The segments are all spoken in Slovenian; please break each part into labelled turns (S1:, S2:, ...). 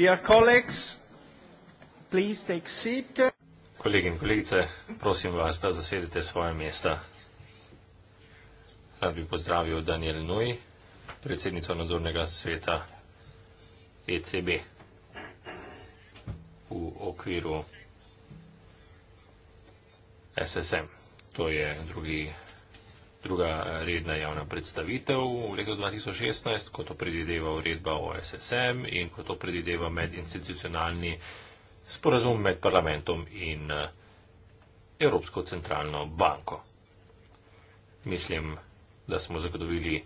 S1: Dear colleagues, please take seat.
S2: Kolegi in kolegice, prosim vas, da zasedite svoje mesta. Rad bi pozdravil Daniel Nui, predsednico nadzornega sveta ECB v okviru SSM. To je drugi Druga eh, redna javna predstavitev v letu 2016, kot to predideva uredba o SSM in kot to predideva medinstitucionalni sporazum med parlamentom in eh, Evropsko centralno banko. Mislim, da smo zagotovili eh,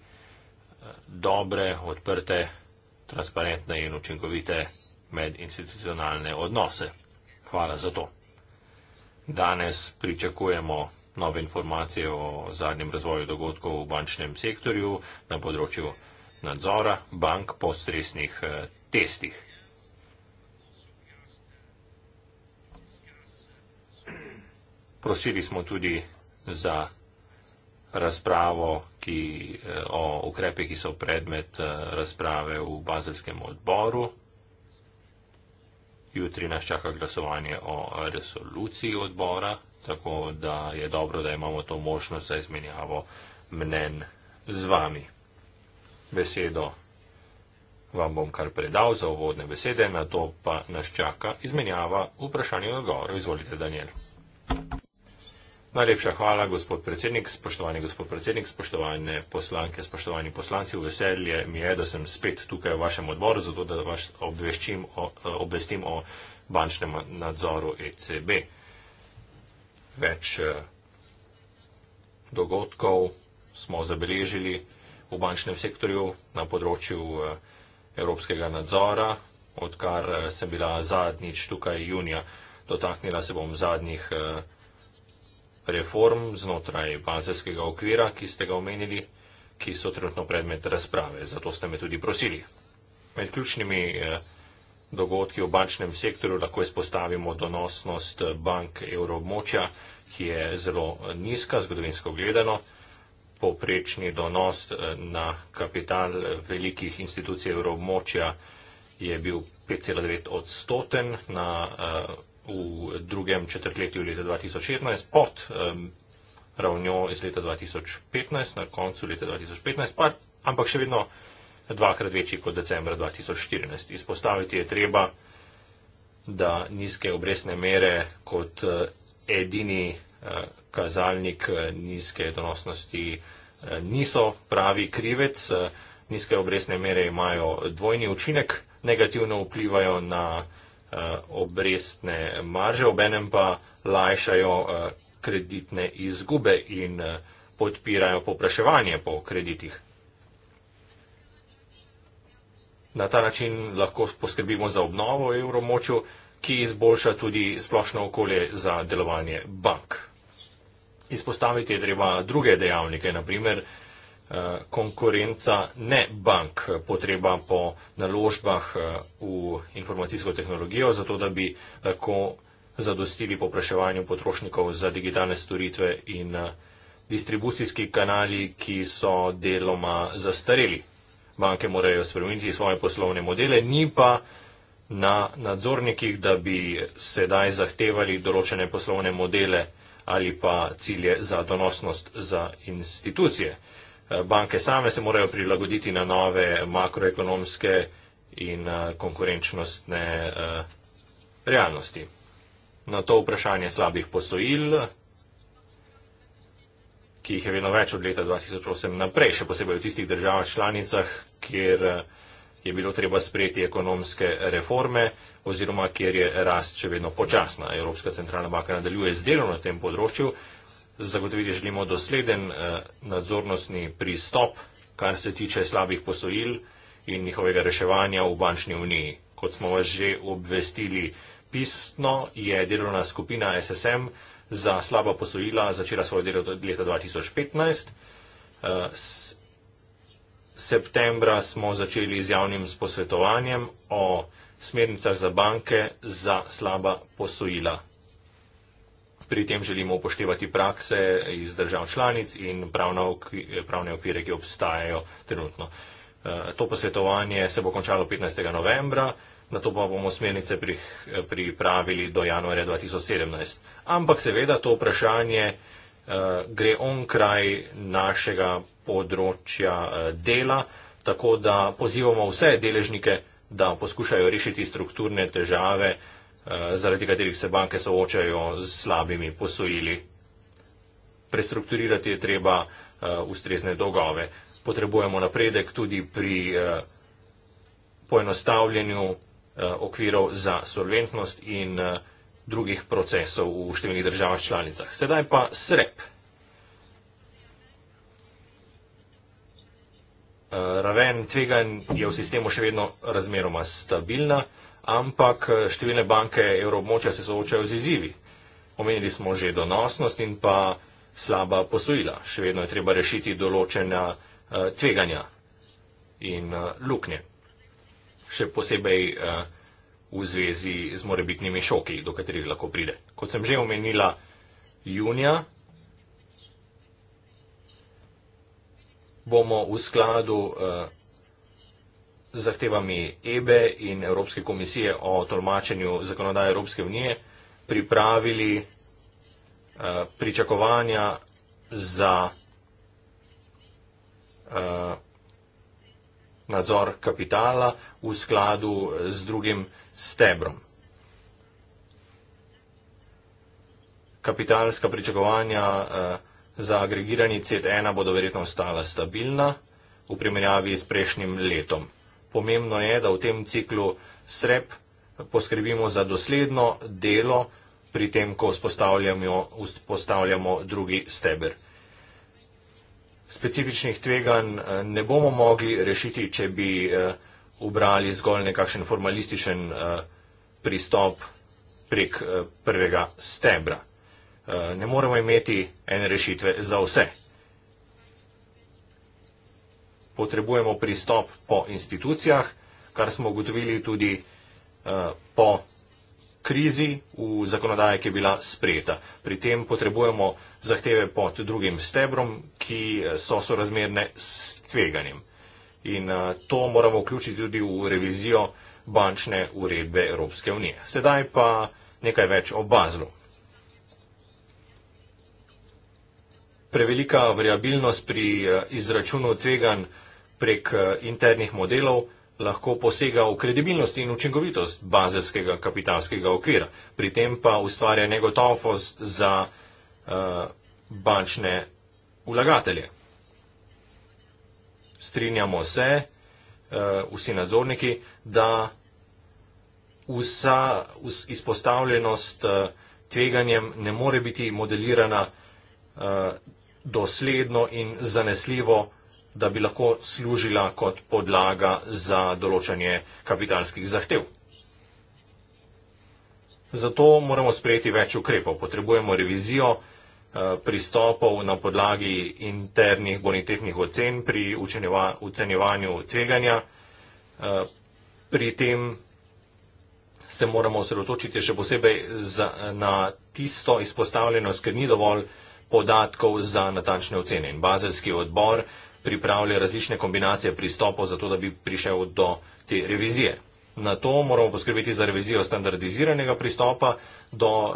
S2: dobre, odprte, transparentne in učinkovite medinstitucionalne odnose. Hvala za to. Danes pričakujemo nove informacije o zadnjem razvoju dogodkov v bančnem sektorju na področju nadzora bank po stresnih eh, testih. Prosili smo tudi za razpravo ki, eh, o ukrepe, ki so predmet eh, razprave v bazelskem odboru. Jutri nas čaka glasovanje o resoluciji odbora tako da je dobro, da imamo to možnost za izmenjavo mnen z vami. Besedo vam bom kar predal za uvodne besede, na to pa nas čaka izmenjava vprašanja in odgovora. Izvolite, Daniel. Najlepša hvala, gospod predsednik, spoštovani gospod predsednik, spoštovane poslanke, spoštovani poslanci. Veselje mi je, da sem spet tukaj v vašem odboru, zato da vas obveščim, eh, obvestim o bančnem nadzoru ECB več eh, dogodkov smo zabeležili v bančnem sektorju na področju eh, evropskega nadzora, odkar eh, sem bila zadnjič tukaj junija. Dotaknila se bom zadnjih reform znotraj bazelskega okvira, ki ste ga omenili, ki so trenutno predmet razprave. Zato ste me tudi prosili. Med ključnimi eh, dogodki v bančnem sektorju lahko izpostavimo donosnost bank evroobmočja, ki je zelo nizka, zgodovinsko gledano. Poprečni donos eh, na kapital velikih institucij evroobmočja je bil 5,9 odstoten na, eh, v drugem četrtletju leta 2016 pod ravnjo iz leta 2015, na koncu leta 2015, pa, ampak še vedno dvakrat večji kot decembra 2014. Izpostaviti je treba, da nizke obresne mere kot eh, edini eh, kazalnik eh, nizke donosnosti niso pravi krivec. Nizke obresne mere imajo dvojni učinek, negativno vplivajo na obresne marže, obenem pa lajšajo kreditne izgube in podpirajo popraševanje po kreditih. Na ta način lahko poskrbimo za obnovo evromočju, ki izboljša tudi splošno okolje za delovanje bank. Izpostaviti je treba druge dejavnike, naprimer eh, konkurenca ne bank, potreba po naložbah eh, v informacijsko tehnologijo, zato da bi lahko zadostili popraševanju potrošnikov za digitalne storitve in eh, distribucijski kanali, ki so deloma zastareli banke morajo spremeniti svoje poslovne modele, ni pa na nadzornikih, da bi sedaj zahtevali določene poslovne modele ali pa cilje za donosnost za institucije. Eh, banke same se morajo prilagoditi na nove makroekonomske in eh, konkurenčnostne eh, realnosti. Na to vprašanje slabih posojil ki jih je vedno več od leta 2008 naprej, še posebej v tistih državah članicah, kjer eh, je bilo treba sprejeti ekonomske reforme oziroma kjer je rast še vedno počasna. Evropska centralna banka nadaljuje z delom na tem področju. Zagotoviti želimo dosleden eh, nadzornostni pristop, kar se tiče slabih posojil in njihovega reševanja v bančni uniji. Kot smo vas že obvestili pisno, je delovna skupina SSM za slaba posojila začela svoje delo leta 2015. Eh, septembra smo začeli z javnim posvetovanjem o smernicah za banke za slaba posojila. Pri tem želimo upoštevati prakse iz držav članic in pravne okvire, ki obstajajo trenutno. Eh, to posvetovanje se bo končalo 15. novembra na to pa bomo smernice eh, pripravili do januarja 2017. Ampak seveda to vprašanje uh, gre on kraj našega področja uh, dela, tako da pozivamo vse deležnike, da poskušajo rešiti strukturne težave, uh, zaradi katerih se banke soočajo z slabimi posojili. Prestrukturirati je treba uh, ustrezne dolgove. Potrebujemo napredek tudi pri uh, poenostavljanju Eh, okvirov za solventnost in eh, drugih procesov v številnih državah članicah. Sedaj pa SREP. Eh, raven tveganj je v sistemu še vedno razmeroma stabilna, ampak številne banke evroobmočja se soočajo z izzivi. Omenili smo že donosnost in pa slaba posojila. Še vedno je treba rešiti določena tveganja in luknje še posebej eh, v zvezi z morebitnimi šoki, do katerih lahko pride. Kot sem že omenila, junija bomo v skladu eh, z zahtevami EBE in Evropske komisije o tolmačenju zakonodaje Evropske unije pripravili eh, pričakovanja za nadzor kapitala v skladu z drugim stebrom. Kapitalska pričakovanja eh, za agregirani CET1 bodo verjetno ostala stabilna v primerjavi s prejšnjim letom. Pomembno je, da v tem ciklu SREP poskrbimo za dosledno delo pri tem, ko vzpostavljamo, vzpostavljamo drugi steber specifičnih tveganj eh, ne bomo mogli rešiti, če bi eh, ubrali zgolj nekakšen formalističen eh, pristop prek prvega stebra. Ne moremo imeti ene rešitve za vse. Potrebujemo pristop po institucijah, kar smo ugotovili tudi po institucijah krizi v zakonodaje, ki je bila sprejeta. Pri tem potrebujemo zahteve pod drugim stebrom, ki eh, so sorazmerne s tveganjem. In eh, to moramo vključiti tudi v revizijo bančne uredbe Evropske unije. Sedaj pa nekaj več o bazlu. Prevelika variabilnost pri eh, izračunu tvegan prek internih modelov lahko posega v kredibilnost in učinkovitost bazelskega kapitalskega okvira, pri tem pa ustvarja negotovost za uh, bančne vlagatelje. Strinjamo se, uh, vsi nadzorniki, da vsa us, izpostavljenost uh, tveganjem ne more biti modelirana uh, dosledno in zanesljivo da bi lahko služila kot podlaga za določanje kapitalskih zahtev. Zato moramo sprejeti več ukrepov. Potrebujemo revizijo eh, pristopov na podlagi internih bonitetnih ocen pri ocenjevanju tveganja. Eh, pri tem se moramo osredotočiti še posebej na tisto izpostavljenost, ker ni dovolj podatkov za natančne ocene. In bazelski odbor pripravili različne kombinacije pristopov, zato da bi prišel do te revizije. Na to moramo poskrbeti za revizijo standardiziranega pristopa do uh,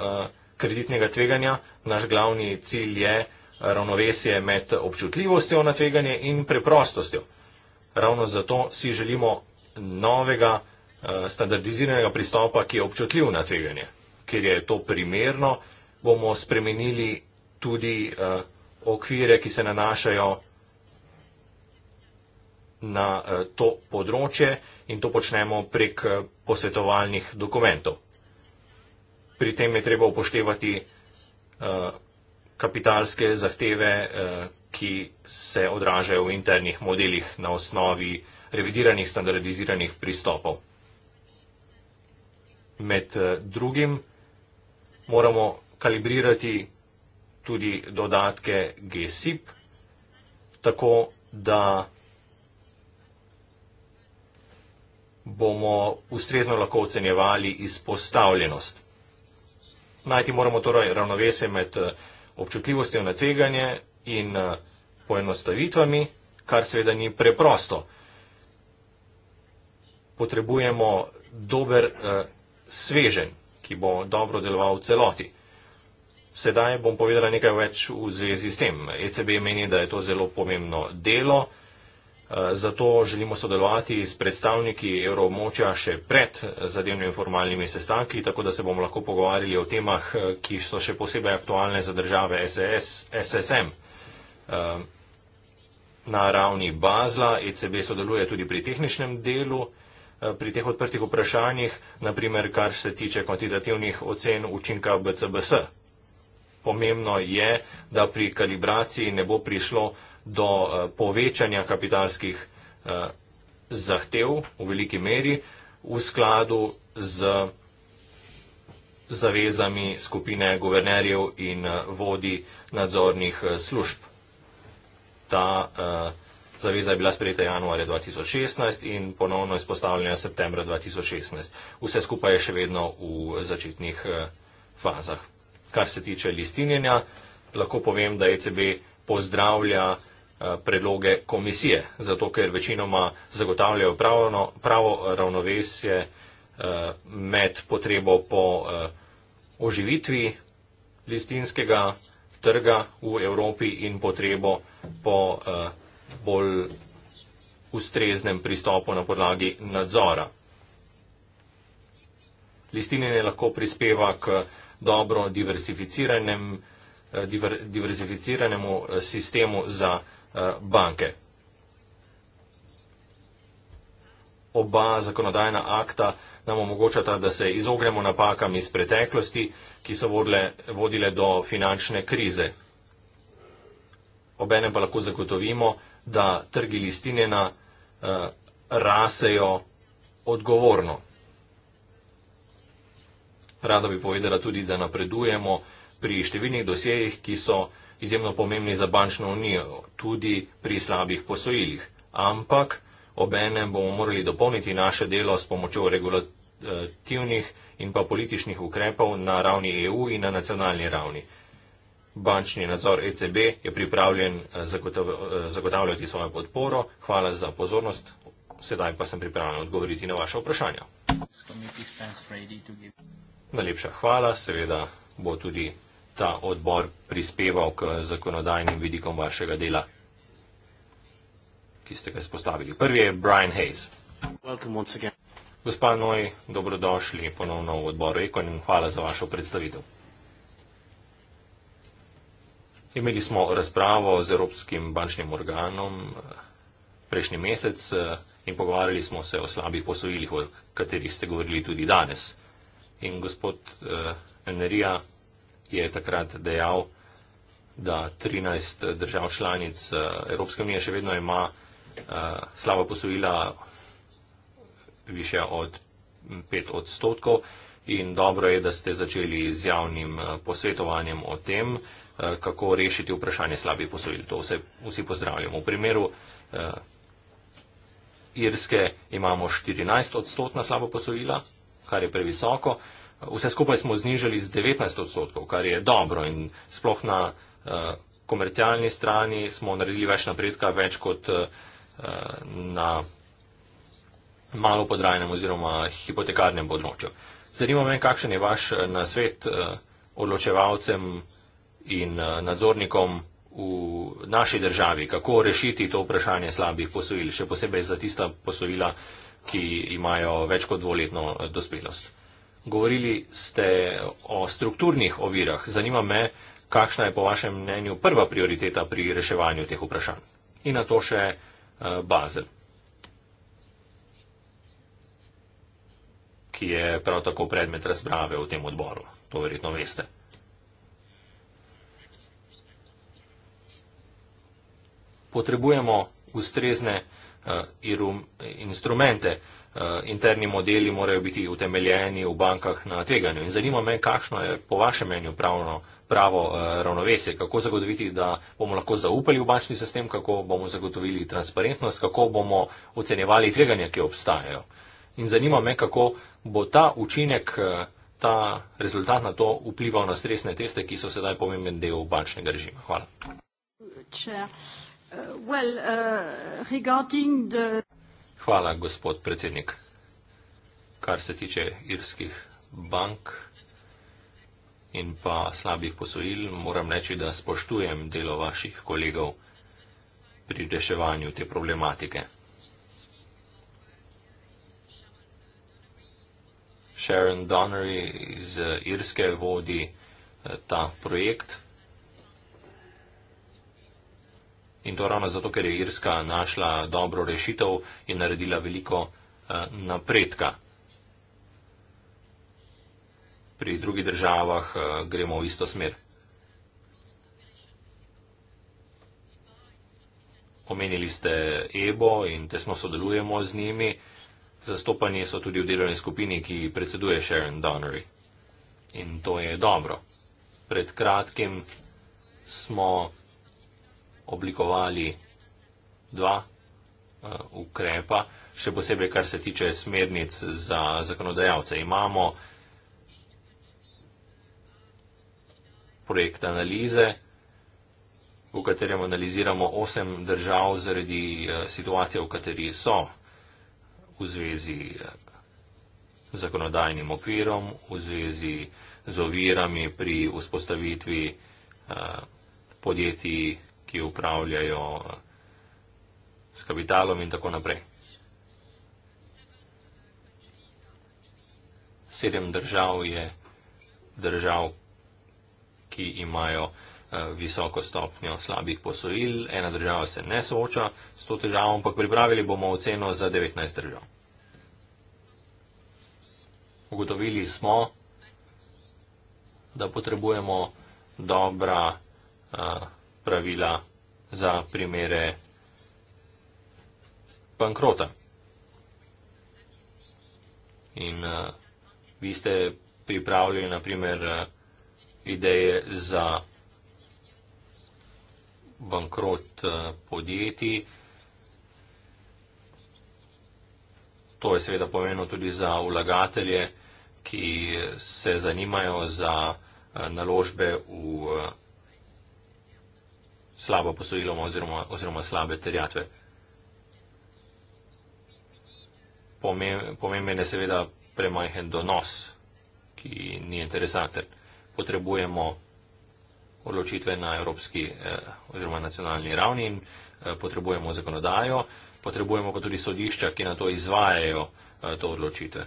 S2: kreditnega tveganja. Naš glavni cilj je eh, ravnovesje med občutljivostjo na tveganje in preprostostjo. Ravno zato si želimo novega uh, standardiziranega pristopa, ki je občutljiv na tveganje. Ker je to primerno, bomo spremenili tudi uh, okvire, ki se nanašajo na eh, to področje in to počnemo prek eh, posvetovalnih dokumentov. Pri tem je treba upoštevati eh, kapitalske zahteve, ki se odražajo v internih modelih na osnovi revidiranih, standardiziranih pristopov. Med drugim moramo kalibrirati tudi dodatke GSIP, tako da bomo ustrezno lahko ocenjevali izpostavljenost. Najti moramo torej ravnovese med eh, občutljivostjo na tveganje in eh, poenostavitvami, kar seveda ni preprosto. Potrebujemo dober eh, svežen, ki bo dobro deloval v celoti. Sedaj bom povedala nekaj več v zvezi s tem. ECB meni, da je to zelo pomembno delo. Zato želimo sodelovati s predstavniki evroobmočja še pred zadevnimi formalnimi sestanki, tako da se bomo lahko pogovarjali o temah, ki so še posebej aktualne za države SES, SSM. Ehm, na ravni Bazla ECB sodeluje tudi pri tehničnem delu, eh, pri teh odprtih vprašanjih, naprimer kar se tiče kvantitativnih ocen učinka BCBS. Pomembno je, da pri kalibraciji ne bo prišlo do eh, povečanja kapitalskih eh, zahtev v veliki meri v skladu z zavezami skupine guvernerjev in eh, vodi nadzornih služb. Ta uh, zaveza je bila sprejeta januarja 2016 in ponovno izpostavljena septembra 2016. Vse skupaj je še vedno v začetnih uh, fazah. Kar se tiče listinjenja, lahko povem, da ECB pozdravlja uh, Eh, predloge komisije, zato ker večinoma zagotavljajo pravno, pravo ravnovesje eh, med potrebo po eh, oživitvi listinskega trga v Evropi in potrebo po bolj ustreznem pristopu na podlagi nadzora. Listinjenje lahko prispeva k dobro diversificiranem, diver, diversificiranemu sistemu za Eh, banke. Oba zakonodajna akta nam omogočata, da se izognemo napakam iz preteklosti, ki so vodile, vodile do finančne krize. Obenem pa lahko zagotovimo, da trgi listinjena uh, eh, rasejo odgovorno. Rada bi povedala tudi, da napredujemo pri številnih dosjejih, ki so uh, izjemno pomembni za bančno unijo, tudi pri slabih posojilih. Ampak obenem bomo morali dopolniti naše delo s pomočjo regulativnih in pa političnih ukrepov na ravni EU in na nacionalni ravni. Bančni nadzor ECB je pripravljen eh, eh, zagotavljati svojo podporo. Hvala za pozornost. Sedaj pa sem pripravljen odgovoriti na vaše vprašanja. Najlepša hvala, seveda bo tudi ta odbor prispeval k zakonodajnim vidikom vašega dela, ki ste ga izpostavili. Prvi je Brian Hayes. Gospa Noj, dobrodošli ponovno v odboru Ekon in hvala za vašo predstavitev. Imeli smo razpravo z Evropskim bančnim organom eh, prejšnji mesec eh, in pogovarjali smo se o slabih posojilih, o katerih ste govorili tudi danes. In gospod eh, Enerija, je takrat dejal, da 13 držav članic eh, Evropske unije še vedno ima uh, slaba posojila više od 5 odstotkov in dobro je, da ste začeli z javnim eh, posvetovanjem o tem, uh, kako rešiti vprašanje slabih posojil. To vse vsi pozdravljamo. V primeru uh, Irske imamo 14 odstotna slaba posojila, kar je previsoko. Uh, Vse skupaj smo znižali z 19 odstotkov, kar je dobro in sploh na uh, komercialni strani smo naredili več napredka, več kot uh, na malo podrajenem oziroma hipotekarnem področju. Zanima me, kakšen je vaš eh, nasvet uh, odločevalcem in uh, nadzornikom v naši državi, kako rešiti to vprašanje slabih posojil, še posebej za tista posojila, ki imajo več kot dvoletno dospelost. Govorili ste o strukturnih ovirah. Zanima me, kakšna je po vašem mnenju prva prioriteta pri reševanju teh vprašanj. In na to še eh, Bazel, ki je prav tako predmet razprave v tem odboru. To verjetno veste. Potrebujemo ustrezne uh, instrumente, uh, Eh, interni modeli morajo biti utemeljeni v bankah na tveganju. In zanima me, kakšno je po vašem menju pravno, pravo eh, ravnovesje, kako zagotoviti, da bomo lahko zaupali v bančni sistem, kako bomo zagotovili transparentnost, kako bomo ocenjevali tveganja, ki obstajajo. In zanima me, kako bo ta učinek, eh, ta rezultat na to vplival na stresne teste, ki so sedaj pomemben del bančnega režima. Hvala. Chair. Uh, well, uh, regarding the Hvala, gospod predsednik. Kar se tiče irskih bank in pa slabih posojil, moram reči, da spoštujem delo vaših kolegov pri reševanju te problematike. Sharon Donnery iz Irske vodi eh, ta projekt. In to ravno zato, ker je Irska našla dobro rešitev in naredila veliko eh, napredka. Pri drugih državah eh, gremo v isto smer. Omenili ste EBO in tesno sodelujemo z njimi. Zastopani so tudi v delovni skupini, ki predseduje Sharon Donnery. In to je dobro. Pred kratkim smo oblikovali dva uh, ukrepa, še posebej kar se tiče smernic za zakonodajalce. Imamo projekt analize, v katerem analiziramo osem držav zaradi uh, situacije, v kateri so v zvezi eh, z zakonodajnim okvirom, v zvezi z ovirami pri vzpostavitvi uh, podjetij ki upravljajo s kapitalom in tako naprej. Sedem držav je držav, ki imajo eh, visoko stopnjo slabih posojil, ena država se ne sooča s to težavo, ampak pripravili bomo oceno za 19 držav. Ugotovili smo, da potrebujemo dobra eh, pravila za primere bankrota. In uh, vi ste pripravili, na primer, uh, ideje za bankrot uh, podjetij. To je seveda pomenilo tudi za vlagatelje, ki se zanimajo za uh, naložbe v. Uh, slabo posojilo oziroma, oziroma slabe terjatve. Pomemben je seveda premajhen donos, ki ni interesanten. Potrebujemo odločitve na evropski eh, oziroma nacionalni ravni in eh, potrebujemo zakonodajo, potrebujemo pa tudi sodišča, ki na to izvajajo eh, to odločitve,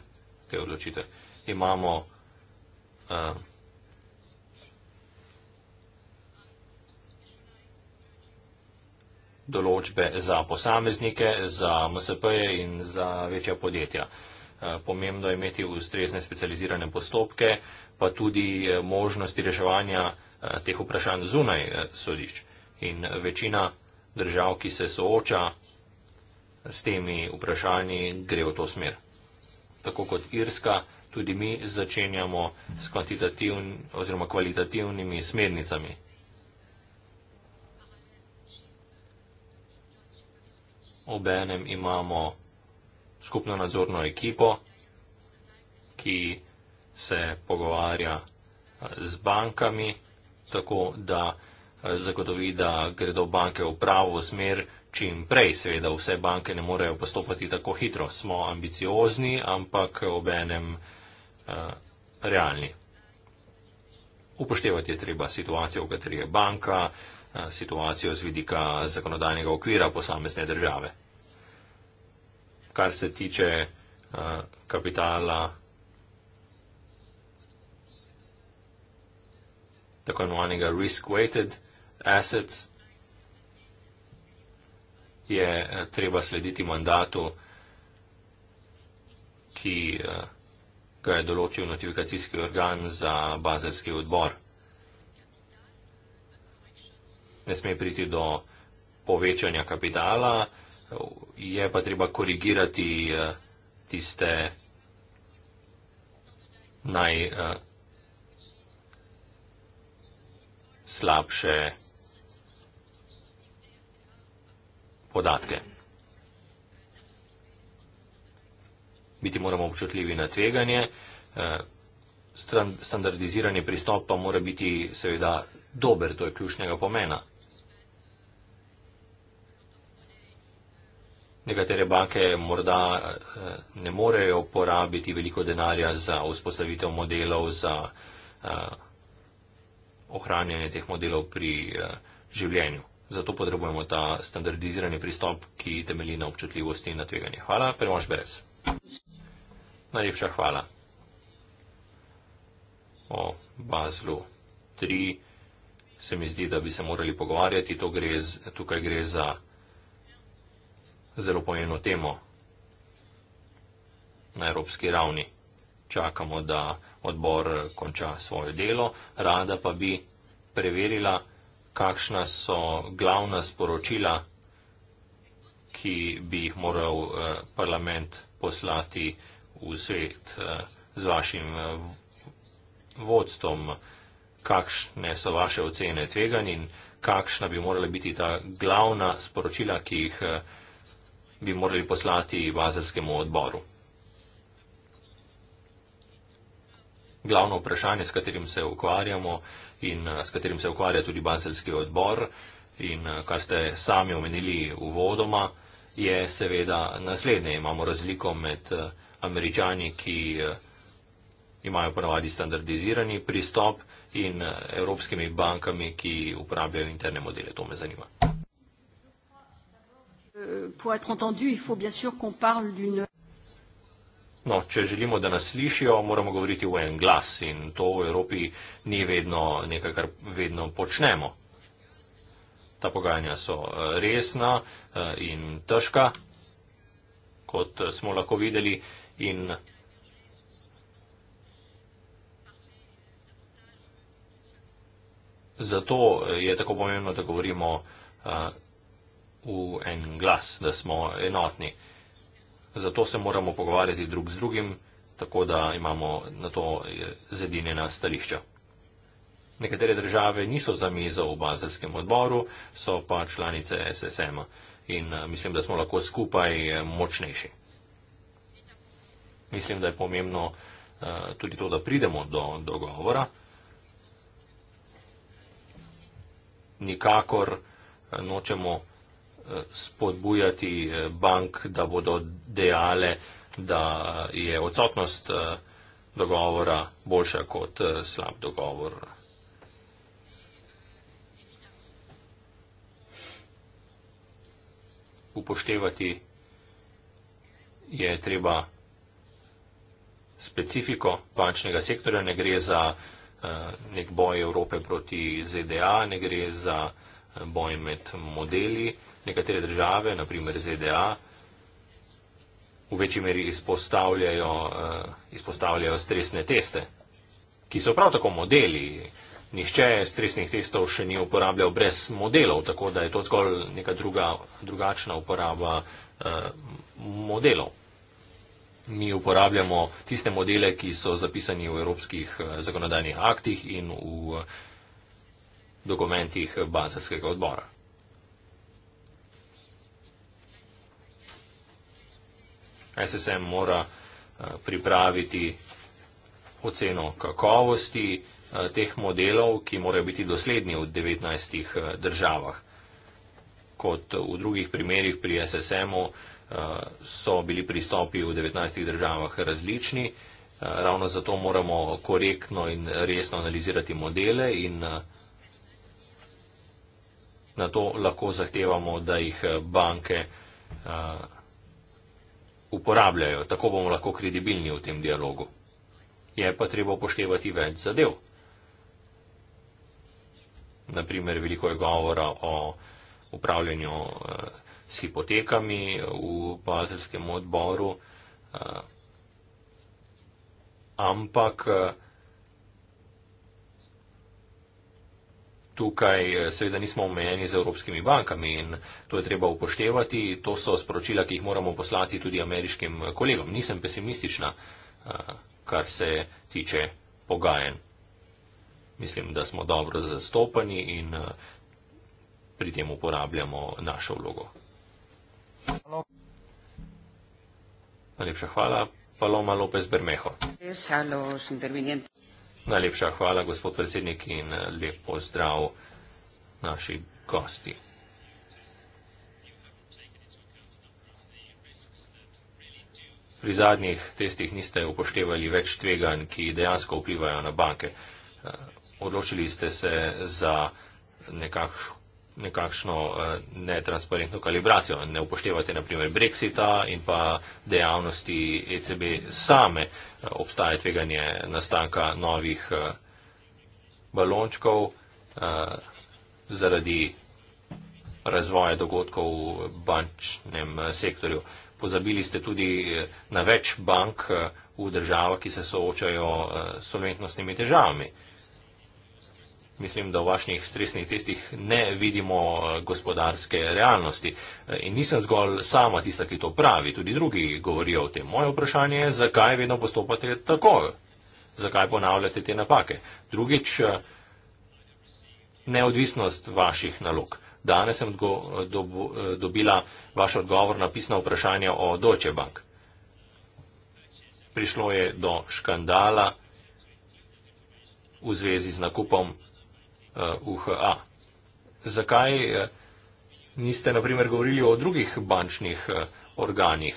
S2: te odločitve. Imamo eh, določbe za posameznike, za MSP-je in za večja podjetja. Eh, pomembno je imeti ustrezne specializirane postopke, pa tudi eh, možnosti reševanja eh, teh vprašanj zunaj sodišč. In večina držav, ki se sooča s temi vprašanji, gre v to smer. Tako kot Irska, tudi mi začenjamo s kvantitativnimi oziroma kvalitativnimi smernicami. obenem imamo skupno nadzorno ekipo, ki se pogovarja eh, z bankami, tako da eh, zagotovi, da gredo banke v pravo smer čim prej. Seveda vse banke ne morejo postopati tako hitro. Smo ambiciozni, ampak obenem eh, realni. Upoštevati je treba situacijo, v kateri je banka, situacijo z vidika zakonodajnega okvira posamezne države kar se tiče eh, kapitala tako imenovanega risk-weighted assets, je eh, treba slediti mandatu, ki eh, ga je določil notifikacijski organ za bazarski odbor. Ne sme priti do povečanja kapitala, je pa treba korigirati eh, tiste naj eh, slabše podatke. Biti moramo občutljivi na tveganje, eh, standardizirani pristop pa mora biti seveda dober, to je ključnega pomena. Nekatere banke morda eh, ne morejo porabiti veliko denarja za vzpostavitev modelov, za eh, ohranjanje teh modelov pri eh, življenju. Zato potrebujemo ta standardizirani pristop, ki temelji na občutljivosti in na tveganje. Hvala, Primož Berec. Najlepša hvala. O Bazlu 3 se mi zdi, da bi se morali pogovarjati. Gre z, tukaj gre za zelo pomembno temo na evropski ravni. Čakamo, da odbor konča svoje delo, rada pa bi preverila, kakšna so glavna sporočila, ki bi jih moral eh, parlament poslati v svet eh, z vašim eh, vodstvom, kakšne so vaše ocene tveganj in kakšna bi morala biti ta glavna sporočila, ki jih bi morali poslati vazelskemu odboru. Glavno vprašanje, s katerim se ukvarjamo in eh, s katerim se ukvarja tudi baselski odbor in eh, kar ste sami omenili v vodoma, je seveda naslednje. Imamo razliko med eh, američani, ki imajo ponavadi standardizirani pristop in evropskimi bankami, ki uporabljajo interne modele. To me zanima.
S1: Euh, pour être entendu, il faut bien sûr qu'on parle d'une.
S2: No, če želimo, da nas slišijo, moramo govoriti v en glas in to v Evropi ni vedno nekaj, kar vedno počnemo. Ta pogajanja so eh, resna eh, in težka, kot eh, smo lahko videli in zato je tako pomembno, da govorimo v en glas, da smo enotni. Zato se moramo pogovarjati drug z drugim, tako da imamo na to eh, zedinjena stališča. Nekatere države niso za mizo v bazelskem odboru, so pa članice SSM in eh, mislim, da smo lahko skupaj eh, močnejši. Mislim, da je pomembno tudi to, da pridemo do dogovora. Nikakor nočemo spodbujati eh, bank, da bodo dejale, da je odsotnost eh, dogovora boljša kot eh, slab dogovor. Upoštevati je treba specifiko bančnega sektorja, ne gre za nek boj Evrope proti ZDA, ne gre za boj med modeli nekatere države, naprimer ZDA, v večji meri izpostavljajo, eh, izpostavljajo stresne teste, ki so prav tako modeli. Nihče stresnih testov še ni uporabljal brez modelov, tako da je to zgolj neka druga, drugačna uporaba eh, modelov. Mi uporabljamo tiste modele, ki so zapisani v evropskih eh, zakonodajnih aktih in v dokumentih Bazarskega odbora. SSM mora eh, pripraviti oceno kakovosti eh, teh modelov, ki morajo biti dosledni v 19 eh, državah. Kot v drugih primerjih pri SSM-u so bili pristopi v 19 državah različni. Ravno zato moramo korektno in resno analizirati modele in na to lahko zahtevamo, da jih banke uporabljajo, tako bomo lahko kredibilni v tem dialogu. Je pa treba upoštevati več zadev. Naprimer, veliko je govora o upravljanju eh, s hipotekami v bazilskem odboru, eh, ampak eh, tukaj eh, seveda nismo omejeni z evropskimi bankami in to je treba upoštevati. To so sporočila, ki jih moramo poslati tudi ameriškim eh, kolegom. Nisem pesimistična, eh, kar se tiče pogajen. Mislim, da smo dobro zastopani in pri tem uporabljamo našo vlogo. Najlepša hvala. Paloma López Bermejo. Najlepša hvala, gospod predsednik, in eh, lep pozdrav naši gosti. Pri zadnjih testih niste upoštevali več tveganj, ki dejansko vplivajo na banke. Eh, odločili ste se za nekakšno nekakšno eh, netransparentno kalibracijo. Ne upoštevate naprimer Brexita in pa dejavnosti ECB same. Eh, obstaja tveganje nastanka novih eh, balončkov zaradi razvoja dogodkov v bančnem sektorju. Pozabili ste tudi na več bank v državah, ki se soočajo s solventnostnimi težavami mislim, da v vaših stresnih testih ne vidimo eh, gospodarske realnosti. Eh, in nisem zgolj sama tista, ki to pravi, tudi drugi govorijo o tem. Moje vprašanje je, zakaj vedno postopate tako? Zakaj ponavljate te napake? Drugič, eh, neodvisnost vaših nalog. Danes sem dobo, dobila vaš odgovor na pisna vprašanja o Deutsche Bank. Prišlo je do škandala v zvezi z nakupom Eh, UHA. Zakaj eh, niste, na primer, govorili o drugih bančnih eh, organih?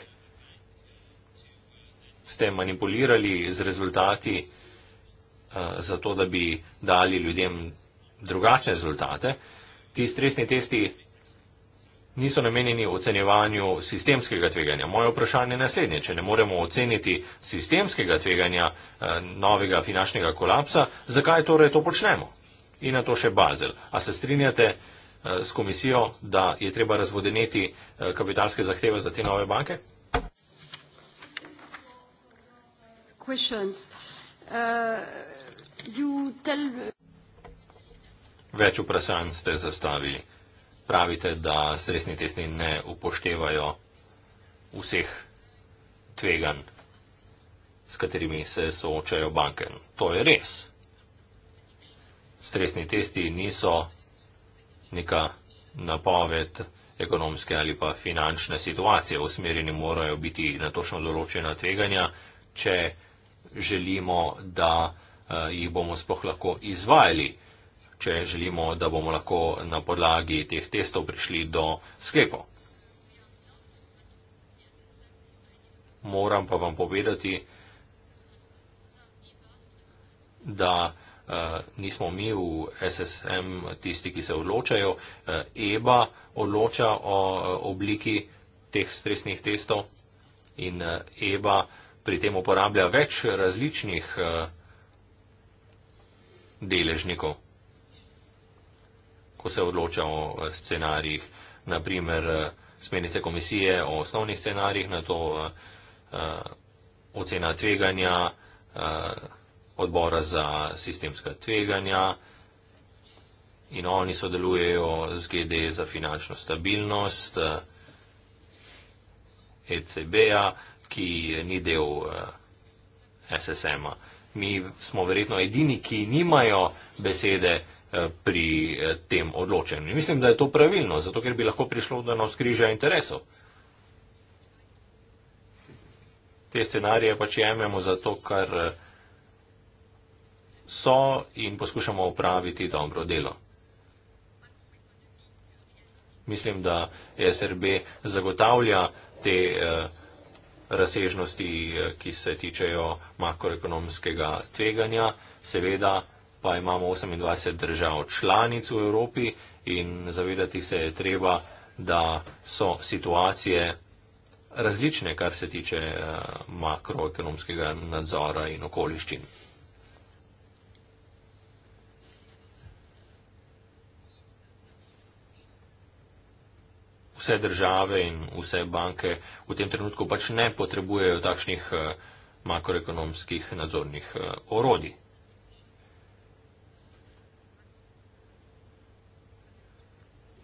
S2: Ste manipulirali z rezultati zato, da bi dali ljudem drugačne rezultate. Ti stresni testi niso namenjeni ocenjevanju sistemskega tveganja. Moje vprašanje je naslednje. Če ne moremo oceniti sistemskega tveganja novega finančnega kolapsa, zakaj torej to počnemo? in na to še Bazel. A se strinjate eh, s komisijo, da je treba razvodeniti eh, kapitalske zahteve za te nove banke?
S1: Uh,
S2: Več vprašanj ste zastavili. Pravite, da stresni testi ne upoštevajo vseh tveganj, s katerimi se soočajo banke. To je res stresni testi niso neka napoved ekonomske ali pa finančne situacije. Usmerjeni morajo biti na točno določena tveganja, če želimo, da eh, jih bomo sploh lahko izvajali, če želimo, da bomo lahko na podlagi teh testov prišli do sklepov. Moram pa vam povedati, da Eh, nismo mi v SSM tisti, ki se odločajo. Eh, EBA odloča o eh, obliki teh stresnih testov in EBA pri tem uporablja več različnih deležnikov, ko se odloča o scenarijih. Naprimer, smernice komisije o osnovnih scenarijih, na to ocena tveganja. Uh, odbora za sistemska tveganja in oni sodelujejo z GD za finančno stabilnost ECB-a, eh, e ki ni del eh, SSM-a. Mi smo verjetno edini, ki nimajo besede eh, pri tem odločenju. Mislim, da je to pravilno, zato ker bi lahko prišlo do navskrižja interesov. Te scenarije pač jemljemo zato, ker so in poskušamo upraviti dobro delo. Mislim, da SRB zagotavlja te eh, razsežnosti, eh, ki se tičejo makroekonomskega tveganja. Seveda pa imamo 28 držav članic v Evropi in zavedati se je treba, da so situacije različne, kar se tiče eh, makroekonomskega nadzora in okoliščin. vse države in vse banke v tem trenutku pač ne potrebujejo takšnih eh, makroekonomskih nadzornih eh, orodij.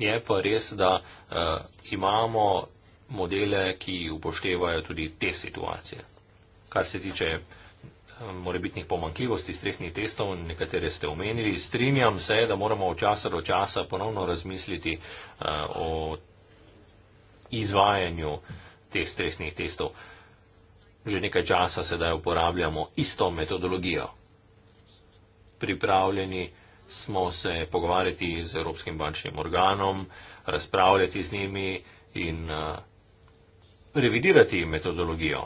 S2: Je pa res, da uh, imamo modele, ki upoštevajo tudi te situacije. Kar se tiče morebitnih pomankljivosti strehnih testov, nekatere ste omenili, strinjam se, da moramo od časa do časa ponovno razmisliti uh, o izvajanju teh stresnih testov. Že nekaj časa sedaj uporabljamo isto metodologijo. Pripravljeni smo se pogovarjati z Evropskim bančnim organom, razpravljati z njimi in uh, revidirati metodologijo.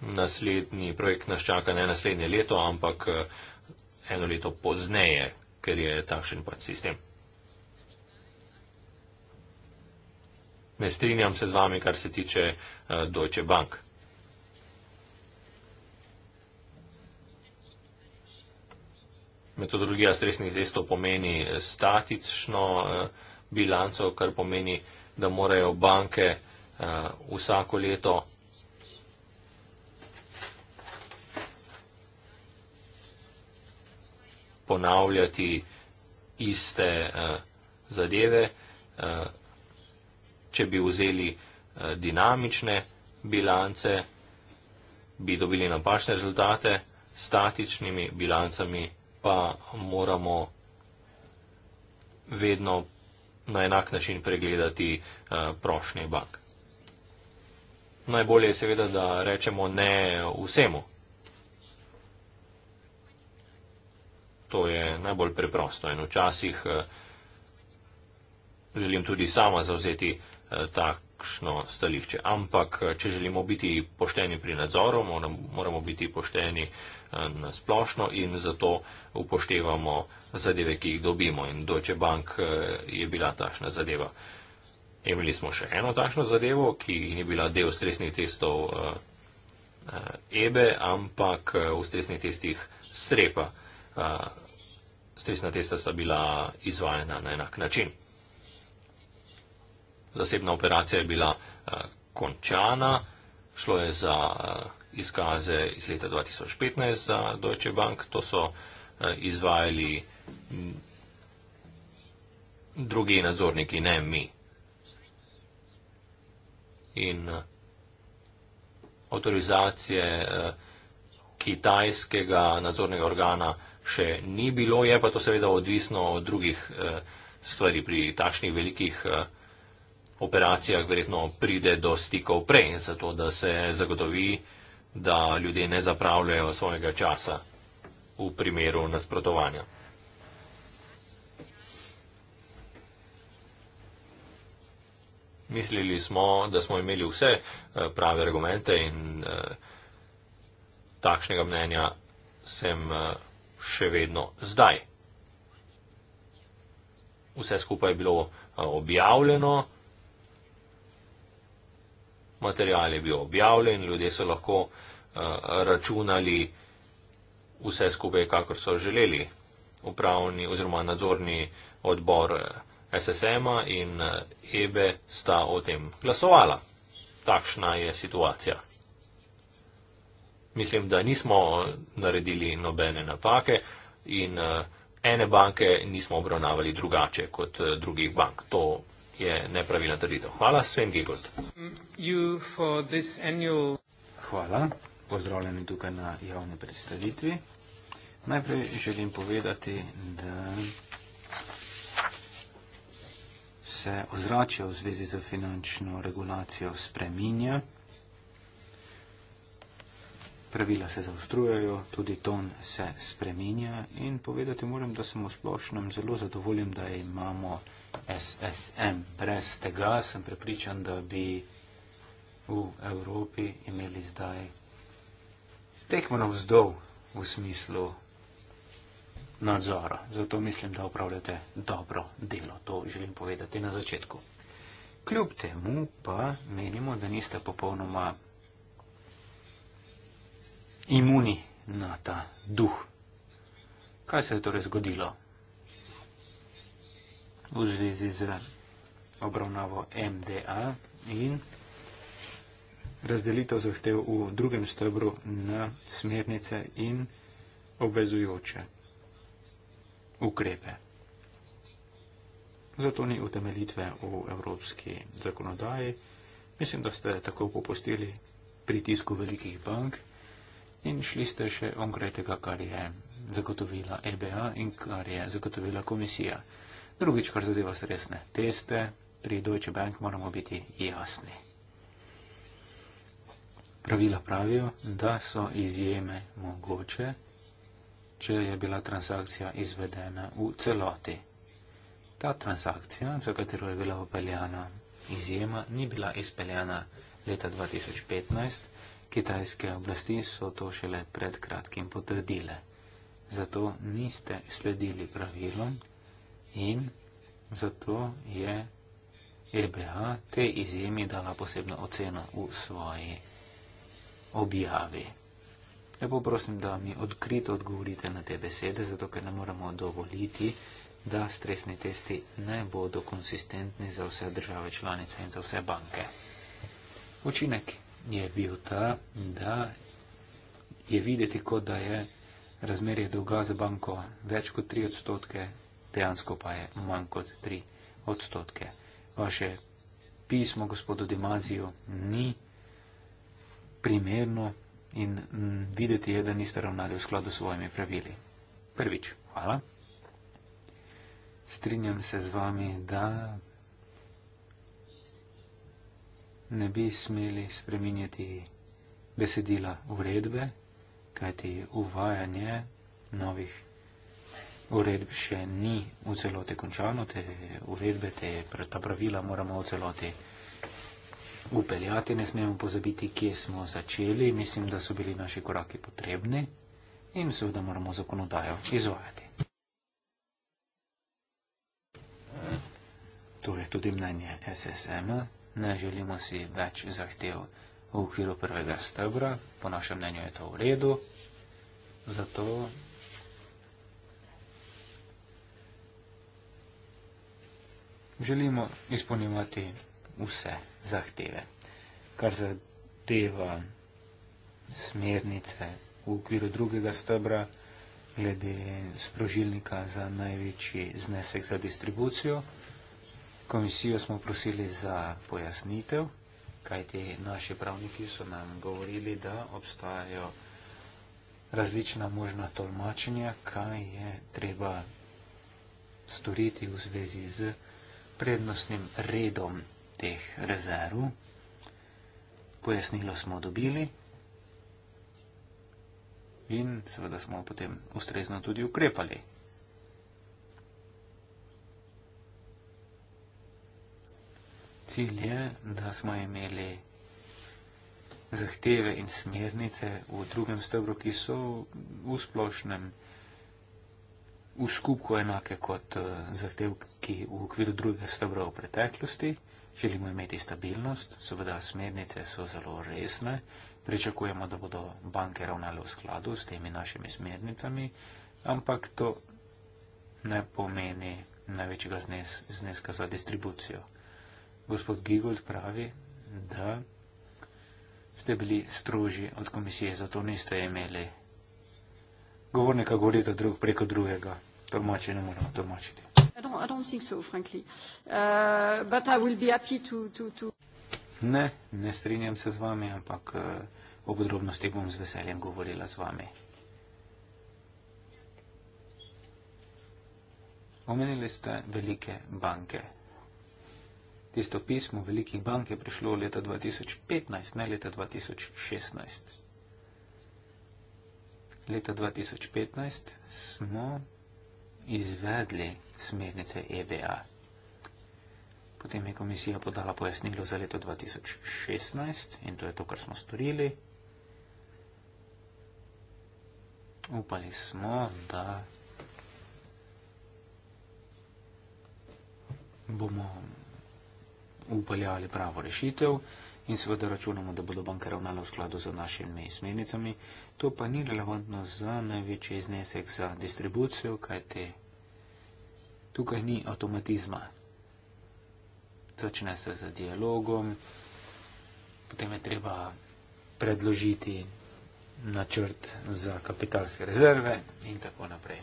S2: Naslednji projekt nas čaka ne naslednje leto, ampak uh, eno leto pozneje, ker je takšen pač sistem. ne strinjam se z vami, kar se tiče eh, Deutsche Bank. Metodologija stresnih testov pomeni eh, statično eh, bilanco, kar pomeni, da morajo banke vsako leto ponavljati iste zadeve če bi vzeli eh, dinamične bilance, bi dobili napačne rezultate, s statičnimi bilancami pa moramo vedno na enak način pregledati eh, prošnje bank. Najbolje je seveda, da rečemo ne vsemu. To je najbolj preprosto in včasih eh, želim tudi sama zauzeti takšno stališče. Ampak, če želimo biti pošteni pri nadzoru, moramo biti pošteni eh, na splošno in zato upoštevamo zadeve, ki jih dobimo. In Deutsche Bank eh, je bila takšna zadeva. Imeli smo še eno takšno zadevo, ki ni bila del stresnih testov eh, EBE, ampak v stresnih testih SREPA. Stresna testa sta bila izvajena na enak način zasebna operacija je bila uh, končana, šlo je za uh, izkaze iz leta 2015 za Deutsche Bank, to so uh, izvajali mm, drugi nadzorniki, ne mi. In uh, avtorizacije uh, kitajskega nadzornega organa še ni bilo, je pa to seveda odvisno od drugih uh, stvari pri takšnih velikih. Uh, operacijah verjetno pride do stikov prej, zato da se zagotovi, da ljudje ne zapravljajo svojega časa v primeru nasprotovanja. Mislili smo, da smo imeli vse eh, prave argumente in eh, takšnega mnenja sem eh, še vedno zdaj. Vse skupaj je bilo objavljeno material je bil objavljen, ljudje so lahko eh, računali vse skupaj, kakor so želeli. Upravni oziroma nadzorni odbor eh, SSM-a in EBE eh, sta o tem glasovala. Takšna je situacija. Mislim, da nismo naredili nobene napake in ene banke nismo obravnavali drugače kot drugih bank. To je nepravilna trditev. Hvala, Sven
S3: Gigold. Annual... Hvala, pozdravljeni tukaj na javni predstavitvi. Najprej želim povedati, da se ozračje v zvezi z finančno regulacijo spreminja. Pravila se zaostrujajo, tudi ton se spreminja in povedati moram, da sem v splošnem zelo zadovoljen, da imamo SSM. Brez tega sem pripričan, da bi v Evropi imeli zdaj tekmo navzdol v smislu nadzora. Zato mislim, da upravljate dobro delo. To želim povedati na začetku. Kljub temu pa menimo, da niste popolnoma imuni na ta duh. Kaj se je torej zgodilo? v zvezi z obravnavo MDA in razdelitev zahtev v drugem stebru na smernice in obvezujoče ukrepe. Zato ni utemeljitve v evropski zakonodaji. Mislim, da ste tako popustili pritisku velikih bank in šli ste še onkraj tega, kar je zagotovila EBA in kar je zagotovila komisija. Drugič, kar zadeva stresne teste, pri Deutsche Bank moramo biti jasni. Pravila pravijo, da so izjeme mogoče, če je bila transakcija izvedena v celoti. Ta transakcija, za katero je bila upeljana izjema, ni bila izpeljana leta 2015. Kitajske oblasti so to šele pred kratkim potrdile. Zato niste sledili pravilom, in zato je EBH te izjemi dala posebno oceno v svoji objavi. Lepo prosim, da mi odkrito odgovorite na te besede, zato ker ne moramo dovoliti, da stresni testi ne bodo konsistentni za vse države članice in za vse banke. Učinek je bil ta, da je videti, kot da je razmerje dolga za banko več kot 3 odstotke dejansko pa je manj kot 3 odstotke. Vaše pismo gospodu Dimaziju ni primerno in mm, videti je, da niste ravnali v skladu s svojimi pravili. Prvič, hvala. Strinjam se z vami, da ne bi smeli spreminjati besedila uredbe, kajti uvajanje novih uredb še ni v celoti končano, te uredbe, te, ta pravila moramo v celoti upeljati, ne smemo pozabiti, kje smo začeli, mislim, da so bili naši koraki potrebni in seveda moramo zakonodajo izvajati. To je tudi mnenje SSM-a, ne želimo si več zahtev v okviru prvega stebra, po našem mnenju je to v redu, zato želimo izpolnjevati vse zahteve, kar zadeva smernice v okviru drugega stebra, glede sprožilnika za največji znesek za distribucijo. Komisijo smo prosili za pojasnitev, kajti naši pravniki so nam govorili, da obstajajo različna možna tolmačenja, kaj je treba storiti v zvezi z prednostnim redom teh rezerv. Pojasnilo smo dobili in seveda smo potem ustrezno tudi ukrepali. Cilj je, da smo imeli zahteve in smernice v drugem stebru, ki so v splošnem v skupku enake kot eh, zahtevki v okviru drugega stebra v preteklosti. Želimo imeti stabilnost, seveda smernice so zelo resne, pričakujemo, da bodo banke ravnale v skladu s temi našimi smernicami, ampak to ne pomeni največjega znes, zneska za distribucijo. Gospod Gigold pravi, da ste bili stroži od komisije, zato niste imeli govornika govoriti drug preko drugega tolmače ne moremo tolmačiti.
S1: I don't, I don't think so, frankly. Uh, but I will be happy to, to, to...
S3: Ne, ne strinjam se z vami, ampak uh, o podrobnosti bom z veseljem govorila z vami. Omenili ste velike banke. Tisto pismo velikih bank je prišlo leta 2015, ne leta 2016. Leta 2015 smo izvedli smernice EVA. Potem je komisija podala pojasnilo za leto 2016 in to je to, kar smo storili. Upali smo, da bomo upeljali pravo rešitev in seveda računamo, da bodo banke ravnale v skladu z našimi smernicami. To pa ni relevantno za največji iznesek za distribucijo, kajte tukaj ni avtomatizma. Začne se z dialogom, potem je treba predložiti načrt za kapitalske rezerve in tako naprej.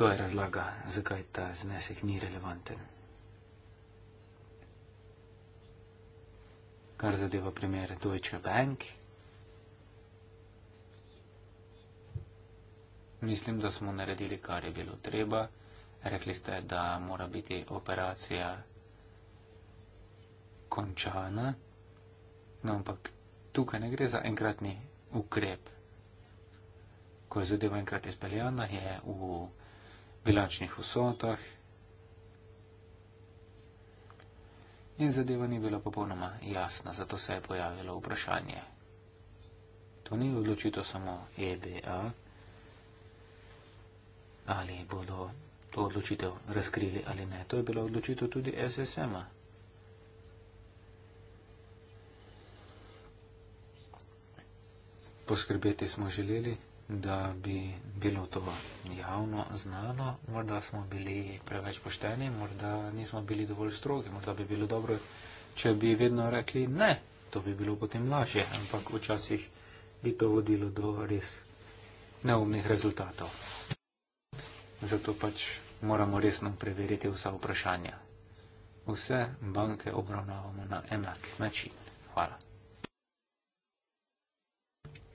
S3: To je razlaga, zakaj ta znesek ni relevanten. Kar zadeva primere Deutsche Bank, mislim, da smo naredili, kar je bilo treba. Rekli ste, da mora biti operacija končana, no, ampak tukaj ne gre za enkratni ukrep. Ko je zadeva enkrat izpeljana, je v pilačnih vsotah in zadeva ni bila popolnoma jasna, zato se je pojavilo vprašanje. To ni odločito samo EDA, ali bodo to odločitev razkrili ali ne. To je bila odločitev tudi SSM-a. Poskrbeti smo želeli, da bi bilo to javno znano, morda smo bili preveč pošteni, morda nismo bili dovolj strogi, morda bi bilo dobro, če bi vedno rekli ne, to bi bilo potem lažje, ampak včasih bi to vodilo do res neumnih rezultatov. Zato pač moramo resno preveriti vsa vprašanja. Vse banke obravnavamo na enak način. Hvala.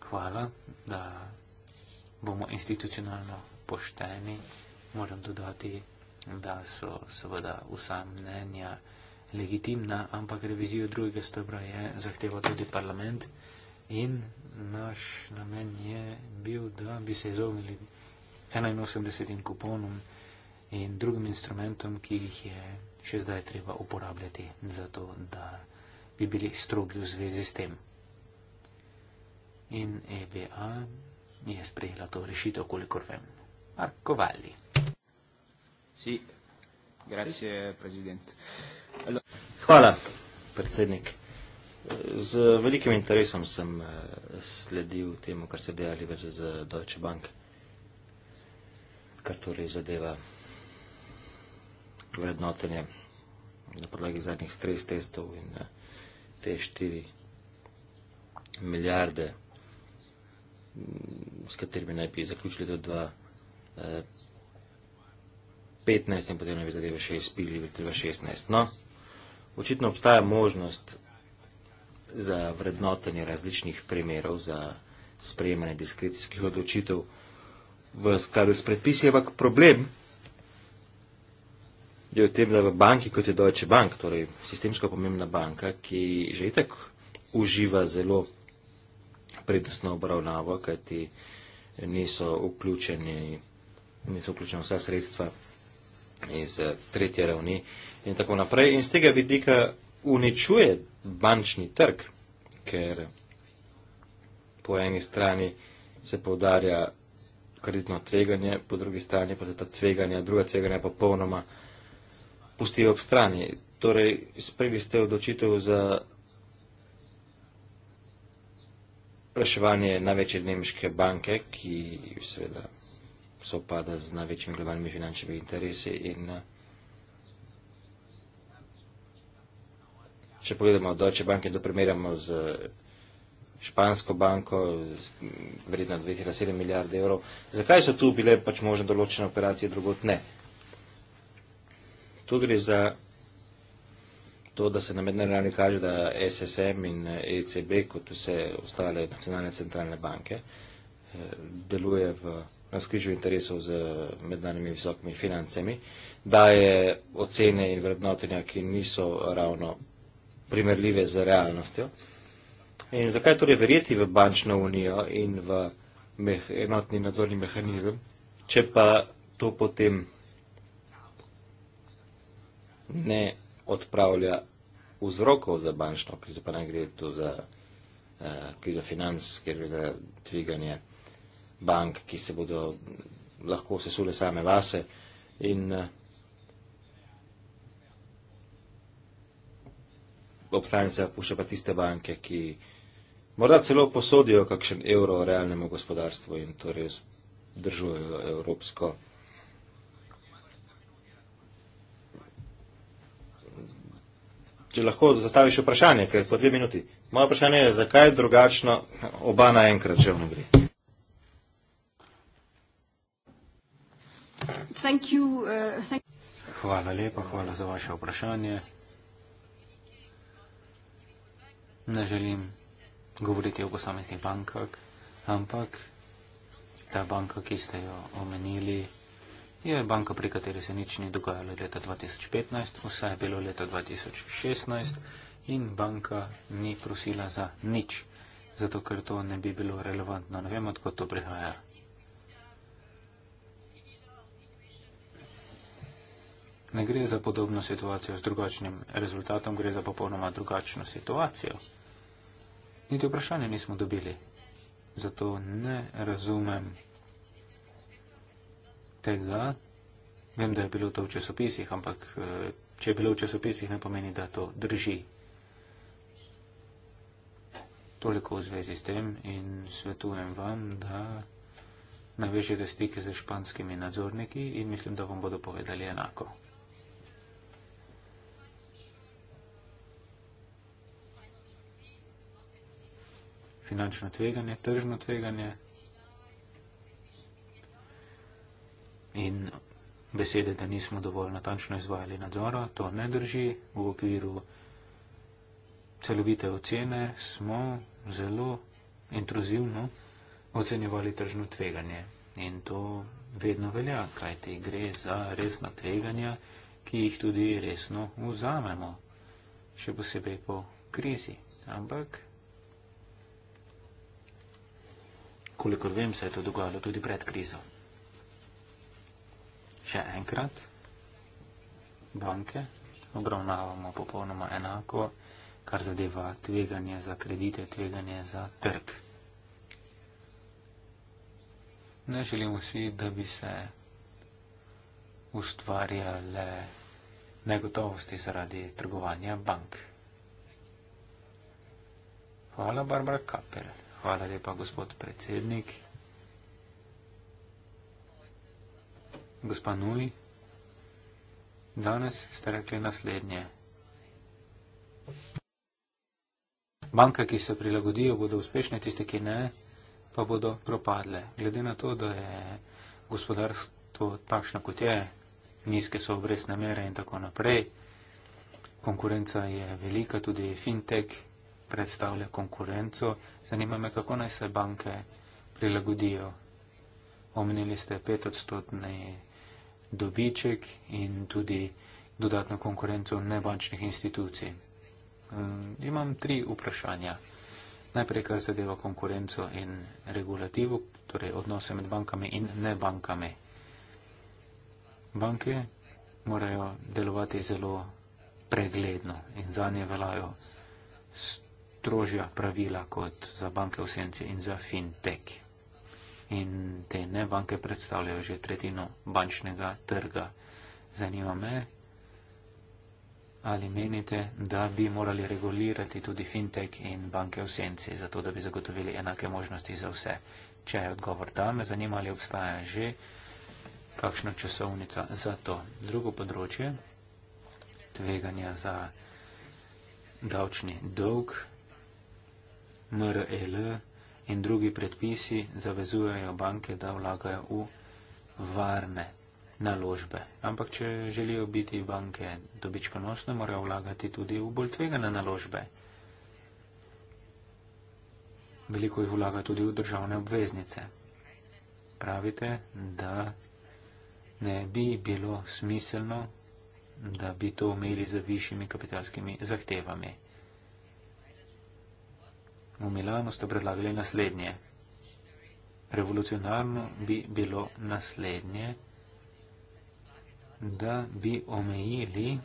S3: Hvala, da bomo institucionalno pošteni, moram dodati, da so seveda vsa mnenja legitimna, ampak revizijo drugega stebra je zahteval tudi parlament in naš namen je bil, da bi se izognili 81 kuponom in drugim instrumentom, ki jih je še zdaj treba uporabljati, zato da bi bili strogi v zvezi s tem. In EBA mi je sprejela to rešitev, kolikor vem. Marko Valli. Si. Grazie, prezident.
S1: Hvala, predsednik. Z velikim interesom sem eh, sledil temu, kar se dejali več z Deutsche Bank, kar torej zadeva vrednotenje na podlagi zadnjih stres testov in eh, te štiri milijarde s katerimi naj bi zaključili do 2015 eh, in potem naj bi zadeve še izpili v 2016. No, očitno obstaja možnost za vrednotenje različnih primerov za sprejemanje diskrecijskih odločitev v skladu s predpisi, ampak problem je v tem, da v banki, kot je Deutsche Bank, torej sistemsko pomembna banka, ki že itak uživa zelo pretresno obravnavo, kajti niso, niso vključene vsa sredstva iz eh, tretje ravni in tako naprej. In z tega vidika uničuje bančni trg, ker po eni strani se povdarja kreditno tveganje, po drugi strani pa se ta tveganja, druga tveganja popolnoma pustijo ob strani. Torej, sprejeli ste odločitev za reševanje največje nemške banke, ki seveda sopada z največjimi globalnimi finančnimi interesi in eh, Če pogledamo Deutsche Bank in to primerjamo z Špansko banko, vredno 2,7 milijarde evrov, zakaj so tu bile pač možne določene operacije, drugot ne? Tu gre za to, da se na mednarodni ravni kaže, da SSM in ECB, eh, e kot vse ostale nacionalne centralne banke, eh, deluje v razkrižju interesov z mednarodnimi visokimi financami, daje ocene in vrednotenja, ki niso ravno primerljive z realnostjo. In zakaj torej verjeti v bančno unijo in v enotni nadzorni mehanizem, če pa to potem ne odpravlja vzrokov za bančno krizo, pa naj gre tu za eh, krizo financ, ker gre za tveganje bank, ki se bodo lahko sesule same vase. In eh, obstranica pušča pa tiste banke, ki morda celo posodijo kakšen evro realnemu gospodarstvu in torej držujejo evropsko. če lahko zastaviš vprašanje, ker po dve minuti. Moje vprašanje je, zakaj drugačno oba naenkrat že v nebri?
S3: Hvala lepa, hvala za vaše vprašanje. Ne želim govoriti o posameznih bankah, ampak ta banka, ki ste jo omenili, je je banka, pri kateri se nič ni dogajalo leta 2015, vse je bilo leta 2016 in banka ni prosila za nič, zato ker to ne bi bilo relevantno. Ne vem, odkot to prihaja. Ne gre za podobno situacijo z drugačnim rezultatom, gre za popolnoma drugačno situacijo. Niti vprašanja nismo dobili. Zato ne razumem tega. Vem, da je bilo to v časopisih, ampak eh, če je bilo v časopisih, ne pomeni, da to drži. Toliko v zvezi s tem in svetujem vam, da navežete stike z španskimi nadzorniki in mislim, da vam bodo povedali enako. Finančno tveganje, tržno tveganje. in besede, da nismo dovolj natančno izvajali nadzora, to ne drži. V okviru celovite ocene smo zelo intruzivno ocenjevali tržno tveganje in to vedno velja, kajti gre za resna tveganja, ki jih tudi resno vzamemo, še posebej po krizi. Ampak. Kolikor vem, se je to dogajalo tudi pred krizo še enkrat, banke obravnavamo popolnoma enako, kar zadeva tveganje za kredite, tveganje za trg. Ne želimo si, da bi se ustvarjale negotovosti zaradi trgovanja bank. Hvala, Barbara Kapel. Hvala lepa, gospod predsednik. gospa Nui, danes ste rekli naslednje. Banke, ki se prilagodijo, bodo uspešne, tiste, ki ne, pa bodo propadle. Glede na to, da je gospodarstvo takšno, kot je, nizke so obrestne mere in tako naprej, konkurenca je velika, tudi fintech predstavlja konkurenco. Zanima me, kako naj se banke prilagodijo. Omenili ste 5 odstotni dobiček in tudi dodatno konkurenco nebančnih institucij. Ehm, imam tri vprašanja. Najprej, kar zadeva konkurenco in regulativo, torej odnose med bankami in nebankami. Banke morajo delovati zelo pregledno in za nje veljajo strožja pravila kot za banke v senci in za fintech in te nebanke predstavljajo že tretjino bančnega trga. Zanima me, ali menite, da bi morali regulirati tudi fintech in banke v senci, zato da bi zagotovili enake možnosti za vse. Če je odgovor da, me zanima, ali obstaja že kakšna časovnica za to. Drugo področje, tveganja za davčni dolg, MRL, e in drugi predpisi zavezujejo banke, da vlagajo v varne naložbe. Ampak, če želijo biti banke dobičkonosne, morajo vlagati tudi v bolj tvegane naložbe. Veliko jih vlaga tudi v državne obveznice. Pravite, da ne bi bilo smiselno, da bi to omejili z višjimi kapitalskimi zahtevami v Milano ste predlagali naslednje. Revolucionarno bi bilo naslednje, da bi omejili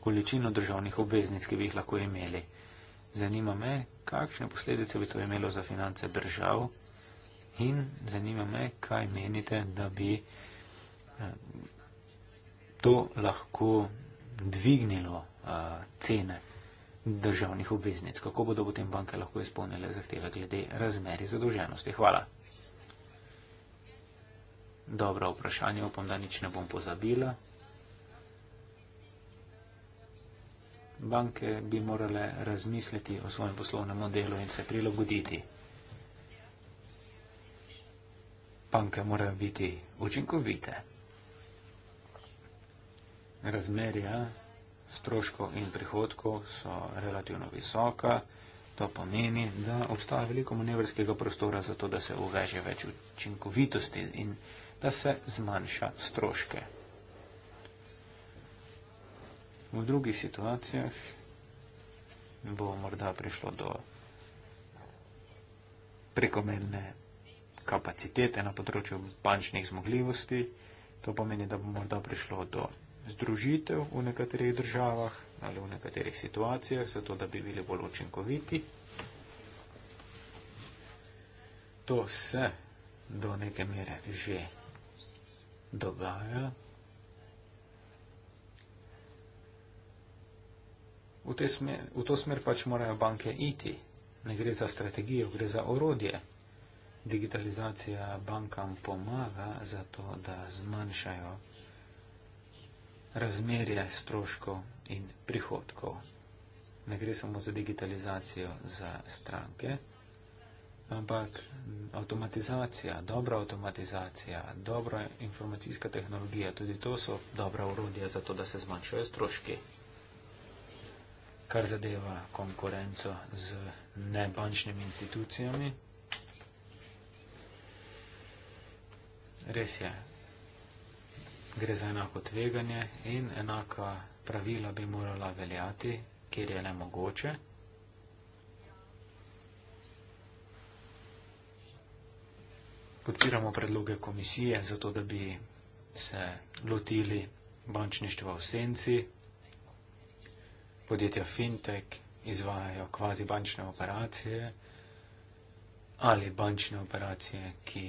S3: količino državnih obveznic, ki bi jih lahko imeli. Zanima me, kakšne posledice bi to imelo za finance držav in zanima me, kaj menite, da bi eh, to lahko dvignilo eh, cene državnih obveznic. Kako bodo potem banke lahko izpolnile zahteve glede razmeri zadolženosti? Hvala. Dobro vprašanje, upam, da nič ne bom pozabila. Banke bi morale razmisliti o svojem poslovnem modelu in se prilagoditi. Banke morajo biti učinkovite. Razmerja stroškov in prihodkov so relativno visoka. To pomeni, da obstaja veliko manevrskega prostora za to, da se uveže več učinkovitosti in da se zmanjša stroške. V drugih situacijah bo morda prišlo do prekomerne kapacitete na področju bančnih zmogljivosti. To pomeni, da bo morda prišlo do združitev v nekaterih državah ali v nekaterih situacijah, zato da bi bili bolj učinkoviti. To se do neke mere že dogaja. V, smer, v to smer pač morajo banke iti. Ne gre za strategijo, gre za orodje. Digitalizacija bankam pomaga za to, da zmanjšajo razmerje stroškov in prihodkov. Ne gre samo za digitalizacijo za stranke, ampak avtomatizacija, dobra avtomatizacija, dobra informacijska tehnologija, tudi to so dobra urodja za to, da se zmanjšajo stroški. Kar zadeva konkurenco z nebančnimi institucijami, res je, gre za enako tveganje in enaka pravila bi morala veljati, kjer je ne mogoče. Podpiramo predloge komisije za to, da bi se lotili bančništva v senci. Podjetja Fintech izvajajo kvazi bančne operacije ali bančne operacije, ki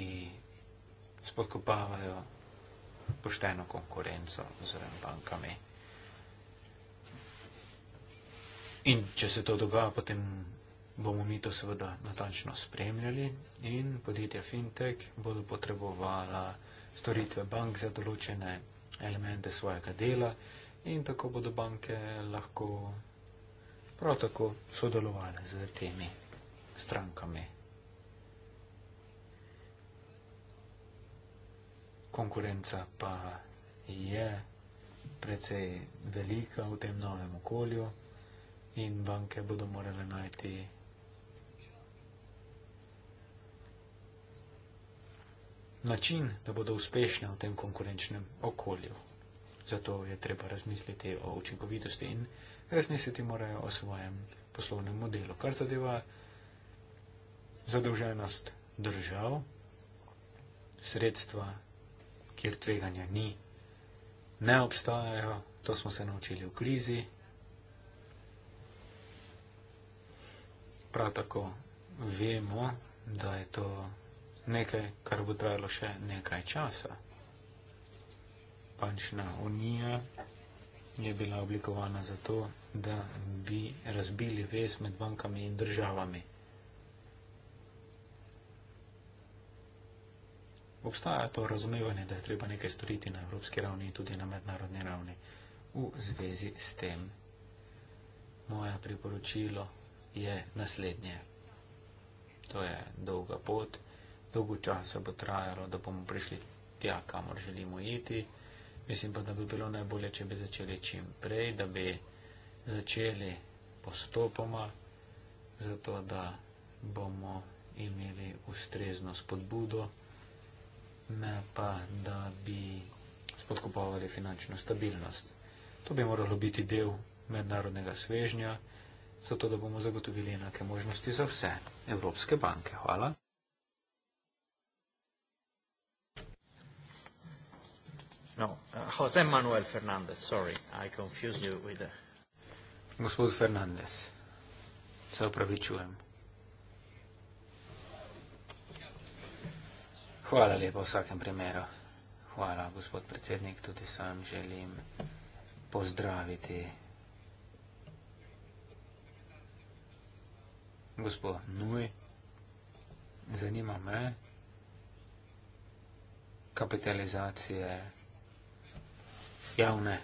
S3: spodkopavajo pošteno konkurenco z bankami. In če se to dogaja, potem bomo mi to seveda natančno spremljali in podjetja fintech bodo potrebovala storitve bank za določene elemente svojega dela in tako bodo banke lahko prav tako sodelovali z temi strankami. konkurenca pa je precej velika v tem novem okolju in banke bodo morale najti način, da bodo uspešne v tem konkurenčnem okolju. Zato je treba razmisliti o učinkovitosti in razmisliti morajo o svojem poslovnem modelu. Kar zadeva zadolženost držav, sredstva kjer tveganja ni, ne obstajajo, to smo se naučili v krizi. Prav tako vemo, da je to nekaj, kar bo trajalo še nekaj časa. Pančna unija je bila oblikovana zato, da bi razbili vez med bankami in državami. obstaja to razumevanje, da je treba nekaj storiti na evropski ravni in tudi na mednarodni ravni. V zvezi s tem moje priporočilo je naslednje. To je dolga pot, dolgo časa bo trajalo, da bomo prišli tja, kamor želimo iti. Mislim pa, da bi bilo najbolje, če bi začeli čim prej, da bi začeli postopoma, zato da bomo imeli ustrezno spodbudo ne pa da bi spodkopavali finančno stabilnost. To bi moralo biti del mednarodnega svežnja, zato da bomo zagotovili enake možnosti za vse evropske banke. Hvala. No, uh, Jose
S1: Manuel Fernandez, sorry, I confused you with the...
S3: Gospod Fernandez, se opravičujem. Hvala lepa v vsakem primeru. Hvala, gospod predsednik. Tudi sam želim pozdraviti gospod Nuj. Zanima me kapitalizacije javne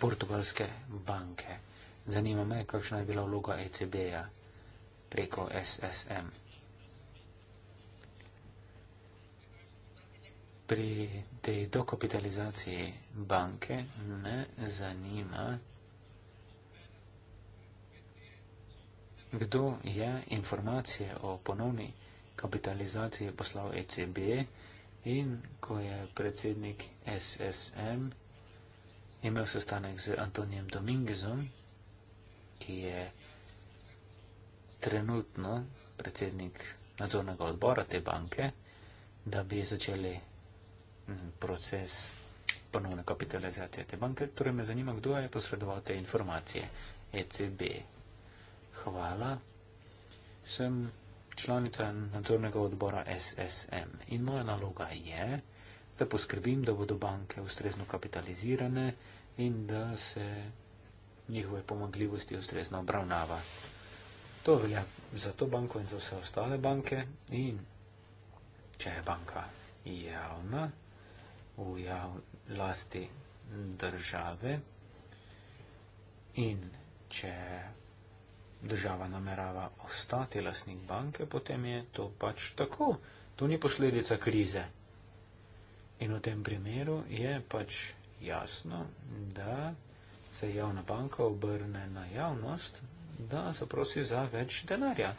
S3: portugalske banke. Zanima me, kakšna je bila vloga ECB-ja preko SSM. pri tej dokapitalizaciji banke me zanima, kdo je informacije o ponovni kapitalizaciji poslal ECB in ko je predsednik SSM imel sestanek z Antonijem Dominguezom, ki je trenutno predsednik nadzornega odbora te banke, da bi začeli proces ponovne kapitalizacije te banke. Torej me zanima, kdo je posredoval te informacije. ECB. Hvala. Sem članica nadzornega odbora SSM in moja naloga je, da poskrbim, da bodo banke ustrezno kapitalizirane in da se njihove pomagljivosti ustrezno obravnava. To velja za to banko in za vse ostale banke in če je banka javna, v jav, lasti države in če država namerava ostati lasnik banke, potem je to pač tako. To ni posledica krize. In v tem primeru je pač jasno, da se javna banka obrne na javnost, da zaprosi za več denarja.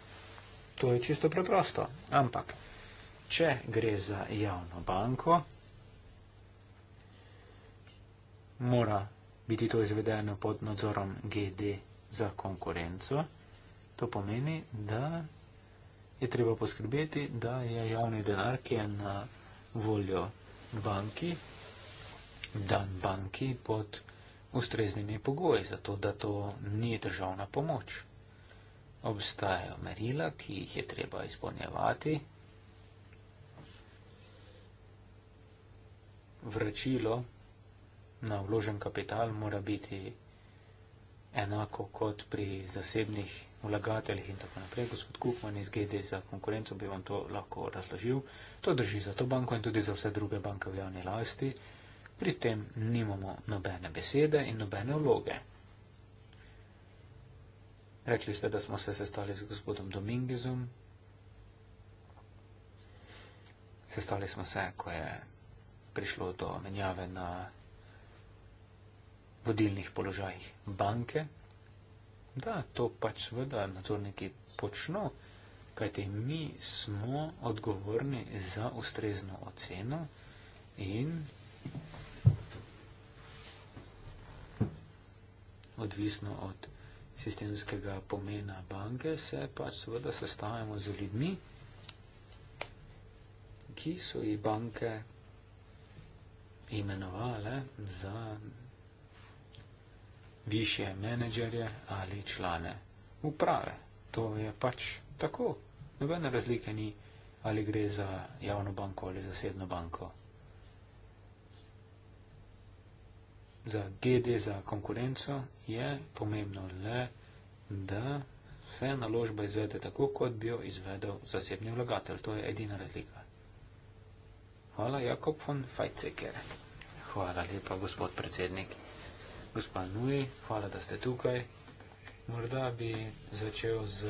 S3: To je čisto preprosto. Ampak, če gre za javno banko, mora biti to izvedeno pod nadzorom GD za konkurenco. To pomeni, da je treba poskrbeti, da je javni denar, ki je na voljo banki, dan banki pod ustreznimi pogoji, zato da to ni državna pomoč. Obstajajo merila, ki jih je treba izpolnjevati. Vračilo na vložen kapital mora biti enako kot pri zasebnih vlagateljih in tako naprej. Gospod Kukman iz GD za konkurenco bi vam to lahko razložil. To drži za to banko in tudi za vse druge banke v javni lasti. Pri tem nimamo nobene besede in nobene vloge. Rekli ste, da smo se sestali z gospodom Domingizom. Sestali smo se, ko je prišlo do menjave na vodilnih položajih. Banke, da, to pač seveda nadzorniki počno, kajte mi smo odgovorni za ustrezno oceno in odvisno od sistemskega pomena banke, se pač seveda sestavljamo z ljudmi, ki so jih banke imenovale za nadzornike više menedžerje ali člane uprave. To je pač tako. Nobene razlike ni, ali gre za javno banko ali zasebno banko. Za GD za konkurenco je pomembno le, da se naložba izvede tako, kot bi jo izvedel zasebni vlagatelj. To je edina razlika. Hvala, Jakob von Feitzeker. Hvala lepa, gospod predsednik. Gospa Nui, hvala, da ste tukaj. Morda bi začel z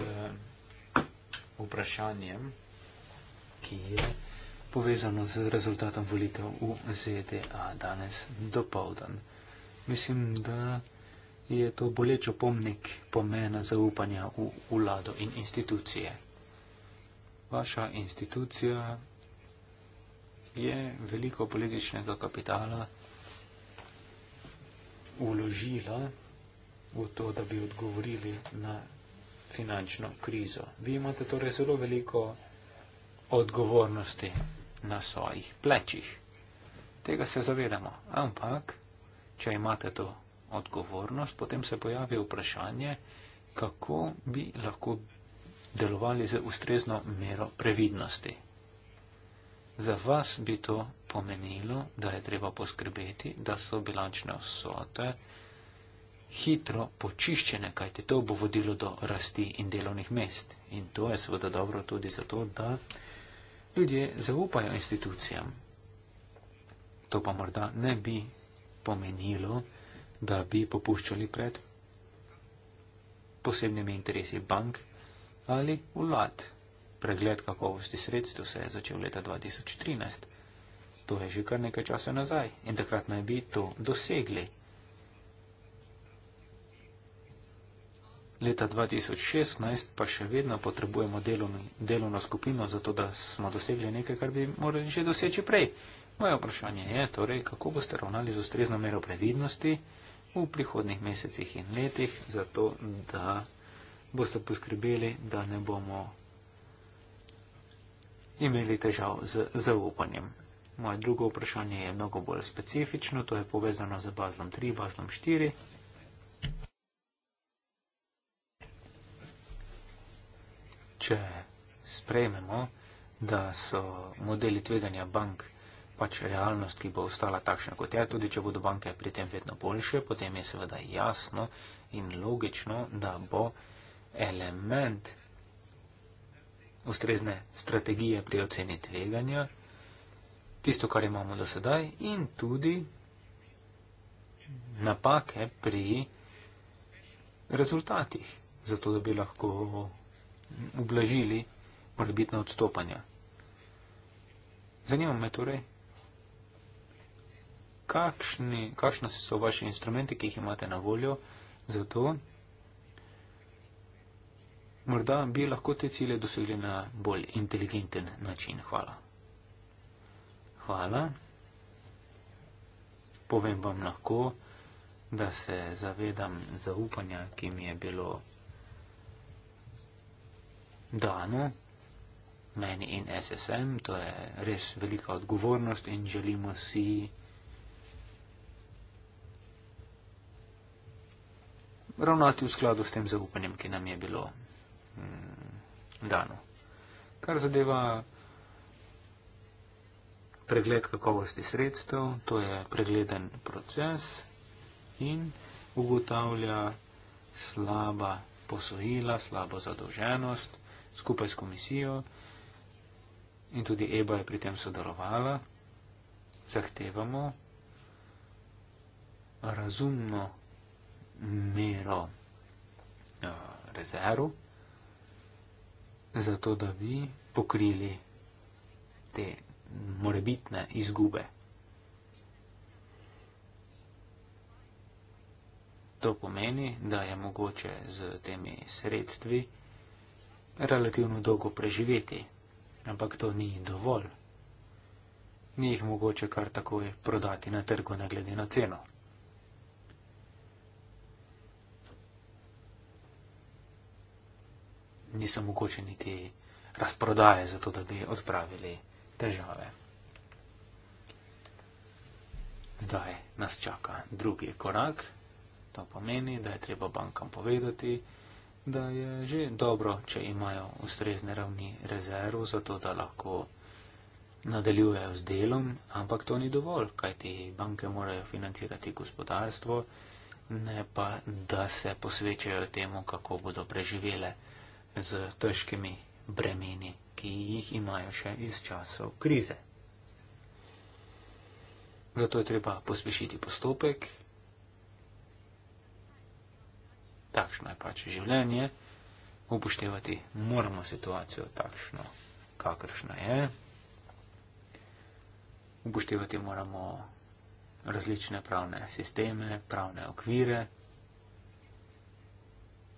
S3: vprašanjem, ki je povezano z rezultatom volitev v ZDA danes dopoldan. Mislim, da je to boleč opomnik pomena zaupanja v vlado in institucije. Vaša institucija je veliko političnega kapitala vložila v to, da bi odgovorili na finančno krizo. Vi imate torej zelo veliko odgovornosti na svojih plečih. Tega se zavedamo. Ampak, če imate to odgovornost, potem se pojavi vprašanje, kako bi lahko delovali z ustrezno mero previdnosti. Za vas bi to pomenilo, da je treba poskrbeti, da so bilančne vsote hitro počiščene, kajte to bo vodilo do rasti in delovnih mest. In to je seveda dobro tudi zato, da ljudje zaupajo institucijam. To pa morda ne bi pomenilo, da bi popuščali pred posebnimi interesi bank ali vlad. Pregled kakovosti sredstev se je začel leta 2013 to torej, je že kar nekaj časa nazaj in takrat naj bi to dosegli. Leta 2016 pa še vedno potrebujemo delovni, delovno skupino, zato da smo dosegli nekaj, kar bi morali že doseči prej. Moje vprašanje je torej, kako boste ravnali z ustrezno mero previdnosti v prihodnih mesecih in letih, zato da boste poskrbeli, da ne bomo imeli težav z zaupanjem. Moje drugo vprašanje je mnogo bolj specifično, to je povezano z bazlom 3, bazlom 4. Če sprejmemo, da so modeli tveganja bank pač realnost, ki bo ostala takšna kot je, tudi če bodo banke pri tem vedno boljše, potem je seveda jasno in logično, da bo element ustrezne strategije pri oceni tveganja tisto, kar imamo do sedaj in tudi napake pri rezultatih, zato da bi lahko ublažili morebitna odstopanja. Zanima me torej, kakšni, kakšni so vaši instrumenti, ki jih imate na voljo, zato morda bi lahko te cilje dosegli na bolj inteligenten način. Hvala hvala. Povem vam lahko, da se zavedam zaupanja, ki mi je bilo dano, meni in SSM. To je res velika odgovornost in želimo si. Ravnati v skladu s tem zaupanjem, ki nam je bilo hmm, dano. Kar zadeva pregled kakovosti sredstev, to je pregleden proces in ugotavlja slaba posojila, slabo zadolženost skupaj s komisijo in tudi EBA je pri tem sodelovala. Zahtevamo razumno mero rezerv, zato da bi pokrili te morebitne izgube. To pomeni, da je mogoče z temi sredstvi relativno dolgo preživeti, ampak to ni dovolj. Ni jih mogoče kar takoj prodati na trgu, ne glede na ceno. Niso mogoče niti razprodaje za to, da bi odpravili težave. Zdaj nas čaka drugi korak. To pomeni, da je treba bankam povedati, da je že dobro, če imajo ustrezne ravni rezerv, zato da lahko nadaljujejo z delom, ampak to ni dovolj, kajti banke morajo financirati gospodarstvo, ne pa da se posvečajo temu, kako bodo preživele z težkimi bremeni, ki jih imajo še iz časov krize. Zato je treba pospešiti postopek, takšno je pač življenje, upoštevati moramo situacijo takšno, kakršna je, upoštevati moramo različne pravne sisteme, pravne okvire.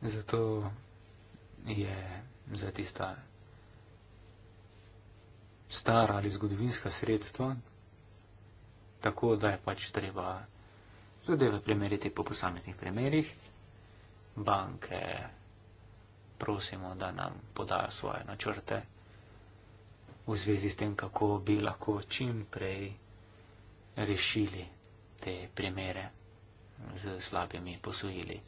S3: Zato je zdaj tista stara ali zgodovinska sredstva, tako da je pač treba zadeve primeriti po posameznih primerjih. Banke prosimo, da nam podajo svoje načrte v zvezi s tem, kako bi lahko čim prej rešili te primere z slabimi posojili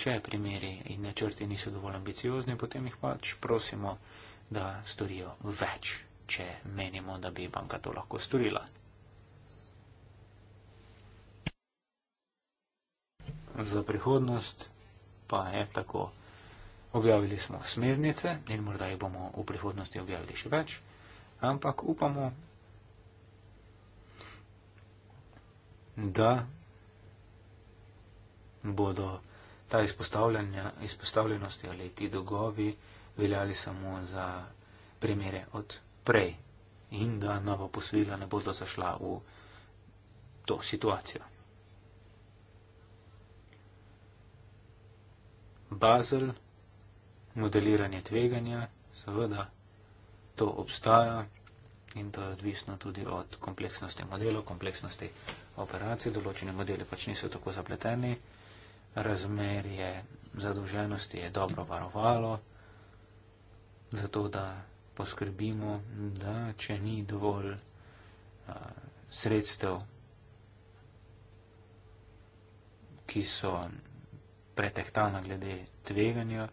S3: če primeri in načrti niso dovolj ambiciozni, potem jih pač prosimo, da storijo več, če menimo, da bi banka to lahko storila. Za prihodnost pa je tako. Objavili smo smernice in morda jih bomo v prihodnosti objavili še več, ampak upamo, da bodo ta izpostavljenost ali ti dolgovi veljali samo za primere od prej in da nova posvila ne bodo zašla v to situacijo. Bazel, modeliranje tveganja, seveda, to obstaja in to je odvisno tudi od kompleksnosti modelov, kompleksnosti operacij, določeni modeli pač niso tako zapleteni razmerje zadolženosti je dobro varovalo, zato da poskrbimo, da če ni dovolj uh, sredstev, ki so pretehtana glede tveganja,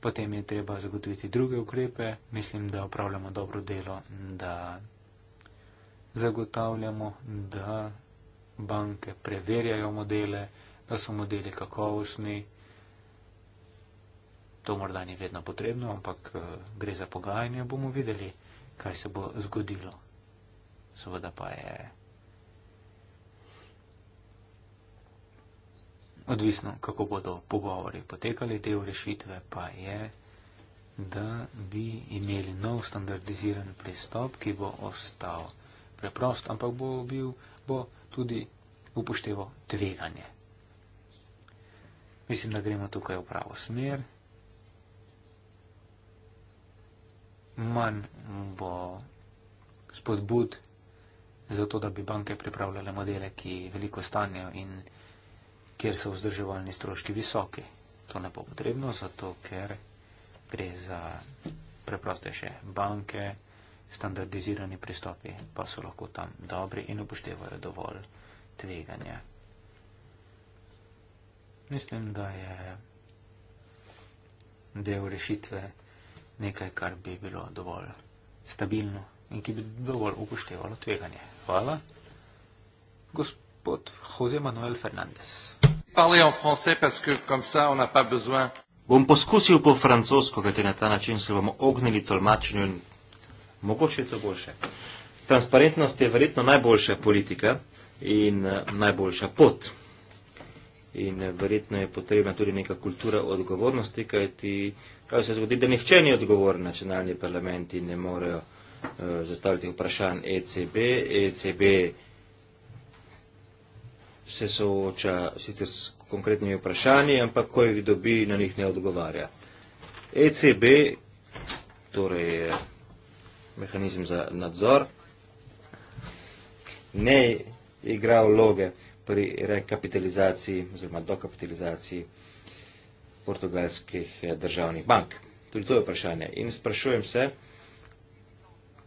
S3: potem je treba zagotoviti druge ukrepe. Mislim, da upravljamo dobro delo, da zagotavljamo, da banke preverjajo modele, da so modeli kakovostni. To morda ni vedno potrebno, ampak eh, gre za pogajanje, bomo videli, kaj se bo zgodilo. Seveda pa je odvisno, kako bodo pogovori potekali, te rešitve pa je, da bi imeli nov standardiziran pristop, ki bo ostal preprost, ampak bo, bil, bo tudi upošteval tveganje. Mislim, da gremo tukaj v pravo smer. Manj bo spodbud za to, da bi banke pripravljale modele, ki veliko stanjajo in kjer so vzdrževalni stroški visoki. To ne bo potrebno, zato ker gre za preprostejše banke, standardizirani pristopi pa so lahko tam dobri in upoštevajo dovolj tveganja. Mislim, da je del rešitve nekaj, kar bi bilo dovolj stabilno in ki bi dovolj upoštevalo tveganje. Hvala. Gospod Jose Manuel Fernandez. Bom poskusil
S1: po francosko, kajti na ta način se bomo ognili tolmačenju in mogoče je to boljše. Transparentnost je verjetno najboljša politika in eh, najboljša pot. In eh, verjetno je potrebna tudi neka kultura odgovornosti, kajti kaj se zgodi, da nihče ni odgovoren, nacionalni parlamenti ne morejo uh, zastaviti vprašanj ECB. ECB se sooča sicer s konkretnimi vprašanji, ampak ko jih dobi, na njih ne odgovarja. ECB, torej eh, mehanizem za nadzor, ne igra vloge pri rekapitalizaciji oziroma dokapitalizaciji portugalskih eh, državnih bank. Tudi to je vprašanje. In sprašujem se,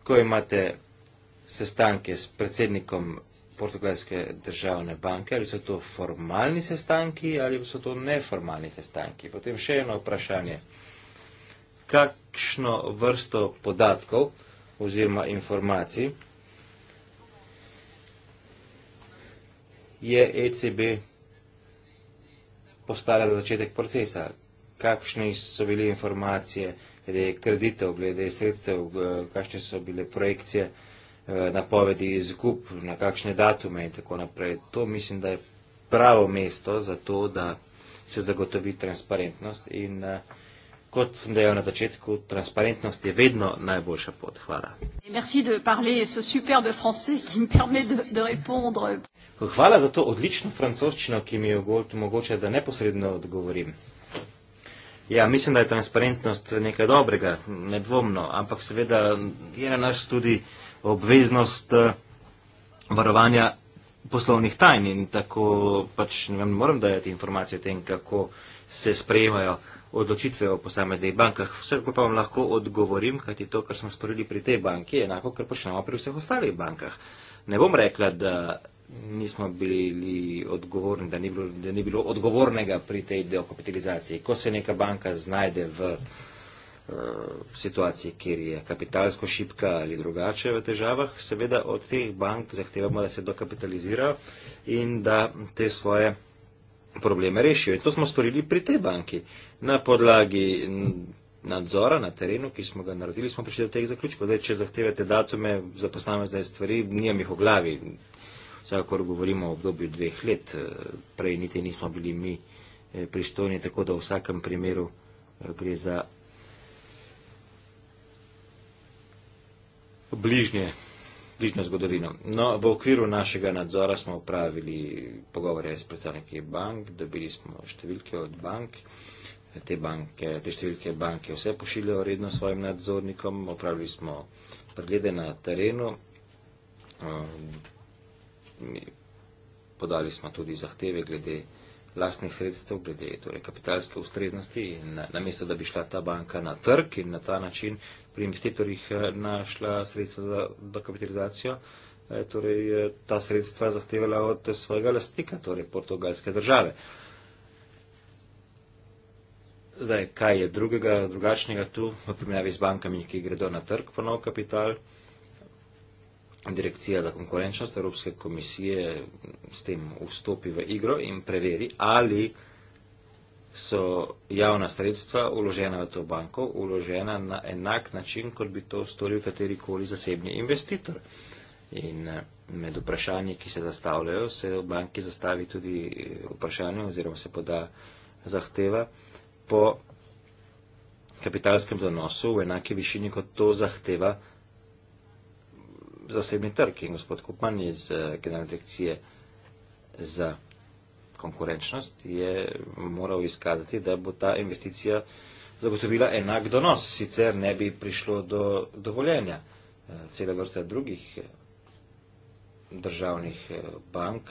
S1: ko imate sestanke s predsednikom portugalske državne banke, ali so to formalni sestanki ali so to neformalni sestanki. Potem še eno vprašanje. Kakšno vrsto podatkov oziroma informacij je ECB postala za začetek procesa. Kakšne so bile informacije glede kreditev, glede sredstev, eh, kakšne so bile projekcije, eh, napovedi izgub, na kakšne datume in tako naprej. To mislim, da je pravo mesto za to, da se zagotovi transparentnost in uh, kot sem dejal na začetku, transparentnost je vedno najboljša pot. Hvala. Hvala za to odlično francoščino, ki mi omogoča, da neposredno odgovorim. Ja, mislim, da je transparentnost nekaj dobrega, nedvomno, ampak seveda je na nas tudi obveznost eh, varovanja poslovnih tajn in tako pač ne vem, moram dajati informacije o tem, kako se sprejemajo odločitve o posameznih bankah. Vse kako pa vam lahko odgovorim, kajti to, kar smo storili pri tej banki, je enako, kar počnemo pri vseh ostalih bankah. Ne bom rekla, da nismo bili odgovorni, da ni bilo, da ni bilo odgovornega pri tej deokapitalizaciji. Ko se neka banka znajde v eh, situaciji, kjer je kapitalsko šipka ali drugače v težavah, seveda od teh bank zahtevamo, da se dokapitalizirajo in da te svoje probleme rešijo. In to smo storili pri tej banki na podlagi nadzora na terenu, ki smo ga naredili, smo prišli do teh zaključkov. Zdaj, če zahtevate datume za posamezne stvari, nijam jih v glavi. Vsakakor govorimo o obdobju dveh let. Prej niti nismo bili mi eh, pristojni, tako da v vsakem primeru eh, gre za bližnje, bližnjo zgodovino. No, v okviru našega nadzora smo upravili pogovore s predstavniki bank, dobili smo številke od bank te banke, te številke banke, vse pošiljajo redno svojim nadzornikom, opravili smo preglede na terenu, ehm, podali smo tudi zahteve glede lastnih sredstev, glede torej, kapitalske ustreznosti in namesto, da bi šla ta banka na trg in na ta način pri investitorjih eh, našla sredstva za dokapitalizacijo, eh, torej eh, ta sredstva zahtevala od svojega lastnika, torej portugalske države. Zdaj, kaj je drugega, drugačnega tu v primerjavi z bankami, ki gredo na trg po nov kapital? Direkcija za konkurenčnost Evropske komisije s tem vstopi v igro in preveri, ali so javna sredstva uložena v to banko, uložena na enak način, kot bi to storil katerikoli zasebni investitor. In eh, med vprašanji, ki se zastavljajo, se v banki zastavi tudi eh, vprašanje oziroma se poda zahteva, po kapitalskem donosu v enaki višini, kot to zahteva zasebni trg. In gospod Kupman iz eh, Generalne direkcije za konkurenčnost je moral izkazati, da bo ta investicija zagotovila enak donos, sicer ne bi prišlo do dovoljenja eh, cele vrste drugih eh, državnih bank,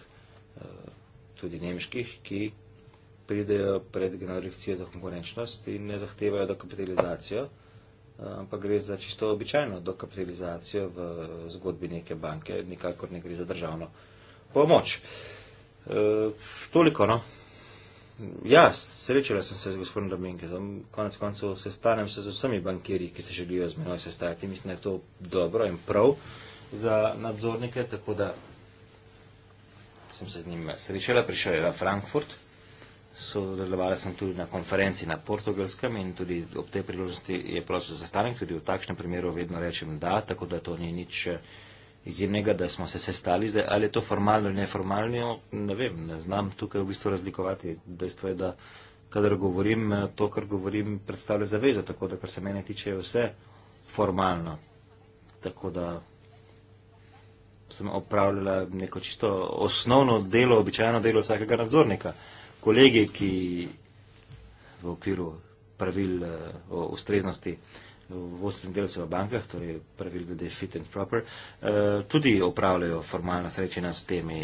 S1: tudi nemških, ki pridejo pred generacijo za konkurenčnost in ne zahtevajo dokapitalizacijo, ampak gre za čisto običajno dokapitalizacijo v zgodbi neke banke, nikakor ne gre za državno pomoč. E, toliko, no. Ja, srečala sem se z gospodom Domenkezom, konec koncev se stanem se z vsemi bankiri, ki se želijo z menoj sestajati. Mislim, da je to dobro in prav za nadzornike, tako da sem se z njim srečala, prišel je v Frankfurt sodelovala sem tudi na konferenci na portugalskem in tudi ob tej priložnosti je prosil za stanek, tudi v takšnem primeru vedno rečem da, tako da to ni nič eh, izjemnega, da smo se sestali zdaj, ali je to formalno ali neformalno, ne vem, ne znam tukaj v bistvu razlikovati. Dejstvo je, da kadar govorim, eh, to, kar govorim, predstavlja zaveza, tako da kar se mene tiče, je vse formalno. Tako da sem opravljala neko čisto osnovno delo, običajno delo vsakega nadzornika kolegi, ki v okviru pravil eh, o ustreznosti vodstvenih delcev v bankah, torej pravil glede fit and proper, eh, tudi opravljajo formalna srečanja s temi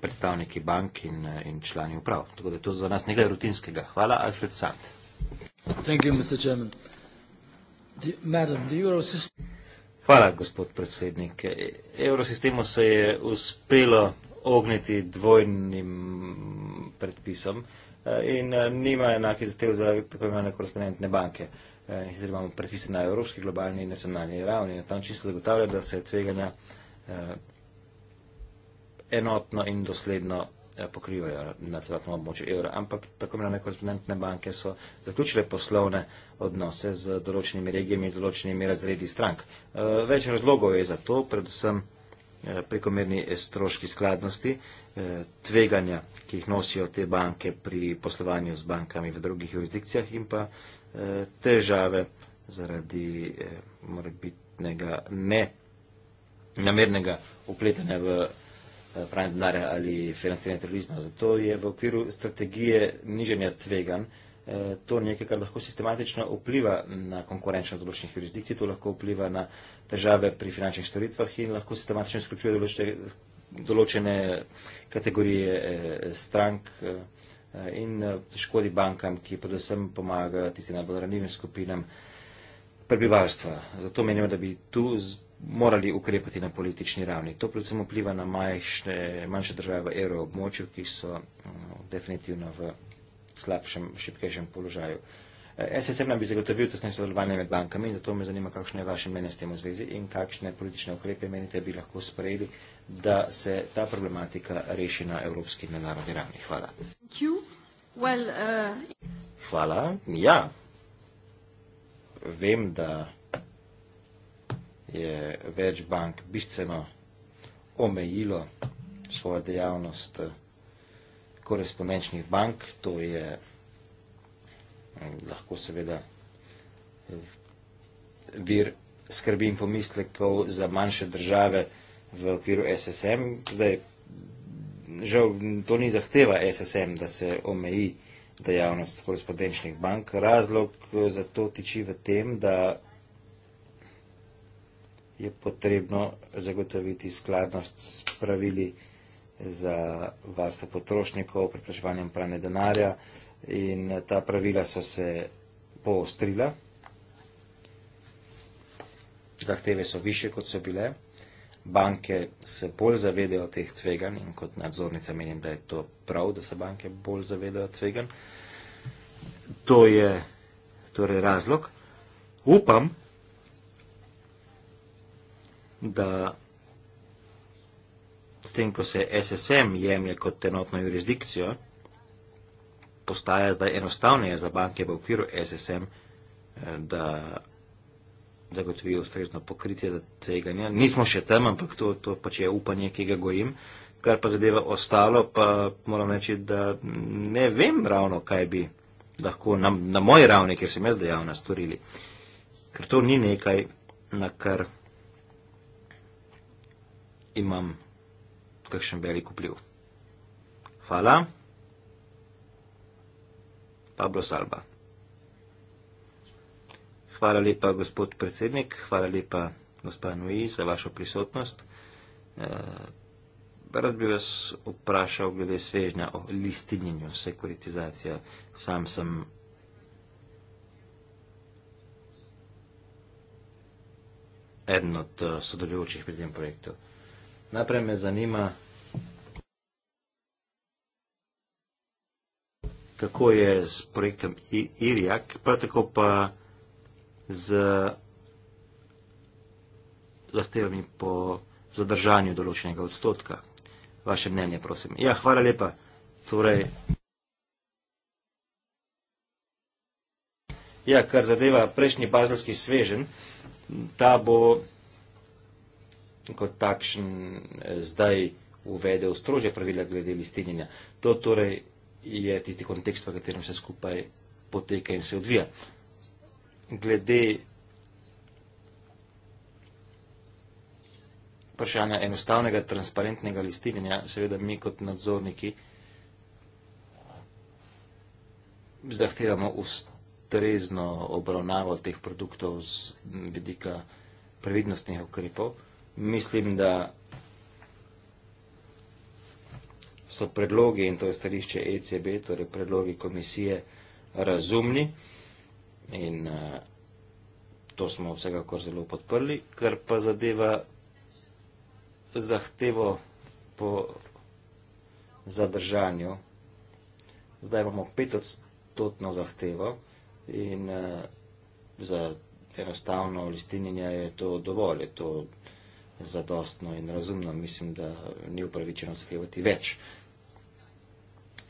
S1: predstavniki bank in, eh, in člani uprav. Tako da je to za nas nekaj rutinskega. Hvala, Alfred Sant.
S3: Thank you, Mr. Chairman. The, madam, the Eurosystem...
S1: Hvala, gospod predsednik. E, Eurosistemu se je uspelo ogniti dvojnim predpisom eh, in eh, nima enake zatev za tako imenovane korespondentne banke. Eh, in sicer imamo predpise na evropski, globalni in nacionalni ravni. Na ta način se zagotavlja, da se tveganja enotno in dosledno pokrivajo na celotnem območju evra. Ampak tako imenovane korespondentne banke so zaključile poslovne odnose z določenimi regijami in določenimi razredi strank. Več razlogov je za to, predvsem Eh, prekomerni eh, stroški skladnosti, eh, tveganja, ki jih nosijo te banke pri poslovanju z bankami v drugih jurisdikcijah in pa težave zaradi morebitnega nenamernega upletanja v pranje denarja ali financiranje terorizma. Zato je v okviru strategije niženja tveganj Eh, to nekaj, kar lahko sistematično vpliva na konkurenčnost določenih jurisdikcij, to lahko vpliva na težave pri finančnih storitvah in lahko sistematično izključuje določene, določene kategorije eh, strank eh, in škodi bankam, ki predvsem pomaga tistim najbolj ranljivim skupinam prebivalstva. Zato menimo, da bi tu morali ukrepati na politični ravni. To predvsem vpliva na majšne, manjše države v evroobmočju, ki so mm, definitivno v slabšem, šipkejšem položaju. Eh, SSM naj bi zagotovil tesne sodelovanje med bankami, zato me zanima, kakšno je vaše mnenje s tem v zvezi in kakšne politične ukrepe menite bi lahko sprejeli, da se ta problematika reši na evropski in mednarodni ravni. Hvala. Well,
S2: uh...
S1: Hvala. Ja, vem, da je več bank bistveno omejilo svojo dejavnost. Uh, korespondenčnih bank, to je eh, lahko seveda eh, vir skrbi in pomislekov za manjše države v okviru SSM. Zdaj, žal, to ni zahteva SSM, da se omeji dejavnost korespondenčnih bank. Razlog eh, za to tiči v tem, da je potrebno zagotoviti skladnost s pravili za varstvo potrošnikov, preprečevanjem pranja denarja in ta pravila so se poostrila. Zahteve so više, kot so bile. Banke se bolj zavedajo teh tveganj in kot nadzornica menim, da je to prav, da se banke bolj zavedajo tveganj. To je torej razlog. Upam, da s tem, ko se SSM jemlje kot enotno jurisdikcijo, postaja zdaj enostavneje za banke v okviru SSM, eh, da zagotovijo ustrezno pokritje za tveganja. Nismo še tam, ampak to, to pač je upanje, ki ga gojim. Kar pa zadeva ostalo, pa moram reči, da ne vem ravno, kaj bi lahko na, na moji ravni, kjer sem jaz dejavna, storili. Ker to ni nekaj, na kar imam kakšen velik vpliv. Hvala. Pablo Salba. Hvala lepa, gospod predsednik, hvala lepa, gospod Nui, za vašo prisotnost. E, rad bi vas vprašal glede svežnja o listininju sekuritizacija. Sam sem eden od eh, sodelujočih pri tem projektu. Najprej me zanima, kako je s projektom IRIAK, prav tako pa z zahtevami po zadržanju določenega odstotka. Vaše mnenje, prosim. Ja, hvala lepa. Torej, ja, kar zadeva prejšnji bazelski svežen, ta bo kot takšen eh, zdaj uvedel strože pravila glede listinjenja. To torej je tisti kontekst, v katerem se skupaj poteka in se odvija. Glede vprašanja enostavnega, transparentnega listinjenja, seveda mi kot nadzorniki zahtevamo ustrezno obravnavo teh produktov z vidika previdnostnih ukrepov mislim, da so predlogi in to je stališče ECB, torej predlogi komisije, razumni in eh, to smo vsekakor zelo podprli, ker pa zadeva zahtevo po zadržanju. Zdaj imamo petodstotno zahtevo in eh, za enostavno listinjenje je to dovolj, je to dovolj zadostno in razumno. Mislim, da ni upravičeno zahtevati več.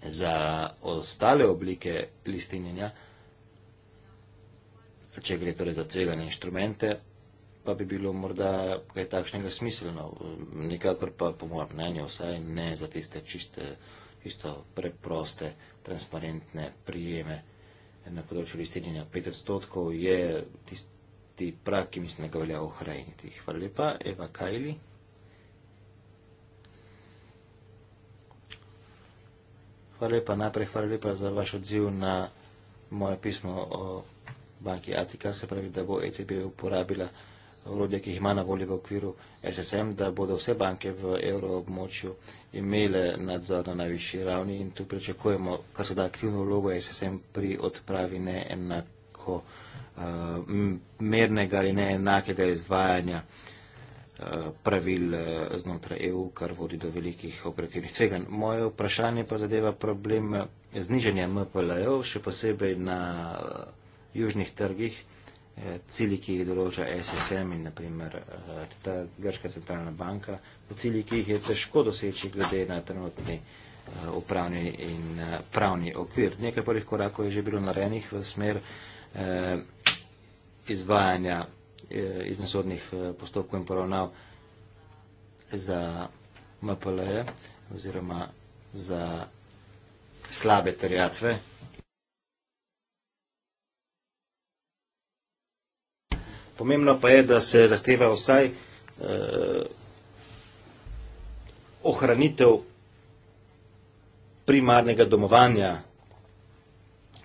S1: Za ostale oblike listinjenja, če gre torej za tvegane inštrumente, pa bi bilo morda kaj takšnega smiselno. Nikakor pa, po mojem mnenju, vsaj ne za tiste čiste, čisto preproste, transparentne prijeme na področju listinjenja. 5 odstotkov je tisto ti prav, ki mislim, da ga velja ohraniti. Hvala lepa, Eva Kajli. Hvala lepa, najprej hvala lepa za vaš odziv na moje pismo o banki Atika, se pravi, da bo ECB uporabila urodje, ki jih ima na voljo v okviru SSM, da bodo vse banke v evroobmočju imele nadzor na najvišji ravni in tu pričakujemo, kar se da aktivno vlogo SSM pri odpravi neenakosti nekako eh, mernega ali neenakega izvajanja eh, pravil eh, znotraj EU, kar vodi do velikih operativnih tveganj. Moje vprašanje pa zadeva problem znižanja MPL-ev, še posebej na južnih trgih, cilji, ki jih določa SSM in naprimer ta Grška centralna banka, cilji, ki jih je težko doseči glede na trenutni upravni in pravni okvir. Nekaj prvih korakov je že bilo narejenih v smer eh, izvajanja eh, iznesodnih eh, postopkov in poravnav za MPL-je oziroma za slabe terjatve. Pomembno pa je, da se zahteva vsaj eh, ohranitev primarnega domovanja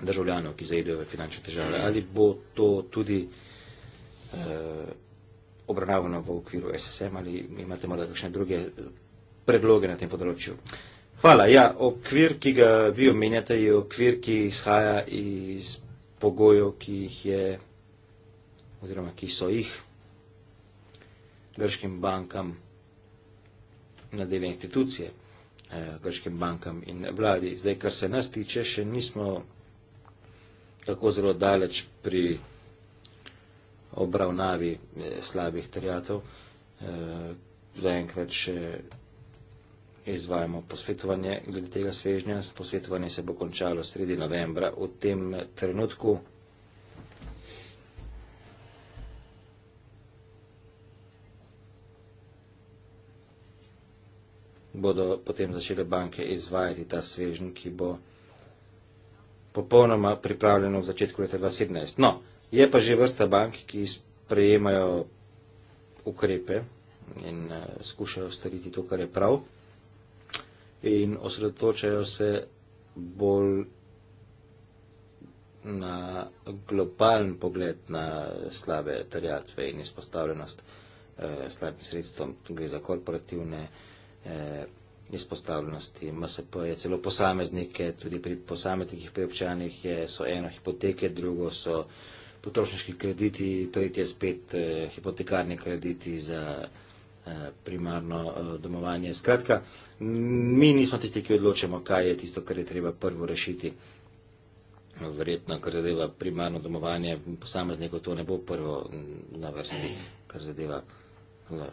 S1: državljanov, ki zaidejo v finančne težave. Ali bo to tudi eh, obravnavano v okviru SSM ali imate morda kakšne druge eh, predloge na tem področju? Hvala. Ja, okvir, ki ga vi omenjate, je okvir, ki izhaja iz pogojev, ki jih je oziroma ki so jih grškim bankam nadeljene institucije, eh, grškim bankam in vladi. Zdaj, kar se nas tiče, še nismo tako zelo daleč pri obravnavi eh, slabih terjatov. Eh, zaenkrat še izvajamo posvetovanje glede tega svežnja. Posvetovanje se bo končalo sredi novembra. V tem trenutku bodo potem začele banke izvajati ta svežnj, ki bo popolnoma pripravljeno v začetku leta 2017. No, je pa že vrsta bank, ki sprejemajo ukrepe in uh, skušajo storiti to, kar je prav in osredotočajo se bolj na globalen pogled na slabe terjatve in izpostavljenost eh, slabim sredstvom. Gre za korporativne eh, izpostavljenosti. MSP je celo posameznike, tudi pri posameznikih priobčanih je, so eno hipoteke, drugo so potrošniški krediti, tretje spet eh, hipotekarni krediti za eh, primarno eh, domovanje. Skratka, mi nismo tisti, ki odločamo, kaj je tisto, kar je treba prvo rešiti. Verjetno, kar zadeva primarno domovanje, posameznikov to ne bo prvo mm, na vrsti, kar zadeva. Eh,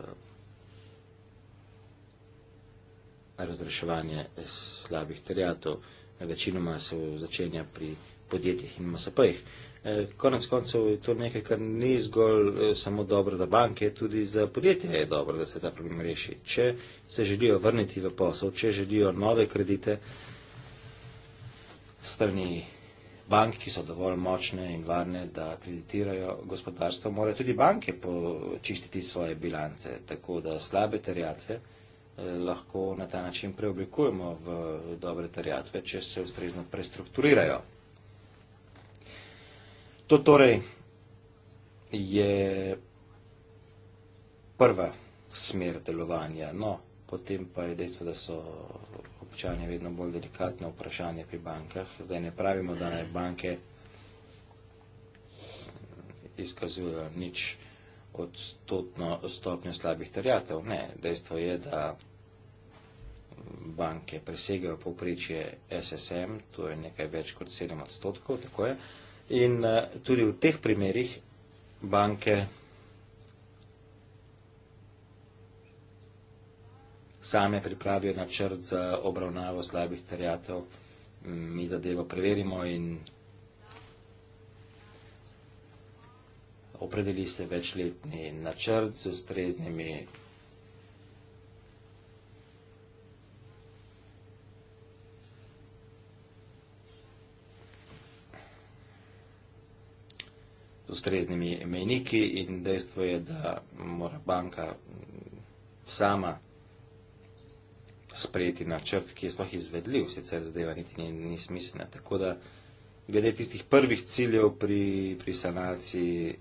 S1: razreševanje slabih terjatov. Večinoma se začenja pri podjetjih in MSP-jih. E, konec koncev je to nekaj, kar ni zgolj e, samo dobro za banke, tudi za podjetje je dobro, da se ta problem reši. Če se želijo vrniti v posel, če želijo nove kredite strani bank, ki so dovolj močne in varne, da kreditirajo gospodarstvo, morajo tudi banke počistiti svoje bilance, tako da slabe terjatve. Eh, lahko na ta način preoblikujemo v dobre terjatve, če se ustrezno prestrukturirajo. To torej je prva smer delovanja, no, potem pa je dejstvo, da so občanje vedno bolj delikatno vprašanje pri bankah. Zdaj ne pravimo, da naj banke izkazujejo nič odstotno stopnjo slabih terjatev. Ne, dejstvo je, da banke presegajo povprečje SSM, to je nekaj več kot 7 odstotkov, tako je. In eh, tudi v teh primerih banke same pripravijo načrt za obravnavo slabih terjatev, mi zadevo preverimo in opredeli se večletni načrt z ustreznimi ustreznimi imeniki in dejstvo je, da mora banka sama sprejeti načrt, ki je sploh izvedljiv, sicer zadeva niti ni, ni smiselna. Tako da glede tistih prvih ciljev pri, pri sanaciji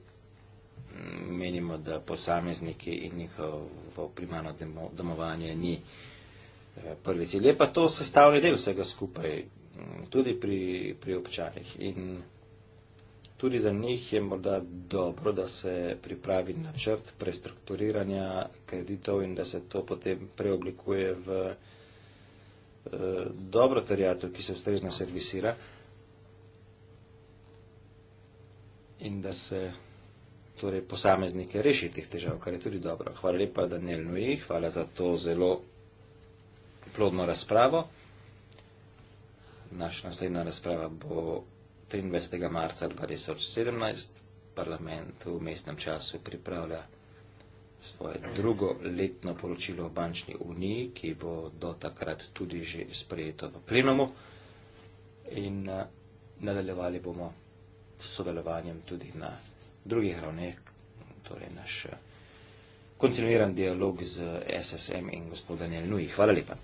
S1: menimo, da posamezniki in njihovo primarno domovanje ni eh, prvi cilj. Je pa to sestavni del vsega skupaj, mm, tudi pri, pri občanih. In tudi za njih je morda dobro, da se pripravi načrt prestrukturiranja kreditov in da se to potem preoblikuje v eh, dobro terjato, ki se ustrezno servisira in da se torej, posameznike rešiti teh težav, kar je tudi dobro. Hvala lepa, Daniel Nui, hvala za to zelo plodno razpravo. Naša naslednja razprava bo 23. marca 2017. Parlament v mestnem času pripravlja svoje drugo letno poročilo o bančni uniji, ki bo do takrat tudi že sprejeto v plenumu. In eh, nadaljevali bomo s sodelovanjem tudi na drugih ravneh, torej naš eh, kontinuiran dialog z SSM in gospodom Daniel Nuji. Hvala lepa.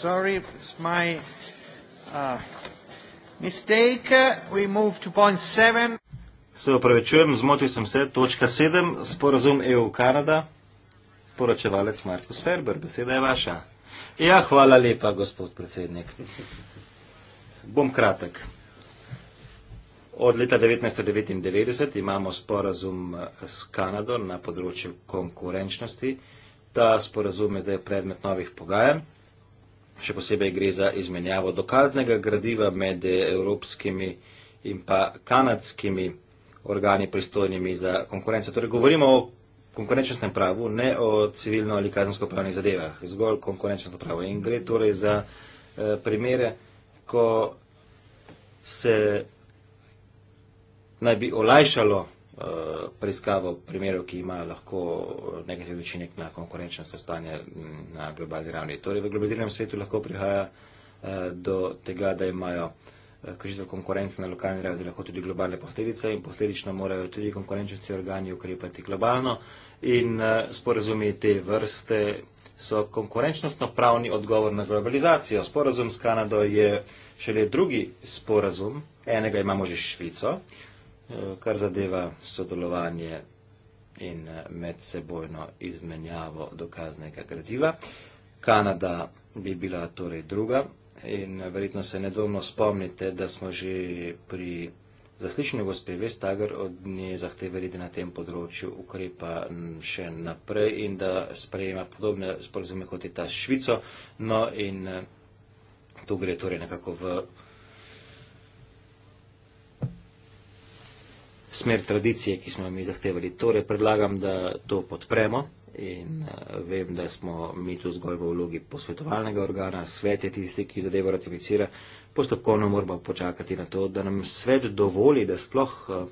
S1: sorry, it's my uh, mistake. We move to point seven. Se opravičujem, zmotil sem se. Točka sedem, sporazum EU-Kanada. Poročevalec Markus Ferber, beseda je vaša. Ja, hvala lepa, gospod predsednik. Bom kratek. Od leta 1999 imamo sporazum eh, s Kanado na področju konkurenčnosti. Ta sporazum je zdaj predmet novih pogajanj še posebej gre za izmenjavo dokaznega gradiva med evropskimi in pa kanadskimi organi pristojnimi za konkurenco. Torej govorimo o konkurenčnostnem pravu, ne o civilno ali kazensko pravnih zadevah, zgolj konkurenčnostno pravo. In gre torej za eh, primere, ko se naj bi olajšalo Eh, preiskavo primerov, ki ima lahko eh, negativni učinek na konkurenčnost stanja mm, na globalni ravni. Torej, v globaliziranem svetu lahko prihaja eh, do tega, da imajo kršitev konkurence na lokalni ravni lahko tudi globalne posledice in posledično morajo tudi konkurenčnosti organi ukrepati globalno in sporazumi te vrste so konkurenčnostno pravni odgovor na globalizacijo. Sporazum s Kanado je šele drugi sporazum, enega imamo že Švico, Eh, kar zadeva sodelovanje in eh, medsebojno izmenjavo dokaznega gradiva. Kanada bi bila torej druga in eh, verjetno se nedvomno spomnite, da smo že pri zaslišanju gospe Vestager od nje zahtevali, da na tem področju ukrepa še naprej in da sprejema podobne sporozume kot je ta s Švico. No in tu gre torej nekako v smer tradicije, ki smo jo mi zahtevali. Torej predlagam, da to podpremo in eh, vem, da smo mi tu zgolj v vlogi posvetovalnega organa, svet je tisti, ki zadevo ratificira. Postopkovno moramo počakati na to, da nam svet dovoli, da sploh eh,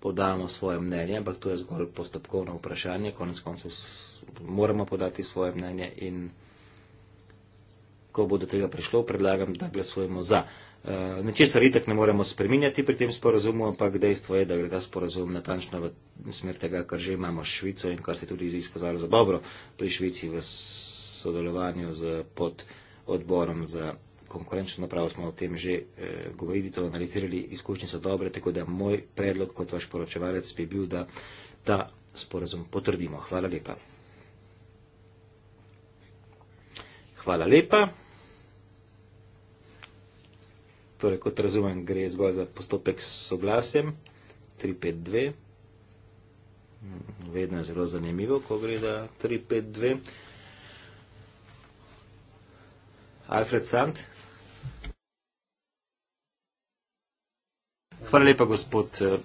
S1: podamo svoje mnenje, ampak to je zgolj postopkovno vprašanje, konec koncev moramo podati svoje mnenje in ko bo do tega prišlo, predlagam, da glasujemo za. Eh, ničesar itak ne moremo spreminjati pri tem sporazumu, ampak dejstvo je, da gre ta sporazum natančno v smer tega, kar že imamo s Švico in kar se je tudi izkazalo za dobro pri Švici v sodelovanju z pod odborom za konkurenčno napravo. Smo o tem že eh, govorili, to analizirali, izkušnje so dobre, tako da moj predlog kot vaš poročevalec bi bil, da ta sporazum potrdimo. Hvala lepa. Hvala lepa. Torej, kot razumem, gre zgolj za postopek s soglasjem 352. Mm, vedno je zelo zanimivo, ko gre za 352. Alfred Sand. Hvala lepa, gospod eh,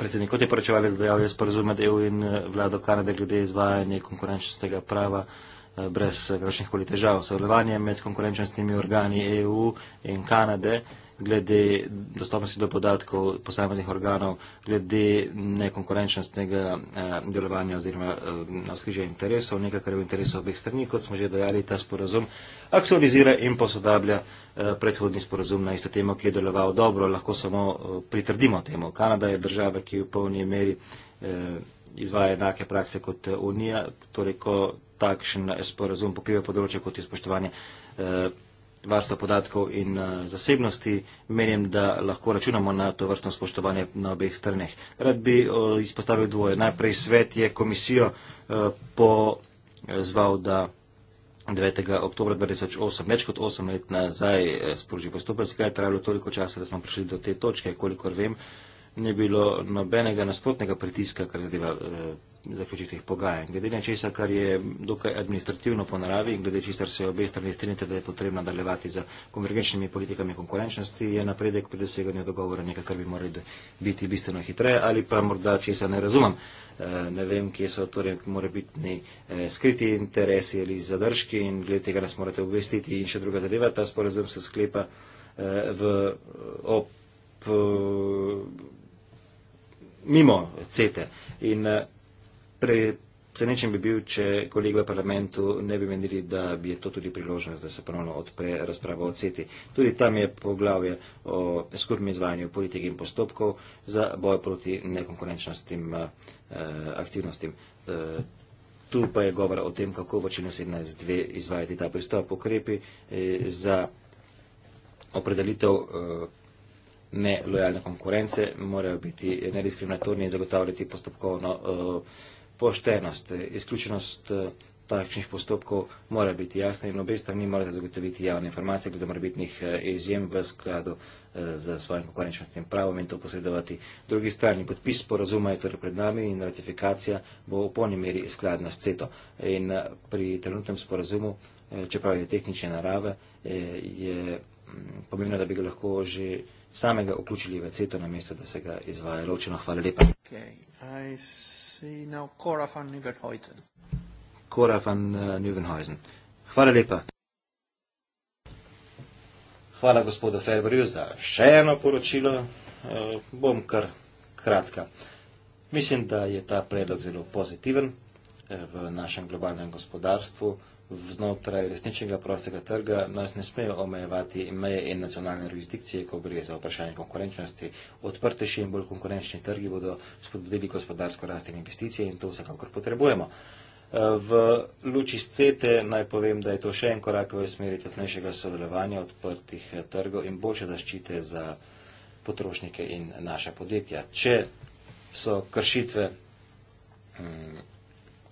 S1: predsednik. Kot je poročevalec dejal, jaz pa razumem, da je EU in eh, vlado Kanade glede izvajanja konkurenčnostnega prava eh, brez kakršnih koli težav. Sodelovanje med konkurenčnostnimi organi EU in Kanade glede dostopnosti do podatkov posameznih organov, glede nekonkurenčnostnega eh, delovanja oziroma eh, naskrižja interesov, nekaj, kar je v interesu obeh strani, kot smo že dojali, ta sporazum aktualizira in posodablja eh, predhodni sporazum na isto temo, ki je deloval dobro, lahko samo eh, pritrdimo temu. Kanada je država, ki v polni meri eh, izvaja enake prakse kot eh, Unija, torej ko takšen eh, sporazum pokriva področje kot je spoštovanje. Eh, varstva podatkov in uh, zasebnosti, menim, da lahko računamo na to vrstno spoštovanje na obeh straneh. Rad bi uh, izpostavil dvoje. Najprej svet je komisijo uh, pozval, da 9. oktober 2008, več kot 8 let nazaj, sporoči postopek, zakaj je trajalo toliko časa, da smo prišli do te točke, kolikor vem. Uh, ni bilo nobenega nasprotnega pritiska, kar zadeva eh, zaključitih pogajanj. Glede na česa, kar je dokaj administrativno po naravi in glede česar se obe strani strinjate, da je potrebno nadaljevati za konvergenčnimi politikami konkurenčnosti, je napredek pri doseganju dogovora nekaj, kar bi morali biti bistveno hitreje ali pa morda česa ne razumem. Eh, ne vem, kje so torej morebitni eh, skriti interesi ali zadržki in glede tega nas morate obvestiti. In še druga zadeva, ta sporazum se sklepa eh, v, ob. Eh, mimo CETE. In eh, precenečen bi bil, če kolegi v parlamentu ne bi menili, da bi je to tudi priložnost, da se ponovno odpre razprava o CETE. Tudi tam je poglavje o skupnem izvajanju politik in postopkov za boj proti nekonkurenčnostim eh, aktivnostim. Eh, tu pa je govor o tem, kako v očinu 172 izvajati ta pristop ukrepi za opredelitev nelojalne konkurence, morajo biti nediskriminatorni in zagotavljati postopkovno eh, poštenost. Izključenost eh, takšnih postopkov mora biti jasna in obe strani morate zagotoviti javne informacije glede morbitnih eh, izjem v skladu z svojim konkurenčnostnim pravom in to posredovati drugi strani. Podpis porazuma je torej pred nami in ratifikacija bo v polni meri skladna s CETO. In pri trenutnem sporazumu, čeprav je tehnične narave, je mm, pomembno, da bi ga lahko že samega vključili v CETO, na mesto, da se ga izvaja ločeno. Hvala lepa. Okay. Kora van uh, Nuvenhuizen. Eh, Hvala lepa. Hvala gospodu Ferbriju za še eno poročilo. Uh, bom kar kratka. Mislim, da je ta predlog zelo pozitiven eh, v našem globalnem gospodarstvu. Uh, znotraj resničnega prostega trga nas ne smejo omejevati meje in nacionalne jurisdikcije, ko gre za vprašanje konkurenčnosti. Odprtejši in bolj konkurenčni trgi bodo spodbudili gospodarsko rast in investicije in to vsekakor potrebujemo. Eh, v luči scete naj povem, da je to še en korak v smeri tesnejšega sodelovanja odprtih eh, trgov in boljše zaščite za potrošnike in naše podjetja. Če so kršitve mm,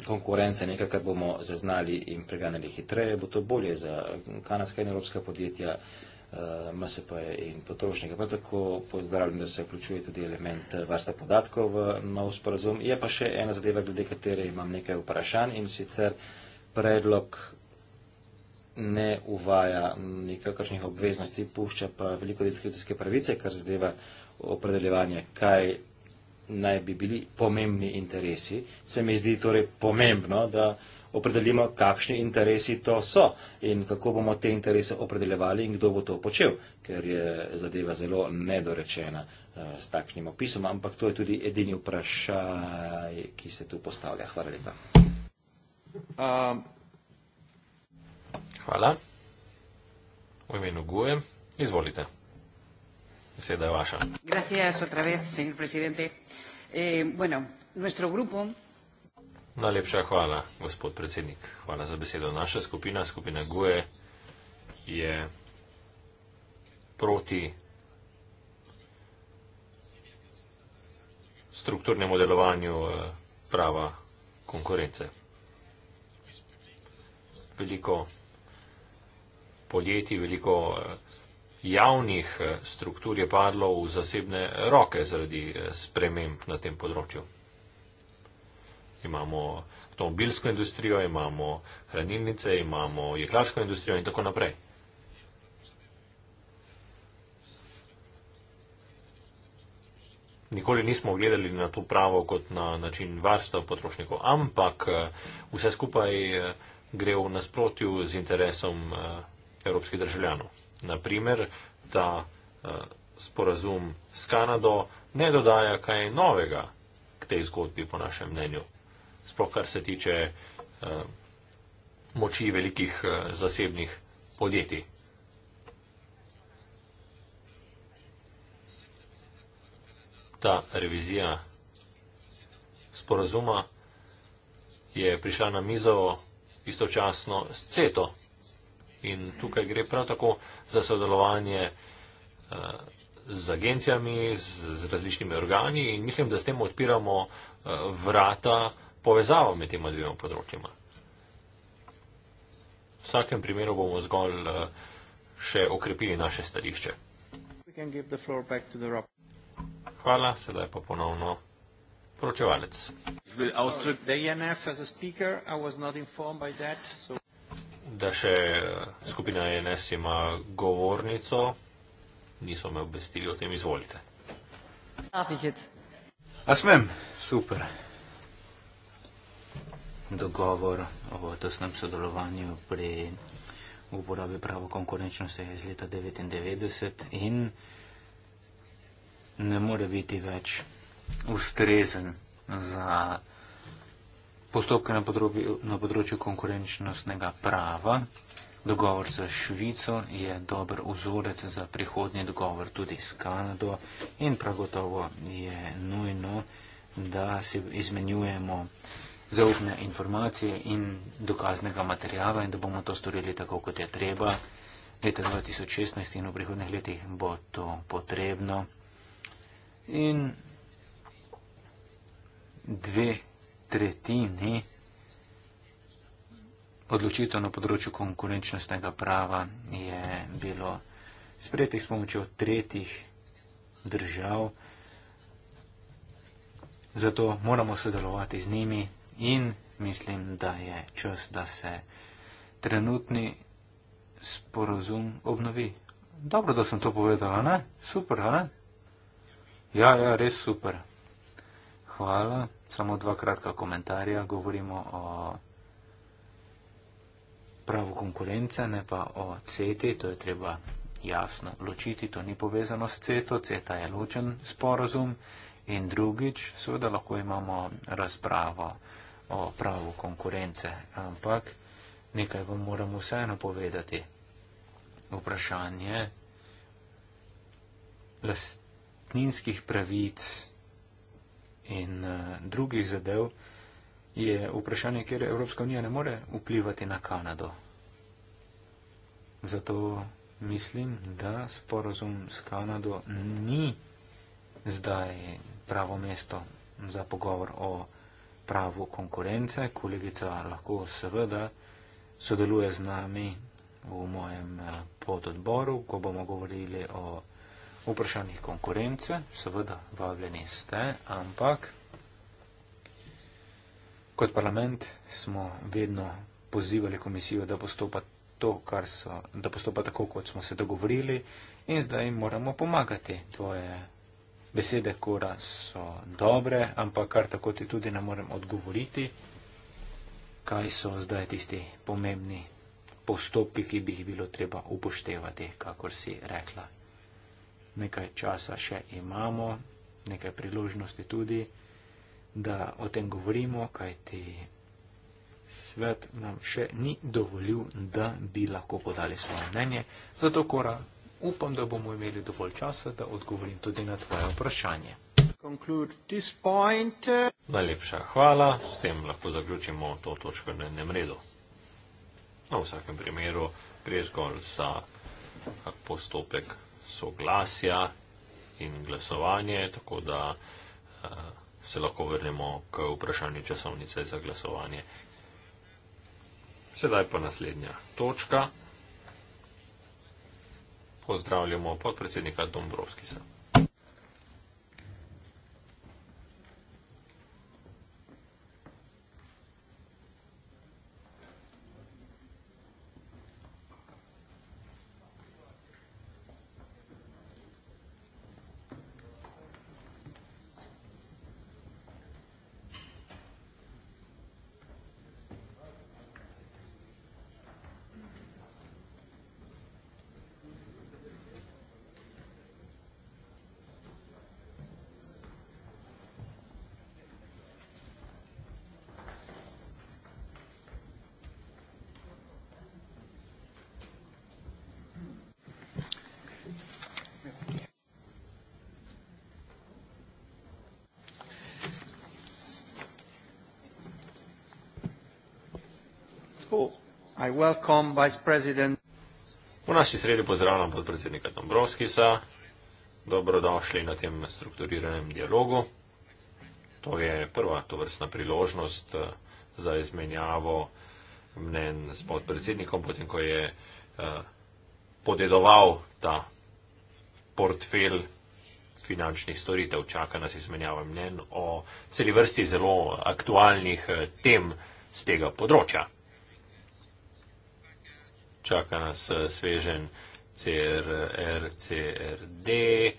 S1: konkurence, nekaj, kar bomo zaznali in preganjali hitreje, bo to bolje za kanadska in evropska podjetja, uh, eh, MSP in potrošnike. Prav tako pozdravljam, da se vključuje tudi element eh, varstva podatkov v nov sporazum. Je pa še ena zadeva, glede katere imam nekaj vprašanj in sicer predlog ne uvaja nikakršnih obveznosti, pušča pa veliko diskrecijske pravice, kar zadeva opredeljevanje, kaj naj bi bili pomembni interesi. Se mi zdi torej pomembno, da opredelimo, kakšni interesi to so in kako bomo te interese opredeljevali in kdo bo to počel, ker je zadeva zelo nedorečena eh, s takšnim opisom, ampak to je tudi edini vprašaj, ki se tu postavlja. Hvala lepa. Um.
S2: Hvala. V imenu Guje, izvolite. Beseda je vaša.
S3: Gracias otra vez, señor presidente.
S1: Eh, bueno, nuestro grupo.
S2: Najlepša hvala, gospod predsednik. Hvala za besedo. Naša skupina, skupina GUE, je proti strukturnemu delovanju eh, prava konkurence. Veliko podjetij, veliko eh, javnih eh, struktur je padlo v zasebne roke zaradi eh, sprememb na tem področju. Imamo avtomobilsko industrijo, imamo hranilnice, imamo jeklarsko industrijo in tako naprej. Nikoli nismo gledali na to pravo kot na način varstva potrošnikov, ampak eh, vse skupaj gre v nasprotju z interesom evropskih državljanov. Naprimer, ta eh, sporazum s Kanado ne dodaja kaj novega k tej zgodbi, po našem mnenju. Sploh kar se tiče eh, moči velikih eh, zasebnih podjetij. Ta revizija sporazuma je prišla na mizo istočasno s CETO In tukaj gre prav tako za sodelovanje eh, z agencijami, z, z različnimi organi in mislim, da s tem odpiramo eh, vrata povezava med tema dvema področjima. V vsakem primeru bomo zgolj eh, še okrepili naše stališče. Hvala, sedaj pa ponovno
S1: pročevalec. E speaker, that, so
S2: da še eh, skupina e NS ima govornico, niso me obvestili o tem, izvolite.
S3: Apihec. A smem? Super. Dogovor o tesnem sodelovanju pri uporabi pravo konkurenčnosti iz leta 99 in ne more biti več ustrezen za postopke na, podrobi, na področju konkurenčnostnega prava. Dogovor za Švico je dober vzorec za prihodnji dogovor tudi s Kanado in prav gotovo je nujno, da se izmenjujemo zaupne informacije in dokaznega materijala in da bomo to storili tako, kot je treba. Leta 2016 in v prihodnih letih bo to potrebno. In dve tretjini odločitev na področju konkurenčnostnega prava je bilo sprejetih s pomočjo tretjih držav. Zato moramo sodelovati z njimi in mislim, da je čas, da se trenutni sporozum obnovi. Dobro, da sem to povedala, ne? Super, ne? Ja, ja, res super. Hvala. Samo dva kratka komentarja. Govorimo o pravu konkurence, ne pa o CETI. To je treba jasno ločiti. To ni povezano s CETO. CETA je ločen sporozum. In drugič, seveda lahko imamo razpravo o pravu konkurence. Ampak nekaj vam moramo vseeno povedati. Vprašanje lastninskih pravic in uh, drugih zadev, je vprašanje, kjer Evropska unija ne more vplivati na Kanado. Zato mislim, da sporozum s Kanado ni zdaj pravo mesto za pogovor o pravu konkurence. Kolegica lahko seveda sodeluje z nami v mojem eh, pododboru, ko bomo govorili o vprašanjih konkurence, seveda vabljeni ste, ampak kot parlament smo vedno pozivali komisijo, da postopa, to, so, da postopa tako, kot smo se dogovorili in zdaj jim moramo pomagati. Tvoje besede, kora, so dobre, ampak kar tako ti tudi ne morem odgovoriti, kaj so zdaj tisti pomembni postopki, ki bi jih bilo treba upoštevati, kakor si rekla nekaj časa še imamo, nekaj priložnosti tudi, da o tem govorimo, kajti svet nam še ni dovolil, da bi lahko podali svoje mnenje. Zato, Kora, upam, da bomo imeli dovolj časa, da odgovorim tudi na tvoje vprašanje.
S2: Najlepša hvala, s tem lahko zaključimo to točko na enem redu. Na no, vsakem primeru gre zgolj za postopek soglasja in glasovanje, tako da uh, se lahko vrnemo k vprašanju časovnice za glasovanje. Sedaj pa naslednja točka. Pozdravljamo podpredsednika Dombrovskisa. V naši sredi pozdravljam podpredsednika Dombrovskisa. Dobrodošli na tem strukturiranem dialogu. To je prva tovrstna priložnost eh, za izmenjavo mnen s podpredsednikom, potem ko je eh, podedoval ta portfel finančnih storitev. Čaka nas izmenjava mnen o celi vrsti zelo aktualnih eh, tem z tega področja čaka nas eh, svežen CRR, CRD, eh,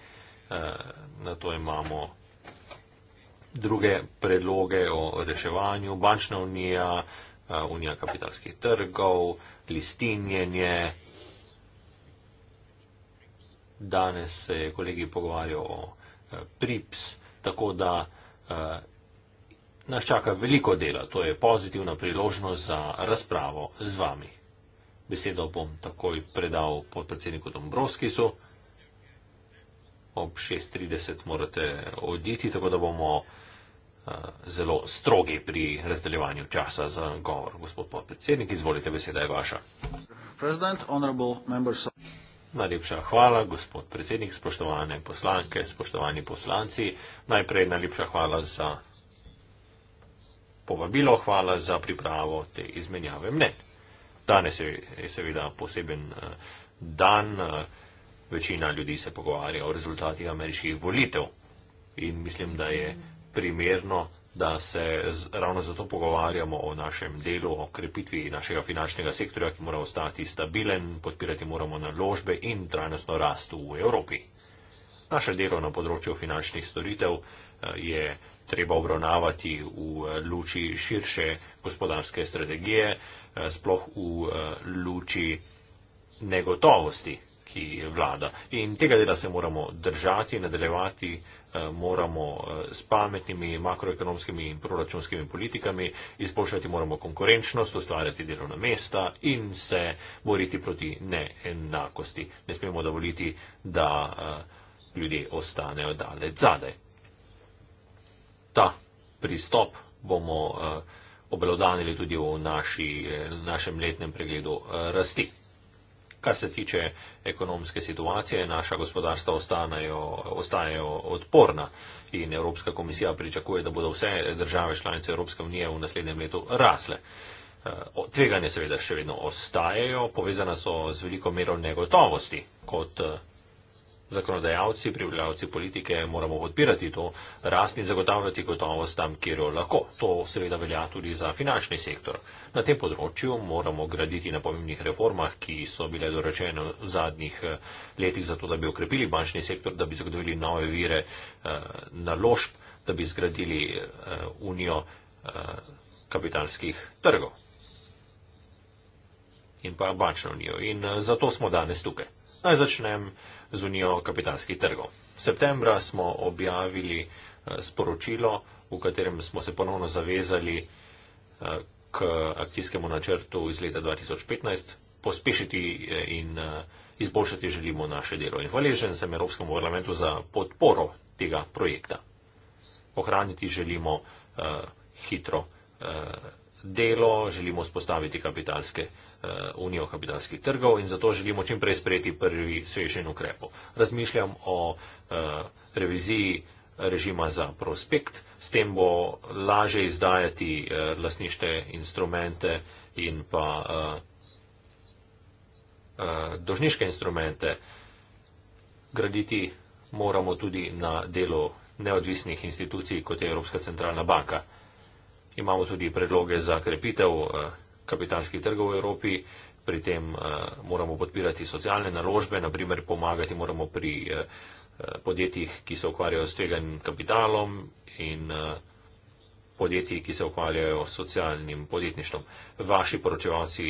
S2: na to imamo druge predloge o reševanju, bančna unija, eh, unija kapitalskih trgov, listinjenje. Danes se je kolegi pogovarjal o PRIPS, tako da nas čaka veliko dela. To je pozitivna priložnost za razpravo z vami besedo bom takoj predal podpredsedniku Dombrovskisu. Ob 6.30 morate oditi, tako da bomo eh, zelo strogi pri razdeljevanju časa za govor. Gospod podpredsednik, izvolite, beseda je vaša. Najlepša hvala, gospod predsednik, spoštovane poslanke, spoštovani poslanci. Najprej najlepša hvala za povabilo, hvala za pripravo te izmenjave mnenj. Danes je, je seveda poseben uh, dan, uh, večina ljudi se pogovarja o rezultatih ameriških volitev in mislim, da je primerno, da se z, ravno zato pogovarjamo o našem delu, o krepitvi našega finančnega sektorja, ki mora ostati stabilen, podpirati moramo naložbe in trajnostno rast v Evropi. Naše delo na področju finančnih storitev uh, je treba obravnavati v eh, luči širše gospodarske strategije, eh, sploh v eh, luči negotovosti, ki vlada. In tega dela se moramo držati, nadaljevati moramo s pametnimi makroekonomskimi in proračunskimi politikami, izboljšati moramo konkurenčnost, ustvarjati delovna mesta in se boriti proti neenakosti. Ne smemo dovoliti, da ljudje ostanejo daleč zadaj ta pristop bomo eh, obelodanili tudi v naši, eh, našem letnem pregledu eh, rasti. Kar se tiče ekonomske situacije, naša gospodarstva ostanejo, ostajajo odporna in Evropska komisija pričakuje, da bodo vse države članice Evropske unije v naslednjem letu rasle. Tveganje seveda še vedno ostajajo, povezana so z veliko mero negotovosti, kot zakonodajalci, privljavci politike moramo podpirati to rast in zagotavljati gotovost tam, kjer jo lahko. To seveda velja tudi za finančni sektor. Na tem področju moramo graditi na pomembnih reformah, ki so bile dorečene v zadnjih eh, letih, zato da bi okrepili bančni sektor, da bi zagotovili nove vire eh, naložb, da bi zgradili eh, unijo kapitalskih trgov in pa bančno unijo. In zato smo danes tukaj. Naj začnem uh, z Unijo kapitalskih trgov. Septembra smo objavili eh, sporočilo, v katerem smo se ponovno zavezali eh, k akcijskemu načrtu iz leta 2015, pospešiti eh, in izboljšati želimo naše delo. In hvaležen sem Evropskemu parlamentu za podporo tega projekta. Ohraniti želimo uh, hitro uh, delo, želimo spostaviti kapitalske uh, Eh, Unijo kapitalskih trgov in zato želimo čim prej sprejeti prvi svežen ukrepo. Razmišljam o eh, reviziji režima za prospekt, s tem bo laže izdajati eh, lasnište instrumente in pa dožniške instrumente. Graditi moramo tudi na delu neodvisnih institucij, kot je Evropska centralna banka. Imamo tudi predloge za krepitev kapitalskih trgov v Evropi. Pri tem eh, moramo podpirati socialne naložbe, naprimer pomagati moramo pri eh, eh, podjetjih, ki se ukvarjajo s tveganim kapitalom in podjetji, ki se ukvarjajo s socialnim podjetništvom. Vaši poročevalci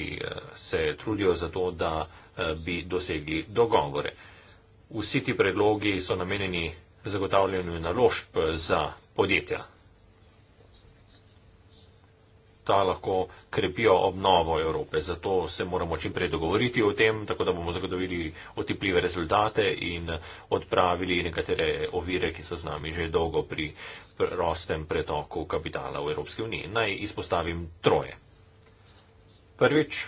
S2: se trudijo za to, da bi dosegli dogovore. Vsi ti predlogi so namenjeni zagotavljanju naložb za podjetja ta lahko krepijo obnovo Evrope. Zato se moramo čim prej dogovoriti o tem, tako da bomo zagotovili otipljive rezultate in odpravili nekatere ovire, ki so z nami že dolgo pri prostem pretoku kapitala v Evropski uniji. Naj izpostavim troje. Prvič,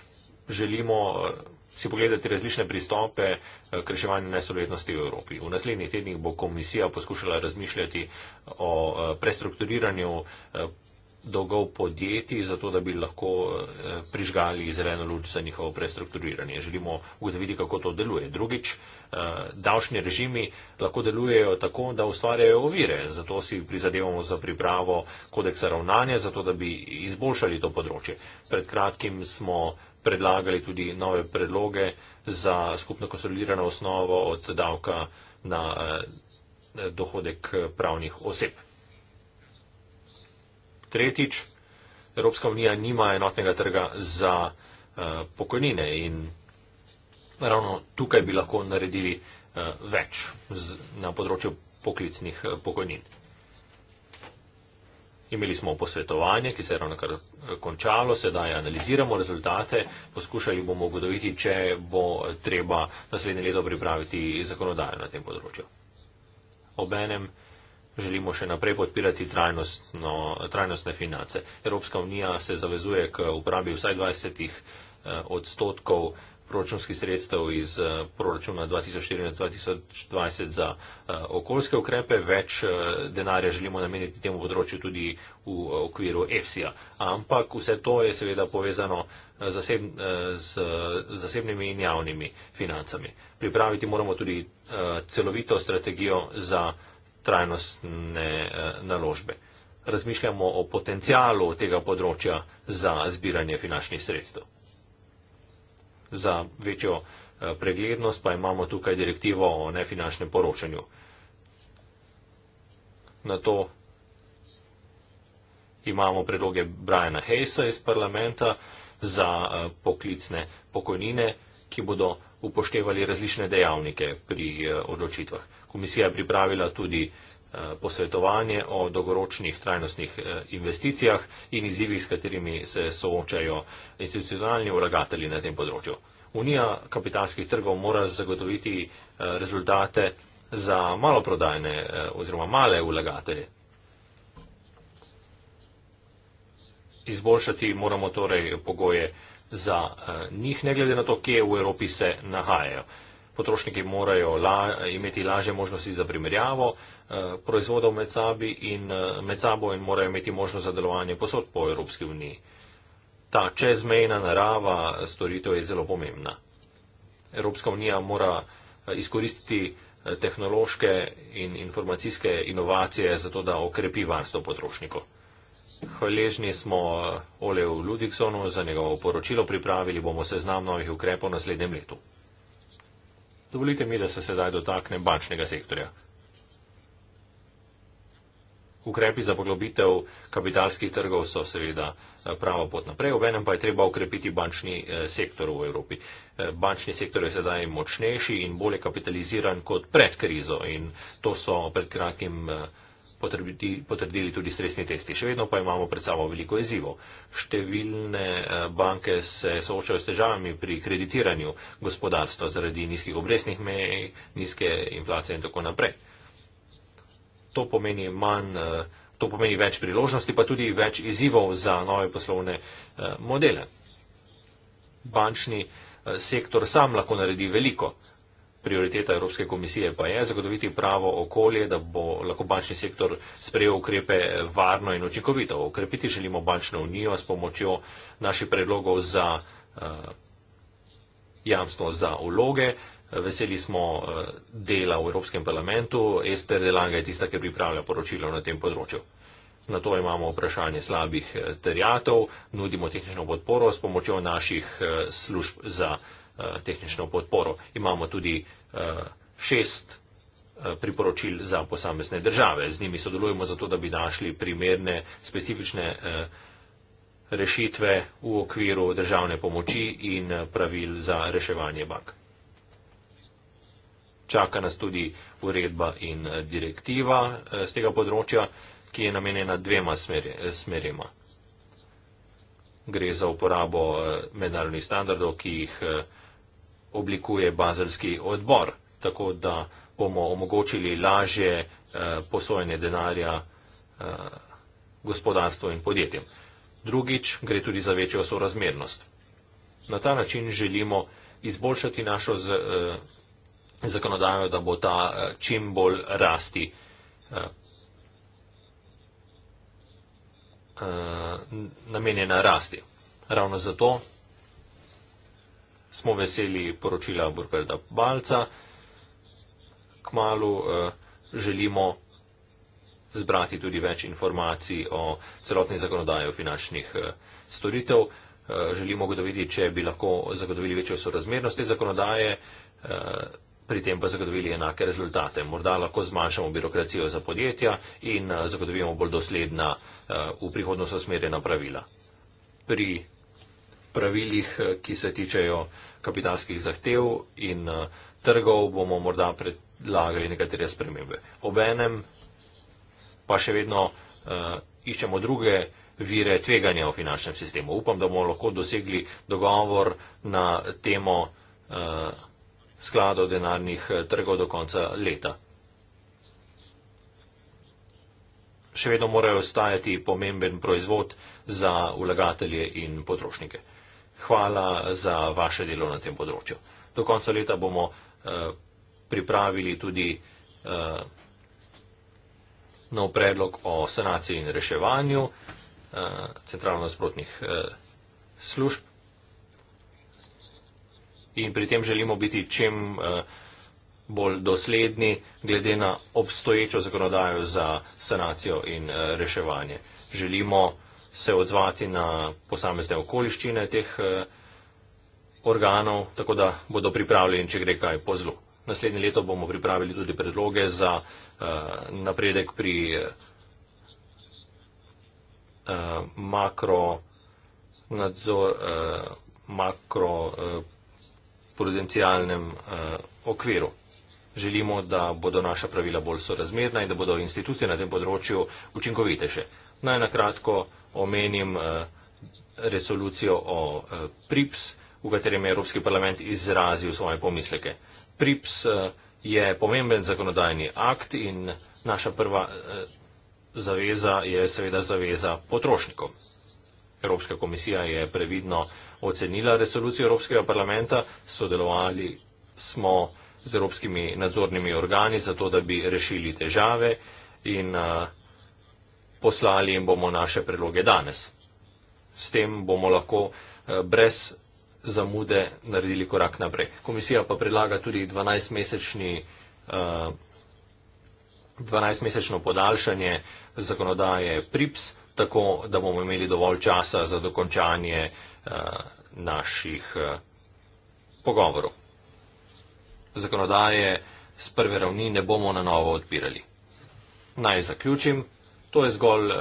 S2: želimo eh, si pogledati različne pristope eh, k reševanju nesolidnosti v Evropi. V naslednjih tednih bo komisija poskušala razmišljati o eh, prestrukturiranju dolgov podjetij, zato da bi lahko eh, prižgali izredno luč za njihovo prestrukturiranje. Želimo ugotoviti, kako to deluje. Drugič, eh, davčni režimi lahko delujejo tako, da ustvarjajo ovire. Zato si prizadevamo za pripravo kodeksa ravnanja, zato da bi izboljšali to področje. Pred kratkim smo predlagali tudi nove predloge za skupno konsolidirano osnovo od davka na eh, dohodek pravnih oseb tretjič, Evropska unija nima enotnega trga za uh, pokojnine in ravno tukaj bi lahko naredili uh, več z, na področju poklicnih uh, pokojnin. Imeli smo posvetovanje, ki se je ravno kar končalo, sedaj analiziramo rezultate, poskušali bomo ugotoviti, če bo treba naslednje leto pripraviti zakonodajo na tem področju. Obenem želimo še naprej podpirati trajnostno, trajnostne finance. Evropska unija se zavezuje k uporabi vsaj 20 eh, odstotkov proračunskih sredstev iz eh, proračuna 2014-2020 za eh, okoljske ukrepe. Več denarja želimo nameniti temu področju tudi v okviru EFSI-a. Ampak vse to je seveda povezano zaseb, z zasebnimi in javnimi financami. Pripraviti moramo tudi celovito strategijo za trajnostne eh, naložbe. Razmišljamo o potencijalu tega področja za zbiranje finančnih sredstev. Za večjo eh, preglednost pa imamo tukaj direktivo o nefinančnem poročanju. Na to imamo predloge Briana Hayesa iz parlamenta za eh, poklicne pokojnine ki bodo upoštevali različne dejavnike pri eh, odločitvah. Komisija je pripravila tudi eh, posvetovanje o dolgoročnih trajnostnih eh, investicijah in izzivih, s katerimi se soočajo institucionalni vlagatelji na tem področju. Unija kapitalskih trgov mora zagotoviti rezultate za maloprodajne oziroma male vlagatelje. Izboljšati moramo torej pogoje za eh, njih, ne glede na to, kje v Evropi se nahajajo. Potrošniki morajo la, imeti laže možnosti za primerjavo eh, proizvodov med, in, eh, med sabo in morajo imeti možnost za delovanje posod po Evropski uniji. Ta čezmejna narava eh, storitev je zelo pomembna. Evropska unija mora izkoristiti tehnološke in informacijske inovacije, zato da okrepi varstvo potrošnikov. Hvaležni smo eh, Oleju Ludiksonu za njegovo poročilo, pripravili bomo seznam novih ukrepov v naslednjem letu. Dovolite mi, da se sedaj dotaknem bančnega sektorja. Ukrepi za poglobitev kapitalskih trgov so seveda eh, prava pot naprej, obenem pa je treba ukrepiti bančni eh, sektor v Evropi. Bančni sektor je sedaj močnejši in bolje kapitaliziran kot pred krizo in to so pred kratkim potrdili tudi stresni testi. Še vedno pa imamo pred samo veliko izzivov. Številne eh, banke se soočajo s težavami pri kreditiranju gospodarstva zaradi nizkih obresnih mej, nizke inflacije in tako naprej. To pomeni, manj, eh, to pomeni več priložnosti, pa tudi več izzivov za nove poslovne eh, modele. Bančni sektor sam lahko naredi veliko. Prioriteta Evropske komisije pa je zagotoviti pravo okolje, da bo lahko bančni sektor sprejel ukrepe varno in očekovito. Okrepiti želimo bančno unijo s pomočjo naših predlogov za uh, jamstvo za vloge. Veseli smo uh, dela v Evropskem parlamentu. Ester Delanga je tista, ki pripravlja poročilo na tem področju. Na to imamo vprašanje slabih eh, terjatov. Nudimo tehnično podporo s pomočjo naših uh, služb za vloge. Eh, tehnično podporo. Imamo tudi eh, šest eh, priporočil za posamezne države. Z njimi sodelujemo zato, da bi našli primerne, specifične rešitve v okviru državne pomoči in pravil za reševanje bank. Čaka nas tudi uredba in direktiva z tega področja, ki je namenjena dvema smerima. Gre za uporabo mednarodnih standardov, ki jih vsega oblikuje bazelski odbor, tako da bomo omogočili lažje eh, posojanje denarja eh, gospodarstvu in podjetjem. Drugič, gre tudi za večjo sorazmernost. Na ta način želimo izboljšati našo z, eh, zakonodajo, da bo ta eh, čim bolj rasti, eh, eh, namenjena rasti. Ravno zato smo veseli poročila Burgerda Balca. Kmalu eh, želimo zbrati tudi več informacij o celotni zakonodaji o finančnih eh, storitev. Eh, želimo gotoviti, če bi lahko zagotovili večjo sorazmernost te zakonodaje, eh, pri tem pa zagotovili enake rezultate. Morda lahko zmanjšamo birokracijo za podjetja in eh, zagotovimo bolj dosledna eh, v prihodnost osmerjena pravila. Pri pravilih, eh, ki se tičejo kapitalskih zahtev in eh, trgov, bomo morda predlagali nekatere spremembe. Obenem pa še vedno uh, iščemo druge vire tveganja v finančnem sistemu. Upam, da bomo lahko dosegli dogovor na temo uh, skladov denarnih trgov do konca leta. Še vedno morajo ostajati pomemben proizvod za vlagatelje in potrošnike hvala za vaše delo na tem področju. Do konca leta bomo eh, pripravili tudi eh, nov predlog o sanaciji in reševanju eh, centralno sprotnih služb. In pri tem želimo biti čim bolj dosledni glede na obstoječo zakonodajo za sanacijo in reševanje. Želimo se odzvati na posamezne okoliščine teh eh, organov, tako da bodo pripravljeni, če gre kaj po zlu. Naslednje leto bomo pripravili tudi predloge za eh, napredek pri eh, makro nadzor, makro prudencialnem okviru. Želimo, da bodo naša pravila bolj sorazmerna in da bodo institucije na tem področju učinkovitejše. Naj nakratko kratko omenim eh, resolucijo o eh, PRIPS, v katerem je Evropski parlament izrazil svoje pomisleke. PRIPS eh, je pomemben zakonodajni akt in naša prva zaveza je seveda zaveza potrošnikom. Evropska komisija je previdno ocenila resolucijo Evropskega parlamenta, sodelovali smo z evropskimi nadzornimi organi zato, da bi rešili težave in uh, poslali jim bomo naše predloge danes. S tem bomo lahko eh, brez zamude naredili korak naprej. Komisija pa predlaga tudi 12-mesečni. 12-mesečno eh, podaljšanje zakonodaje PRIPS, tako da bomo imeli dovolj časa za dokončanje eh, naših eh, pogovorov. Zakonodaje z prve ravni ne bomo na novo odpirali. Naj zaključim to je zgolj eh,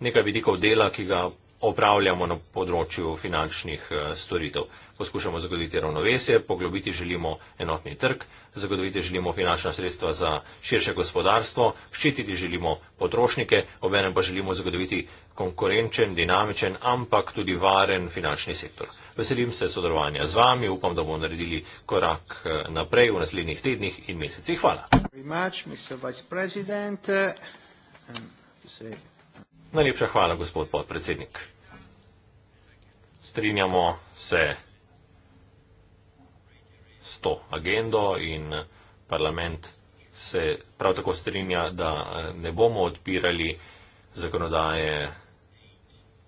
S2: nekaj vidikov dela, ki ga opravljamo na področju finančnih eh, storitev. Poskušamo zagoditi ravnovesje, poglobiti želimo enotni trg, zagoditi želimo finančna sredstva za širše gospodarstvo, ščititi želimo potrošnike, obenem pa želimo zagoditi konkurenčen, dinamičen, ampak tudi varen finančni sektor. Veselim se sodelovanja z vami, upam, da bomo naredili korak eh, naprej v naslednjih tednih in mesecih. Hvala. Hvala. Najlepša hvala, gospod podpredsednik. Strinjamo se s to agendo in parlament se prav tako strinja, da eh, ne bomo odpirali zakonodaje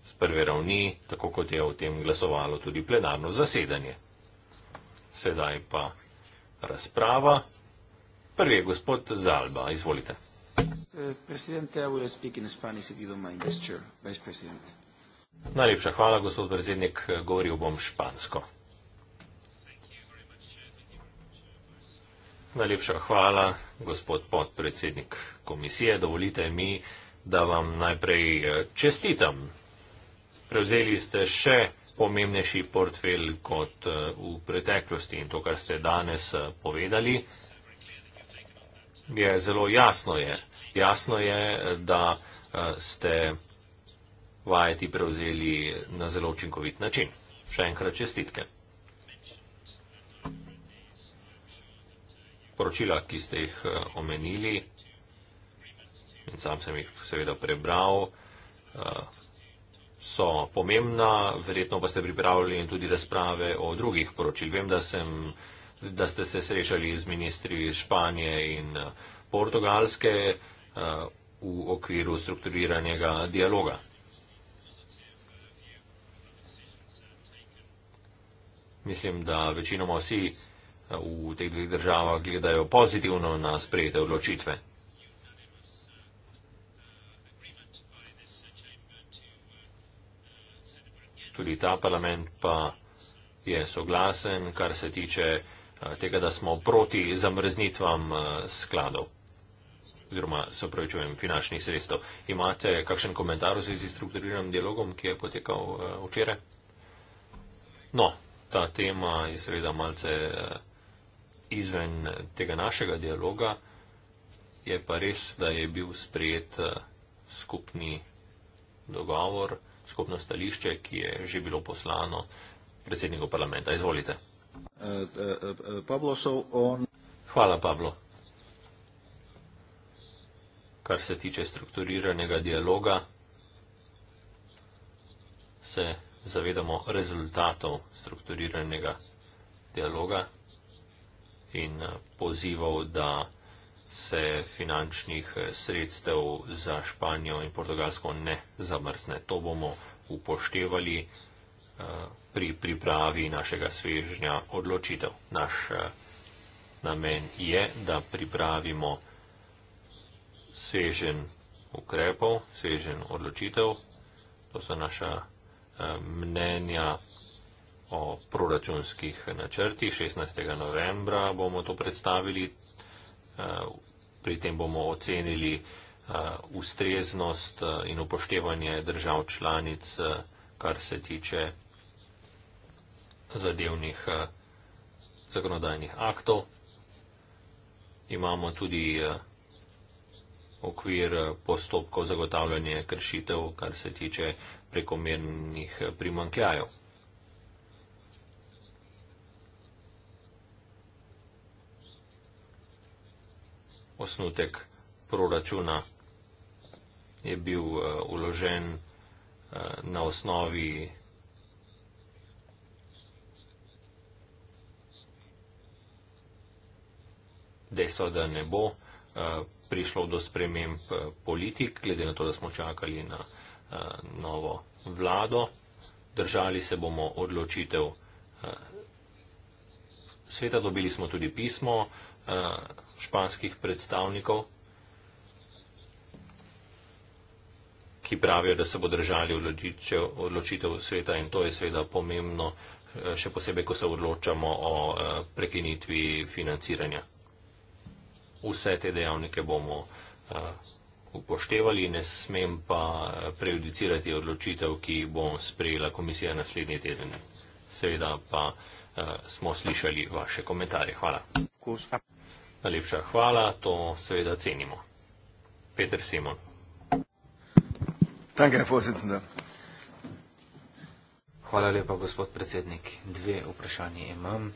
S2: z prve ravni, tako kot je o tem glasovalo tudi plenarno zasedanje. Sedaj pa razprava. Prvi je gospod Zalba, izvolite.
S3: Eh, presidente, I will speak in Spanish if you don't mind, Mr. Vice President.
S2: Najlepša hvala, gospod predsednik, govoril bom špansko. Najlepša hvala, gospod podpredsednik komisije. Dovolite mi, da vam najprej eh, čestitam. Prevzeli ste še pomembnejši portfelj kot eh, v preteklosti in to, kar ste danes povedali, je zelo jasno je, Jasno je, da eh, ste vajeti prevzeli na zelo učinkovit način. Še enkrat čestitke. Poročila, ki ste jih eh, omenili, in sam sem jih seveda prebral, eh, so pomembna, verjetno pa ste pripravili tudi razprave o drugih poročil. Vem, da, sem, da ste se srečali z ministri Španije in Portugalske. Eh, v okviru strukturiranega dialoga. Mislim, da večinoma vsi eh, v teh dveh državah gledajo pozitivno na sprejete odločitve. Tudi ta parlament pa je soglasen, kar se tiče eh, tega, da smo proti zamrznitvam skladov oziroma se upravičujem, finančnih sredstev. Imate kakšen komentar v zvezi s strukturiranim dialogom, ki je potekal uh, včeraj? No, ta tema je seveda malce uh, izven tega našega dialoga. Je pa res, da je bil sprejet uh, skupni dogovor, skupno stališče, ki je že bilo poslano predsedniku parlamenta. Izvolite.
S3: Hvala, Pablo
S2: kar se tiče strukturiranega dialoga, se zavedamo rezultatov strukturiranega dialoga in eh, pozival, da se finančnih eh, sredstev za Španijo in Portugalsko ne zamrzne. To bomo upoštevali eh, pri pripravi našega svežnja odločitev. Naš namen je, da pripravimo odločitev sežen ukrepov, sežen odločitev. To so naša eh, mnenja o proračunskih načrtih. 16. novembra bomo to predstavili. Eh, pri tem bomo ocenili eh, ustreznost in upoštevanje držav članic, kar se tiče zadevnih zakonodajnih aktov. Imamo tudi okvir eh, postopkov zagotavljanja kršitev, kar se tiče prekomernih eh, primankljajev. Osnutek proračuna je bil uložen eh, na osnovi dejstva, da ne bo prišlo do sprememb eh, politik, glede na to, da smo čakali na eh, novo vlado. Držali se bomo odločitev. Eh, sveta dobili smo tudi pismo španskih predstavnikov, ki pravijo, da se bo držali odločitev sveta in to je seveda pomembno, še posebej, ko se odločamo o prekinitvi financiranja vse te dejavnike bomo eh, upoštevali, ne smem pa eh, prejudicirati odločitev, ki bo sprejela komisija naslednji teden. Seveda pa eh, smo slišali vaše komentarje. Hvala. Kusa. Najlepša hvala, to seveda cenimo. Peter Simon.
S3: Danke, hvala lepa, gospod predsednik. Dve vprašanje imam.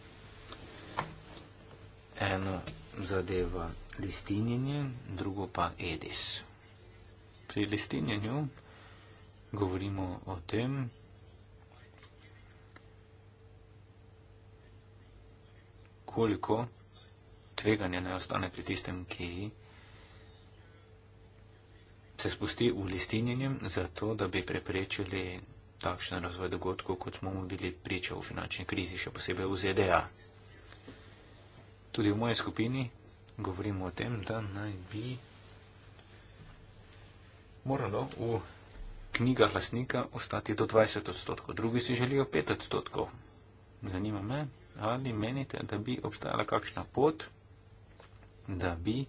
S3: Eno zadeva listinjenje, drugo pa edis. Pri listinjenju govorimo o tem, koliko tveganja ne ostane pri tistem, ki se spusti v listinjenje, zato da bi preprečili takšen razvoj dogodkov, kot smo mu bili priča v finančni krizi, še posebej v ZDA tudi v moji skupini govorimo o tem, da naj bi moralo v knjigah lasnika ostati do 20 odstotkov, drugi si želijo 5 odstotkov. Zanima me, ali menite, da bi obstajala kakšna pot, da bi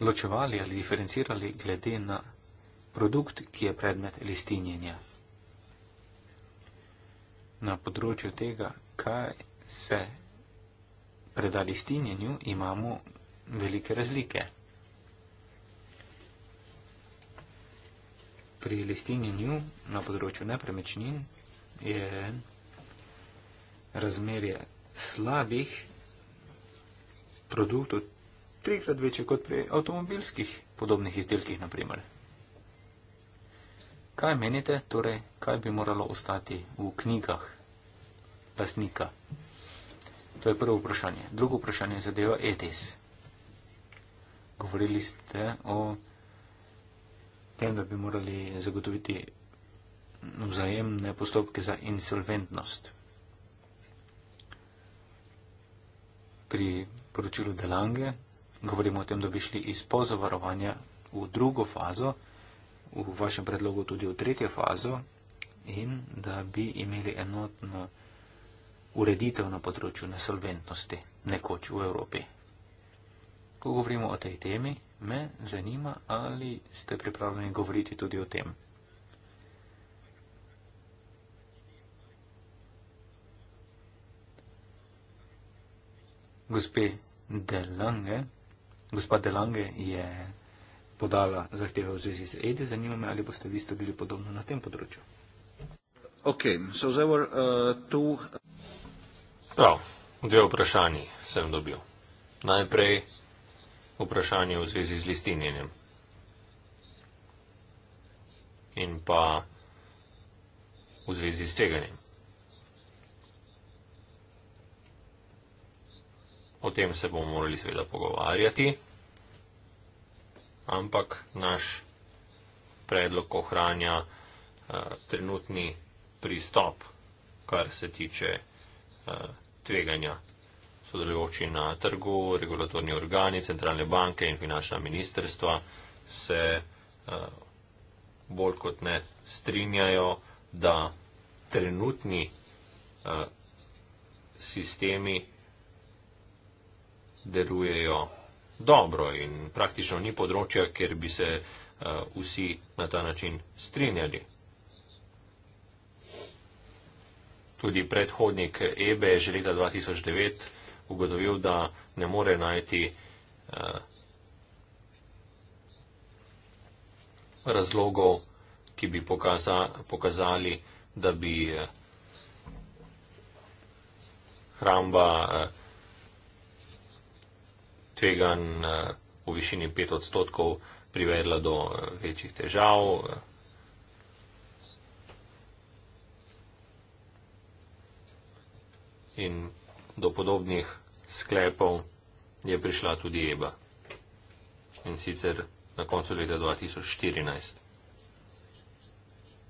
S3: ločevali ali diferencirali glede na produkt, ki je predmet listinjenja. Na področju tega, kaj se predali stinjenju, imamo velike razlike. Pri listinjenju na področju nepremičnin je razmerje slabih produktov trikrat večje kot pri avtomobilskih podobnih izdelkih, naprimer. Kaj menite, torej, kaj bi moralo ostati v knjigah lasnika? To je prvo vprašanje. Drugo vprašanje zadeva etis. Govorili ste o tem, da bi morali zagotoviti vzajemne postopke za insolventnost. Pri poročilu Delange govorimo o tem, da bi šli iz pozavarovanja v drugo fazo, v vašem predlogu tudi v tretjo fazo in da bi imeli enotno ureditev na področju nesolventnosti nekoč v Evropi. Ko govorimo o tej temi, me zanima, ali ste pripravljeni govoriti tudi o tem. Gospe Delange, gospa Delange je podala zahteve v zvezi z EDI, zanima me, ali boste vi stopili podobno na tem področju.
S1: Okay, so there were uh, two
S2: Prav, dve vprašanji sem dobil. Najprej vprašanje v zvezi z listinjenjem. In pa v zvezi s tveganjem. O tem se bomo morali seveda pogovarjati, ampak naš predlog ohranja uh, trenutni pristop, kar se tiče uh, tveganja. Sodelujoči na trgu, regulatorni organi, centralne banke in finančna ministerstva se eh, bolj kot ne strinjajo, da trenutni eh, sistemi delujejo dobro in praktično ni področja, kjer bi se eh, vsi na ta način strinjali. Tudi predhodnik Ebe je že leta 2009 ugotovil, da ne more najti eh, razlogov, ki bi pokazali, da bi eh, hramba eh, tvegan v višini 5 odstotkov privedla do večjih težav. in do podobnih sklepov je prišla tudi Eba. In sicer na koncu leta 2014.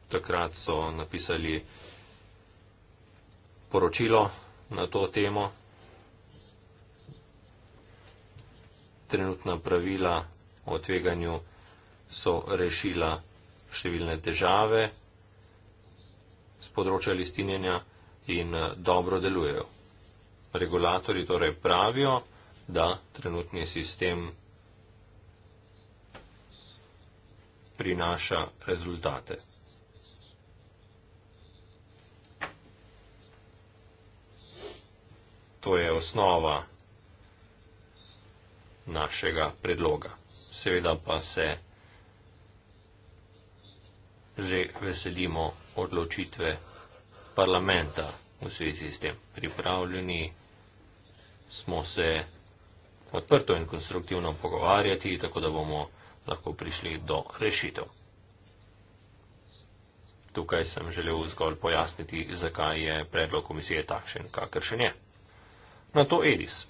S2: Takrat so napisali poročilo na to temo. Trenutna pravila o tveganju so rešila številne težave z področja listinjenja in eh, dobro delujejo. Regulatori torej pravijo, da trenutni sistem prinaša rezultate. To je osnova našega predloga. Seveda pa se že veselimo odločitve parlamenta v svezi s tem. Pripravljeni smo se odprto in konstruktivno pogovarjati, tako da bomo lahko prišli do rešitev. Tukaj sem želel zgolj pojasniti, zakaj je predlog komisije takšen, kakršen je. Na to Edis.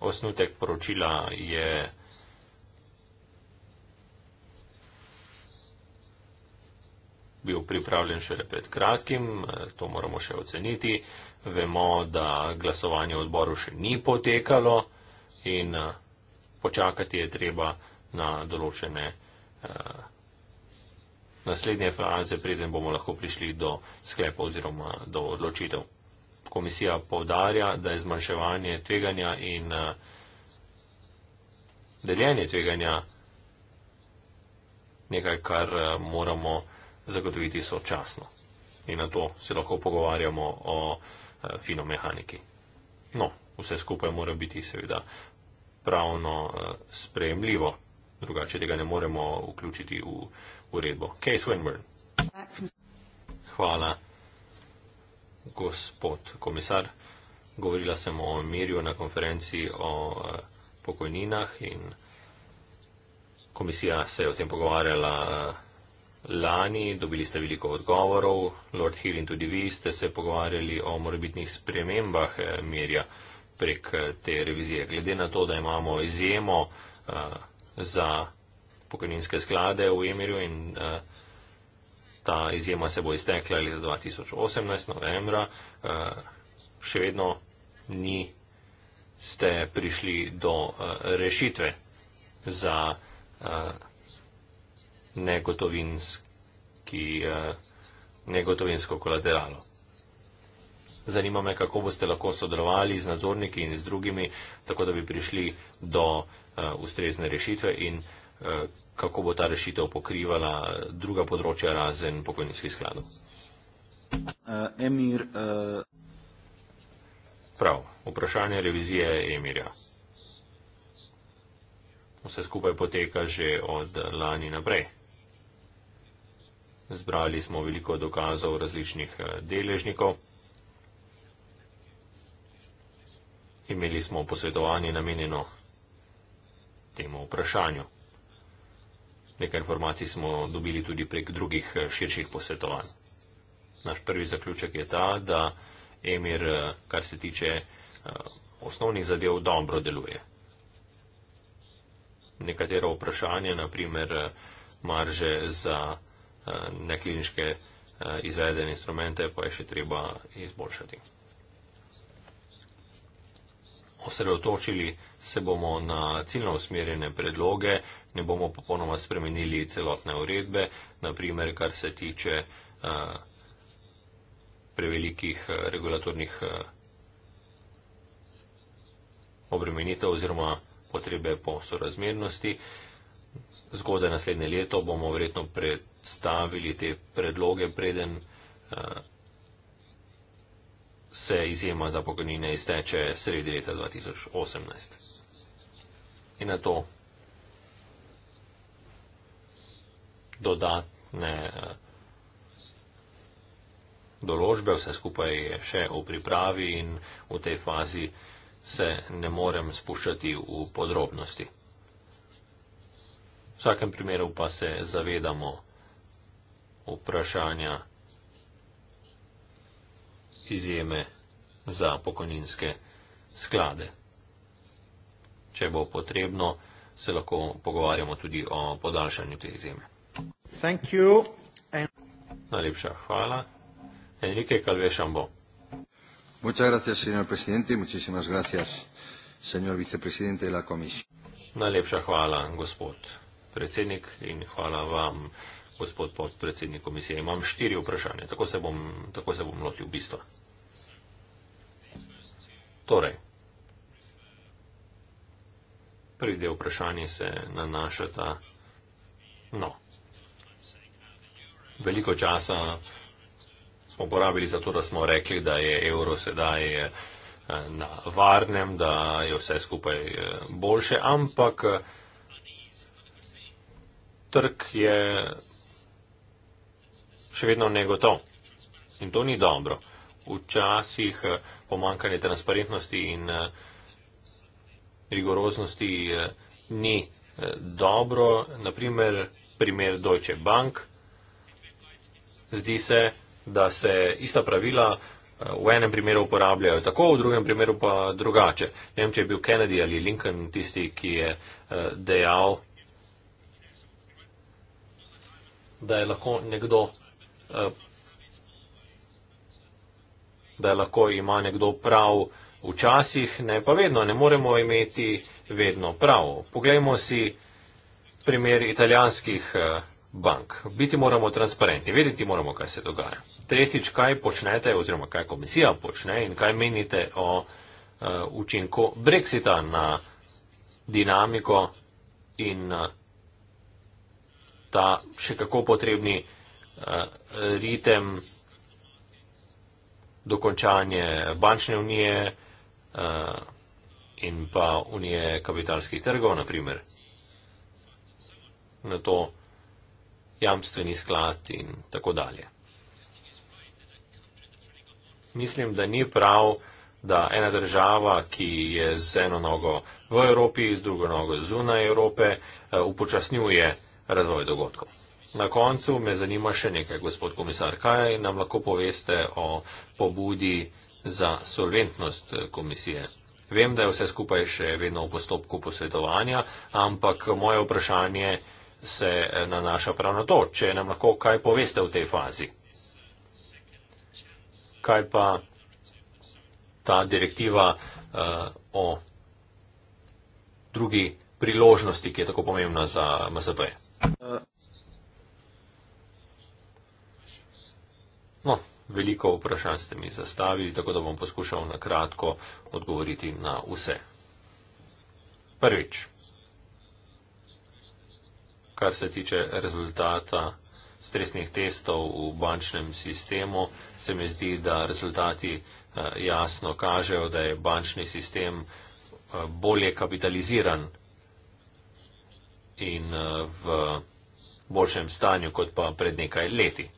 S2: Osnutek poročila je bil pripravljen šele pred kratkim, to moramo še oceniti. Vemo, da glasovanje v odboru še ni potekalo in eh, počakati je treba na določene eh, naslednje faze, preden bomo lahko prišli do sklepa oziroma do odločitev komisija povdarja, da je zmanjševanje tveganja in eh, deljenje tveganja nekaj, kar eh, moramo zagotoviti sočasno. In na to se lahko pogovarjamo o eh, fino mehaniki. No, vse skupaj mora biti seveda pravno sprejemljivo, drugače tega ne moremo vključiti v uredbo. Case Winburn. Hvala gospod komisar, govorila sem o mirju na konferenci o eh, pokojninah in komisija se je o tem pogovarjala eh, lani, dobili ste veliko odgovorov, Lord Hill in tudi vi ste se pogovarjali o morebitnih spremembah eh, mirja prek te revizije. Glede na to, da imamo izjemo za pokojninske sklade v emirju in uh, ta izjema se bo iztekla leta 2018, novembra, eh, še vedno ni ste prišli do eh, rešitve za eh, negotovinski, negotovinsko kolateralo. Zanima me, kako boste lahko sodelovali z nadzorniki in z drugimi, tako da bi prišli do ustrezne rešitve in kako bo ta rešitev pokrivala druga področja razen pokojninskih skladov.
S1: Uh, Emir. Uh...
S2: Prav, vprašanje revizije Emirja. Vse skupaj poteka že od lani naprej. Zbrali smo veliko dokazov različnih eh, deležnikov. Imeli smo posvetovanje namenjeno temu vprašanju. Nekaj informacij smo dobili tudi prek drugih eh, širših posvetovanj. Naš prvi zaključek je ta, da Emir, eh, kar se tiče eh, osnovnih zadev, dobro deluje. Nekatera vprašanja, naprimer marže za nekliniške izvedene instrumente, pa je še treba izboljšati. Osredotočili se bomo na ciljno usmerjene predloge, ne bomo popolnoma spremenili celotne uredbe, naprimer kar se tiče eh, prevelikih eh, regulatornih eh, obremenitev oziroma potrebe po sorazmernosti. Zgodaj naslednje leto bomo verjetno predstavili te predloge, preden uh, se izjema za pokojnine izteče sredi leta 2018. In na to dodatne eh, določbe, vse skupaj je še v pripravi in v tej fazi se ne morem spuščati v podrobnosti. V vsakem primeru pa se zavedamo vprašanja izjeme za pokojninske sklade. Če bo potrebno, se lahko pogovarjamo tudi o podaljšanju te izjeme.
S1: Thank you. And...
S2: Najlepša hvala. Enrique Calvé-Chambon.
S1: Muchas gracias, señor presidente. Muchísimas gracias, señor vicepresidente de la Comisión.
S2: Najlepša hvala, gospod predsednik, in hvala vam, gospod podpredsednik komisije. Imam štiri vprašanja, tako se bom, tako se bom lotil bistva. Torej, prvi del vprašanja se nanašata, no, veliko časa smo porabili za to, da smo rekli, da je evro sedaj eh, na varnem, da je vse skupaj eh, boljše, ampak eh, trg je še vedno negotov in to ni dobro. Včasih pomankanje transparentnosti in rigoroznosti ni dobro. Naprimer, primer Deutsche Bank, zdi se, da se ista pravila eh, v enem primeru uporabljajo tako, v drugem primeru pa drugače. Ne vem, če je bil Kennedy ali Lincoln tisti, ki je eh, dejal, da je lahko nekdo, eh, da je lahko ima nekdo prav včasih, ne pa vedno, ne moremo imeti vedno prav. Poglejmo si primer italijanskih bank. Biti moramo transparentni, vedeti moramo, kaj se dogaja. Tretjič, kaj počnete oziroma kaj komisija počne in kaj menite o uh, učinku Brexita na dinamiko in uh, ta še kako potrebni uh, ritem dokončanje bančne unije uh, in pa unije kapitalskih trgov, naprimer. Na to jamstveni sklad in tako dalje. Mislim, da ni prav, da ena država, ki je z eno nogo v Evropi in z drugo nogo zunaj Evrope, eh, upočasnjuje razvoj dogodkov. Na koncu me zanima še nekaj, gospod komisar, kaj nam lahko poveste o pobudi za solventnost eh, komisije. Vem, da je vse skupaj še vedno v postopku posvetovanja, ampak moje vprašanje je, se eh, nanaša prav na to, če nam lahko kaj poveste v tej fazi. Kaj pa ta direktiva uh, o drugi priložnosti, ki je tako pomembna za MSP? No, veliko vprašanj ste mi zastavili, tako da bom poskušal na kratko odgovoriti na vse. Prvič kar se tiče rezultata stresnih testov v bančnem sistemu, se mi zdi, da rezultati eh, jasno kažejo, da je bančni sistem eh, bolje kapitaliziran in eh, v boljšem stanju kot pa pred nekaj leti.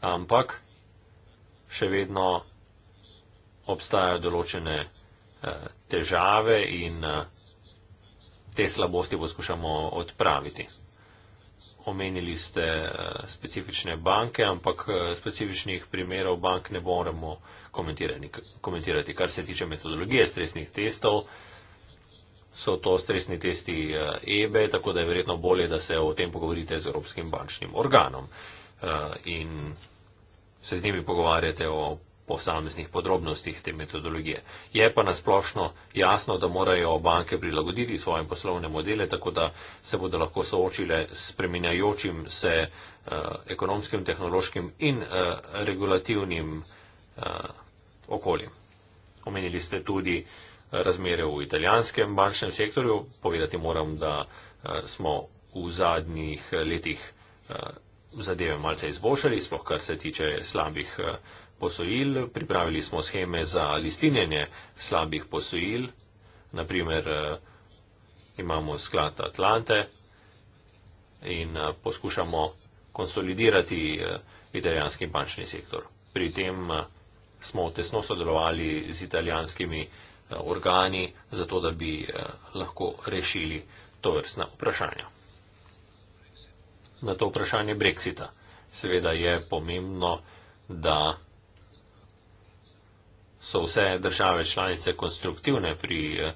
S2: Ampak še vedno obstajajo določene težave in te slabosti poskušamo odpraviti. Omenili ste eh, specifične banke, ampak eh, specifičnih primerov bank ne moremo komentirati. Kar se tiče metodologije stresnih testov, so to stresni testi EBE, eh, tako da je verjetno bolje, da se o tem pogovorite z Evropskim bančnim organom in se z njimi pogovarjate o posameznih podrobnostih te metodologije. Je pa nasplošno jasno, da morajo banke prilagoditi svoje poslovne modele, tako da se bodo lahko soočile s spreminjajočim se uh, ekonomskim, tehnološkim in uh, regulativnim uh, okoljem. Omenili ste tudi razmere v italijanskem bančnem sektorju. Povedati moram, da uh, smo v zadnjih letih uh, zadeve malce izboljšali, sploh kar se tiče slabih. Uh, posojil, pripravili smo scheme za listinjenje slabih posojil. Naprimer, eh, imamo sklad Atlante in eh, poskušamo konsolidirati eh, italijanski bančni sektor. Pri tem smo tesno sodelovali z italijanskimi organi, zato da bi lahko rešili to vrstna vprašanja. Na to vprašanje Brexita. Seveda je pomembno, da so vse države članice konstruktivne pri eh,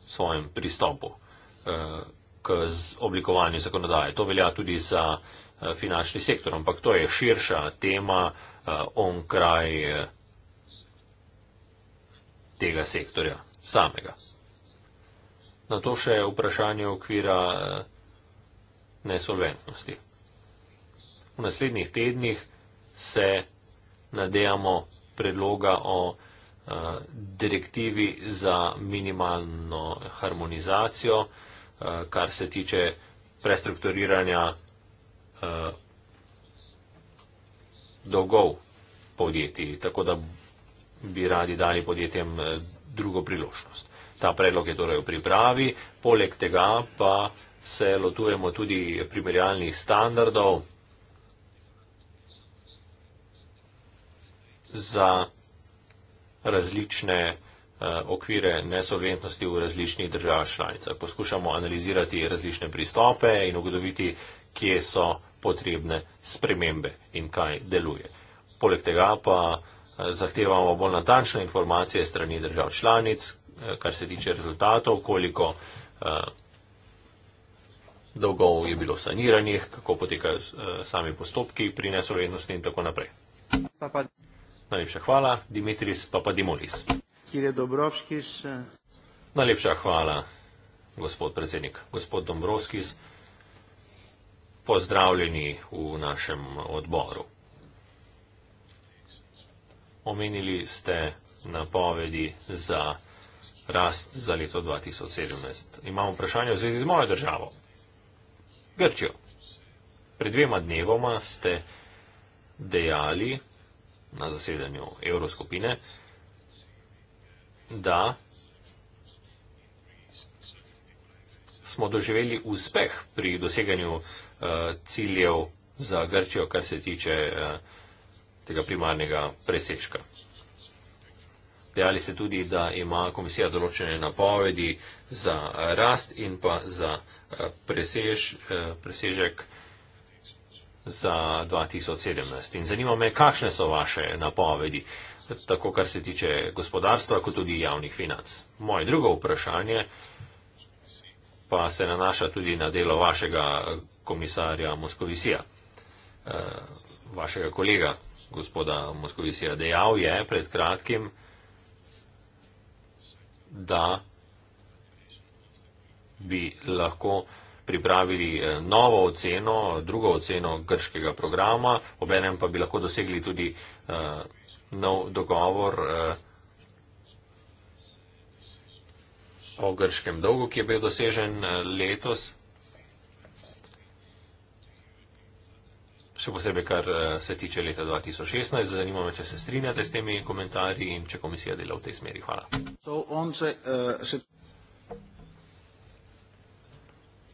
S2: svojem pristopu eh, k oblikovanju zakonodaje. To velja tudi za eh, finančni sektor, ampak to je širša tema on kraj tega sektorja samega. Na to še vprašanje okvira nesolventnosti. V naslednjih tednih se nadejamo predloga o eh, direktivi za minimalno harmonizacijo, eh, kar se tiče prestrukturiranja eh, dolgov podjetij, tako da bi radi dali podjetjem drugo priložnost. Ta predlog je torej v pripravi, poleg tega pa se lotujemo tudi primerjalnih standardov, za različne eh, okvire nesolventnosti v različnih državah članicah. Poskušamo analizirati različne pristope in ugotoviti, kje so potrebne spremembe in kaj deluje. Poleg tega pa eh, zahtevamo bolj natančne informacije strani držav članic, eh, kar se tiče rezultatov, koliko dolgov je bilo saniranih, kako potekajo sami postopki pri nesolventnosti in tako naprej. Pa pa. Najlepša hvala, Dimitris Papadimulis.
S1: Kire Dobrovskis. Eh.
S2: Najlepša hvala, gospod predsednik. Gospod Dombrovskis, pozdravljeni v našem odboru. Omenili ste napovedi za rast za leto 2017. Imamo vprašanje v zvezi z mojo državo. Grčijo. Pred dvema dnevoma ste dejali, na zasedanju evroskupine, da smo doživeli uspeh pri doseganju uh, ciljev za Grčijo, kar se tiče uh, tega primarnega presečka. Dejali ste tudi, da ima komisija določene napovedi za rast in pa za eh, presež, presežek za 2017. In zanima me, kakšne so vaše napovedi, tako kar se tiče gospodarstva, kot tudi javnih financ. Moje drugo vprašanje pa se nanaša tudi na delo vašega komisarja Moskovisija, eh, vašega kolega gospoda Moskovisija. Dejal je pred kratkim, da bi lahko pripravili eh, novo oceno, drugo oceno grškega programa, obenem pa bi lahko dosegli tudi uh, nov dogovor uh, o grškem dolgu, ki je bil dosežen uh, letos. Še posebej, kar uh, se tiče leta 2016, zanima me, če se strinjate s temi komentarji in če komisija dela v tej smeri. Hvala. So,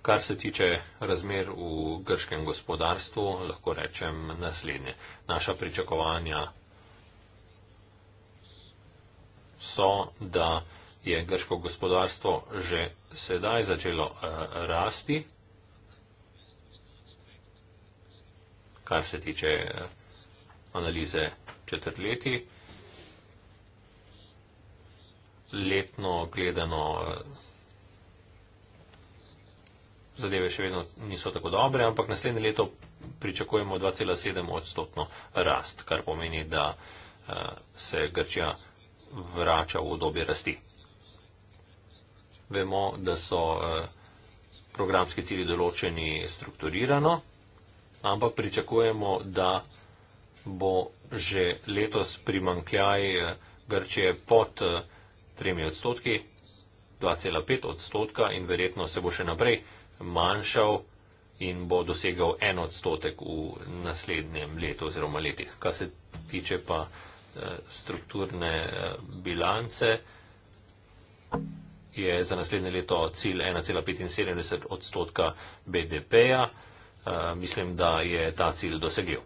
S2: Kar se tiče razmer v grškem gospodarstvu, lahko rečem naslednje. Naša pričakovanja so, da je grško gospodarstvo že sedaj začelo eh, rasti, kar se tiče eh, analize četrleti. Letno gledano zadeve še vedno niso tako dobre, ampak naslednje leto pričakujemo 2,7 odstotno rast, kar pomeni, da eh, se Grčija vrača v obdobje rasti. Vemo, da so eh, programski cilji določeni strukturirano, ampak pričakujemo, da bo že letos primankljaj eh, Grčije pod 3 odstotki, 2,5 odstotka in verjetno se bo še naprej manjšal in bo dosegal en odstotek v naslednjem letu oziroma letih. Kar se tiče pa eh, strukturne eh, bilance, je za naslednje leto cilj 1,75 odstotka BDP-ja. Eh, mislim, da je ta cilj dosegel.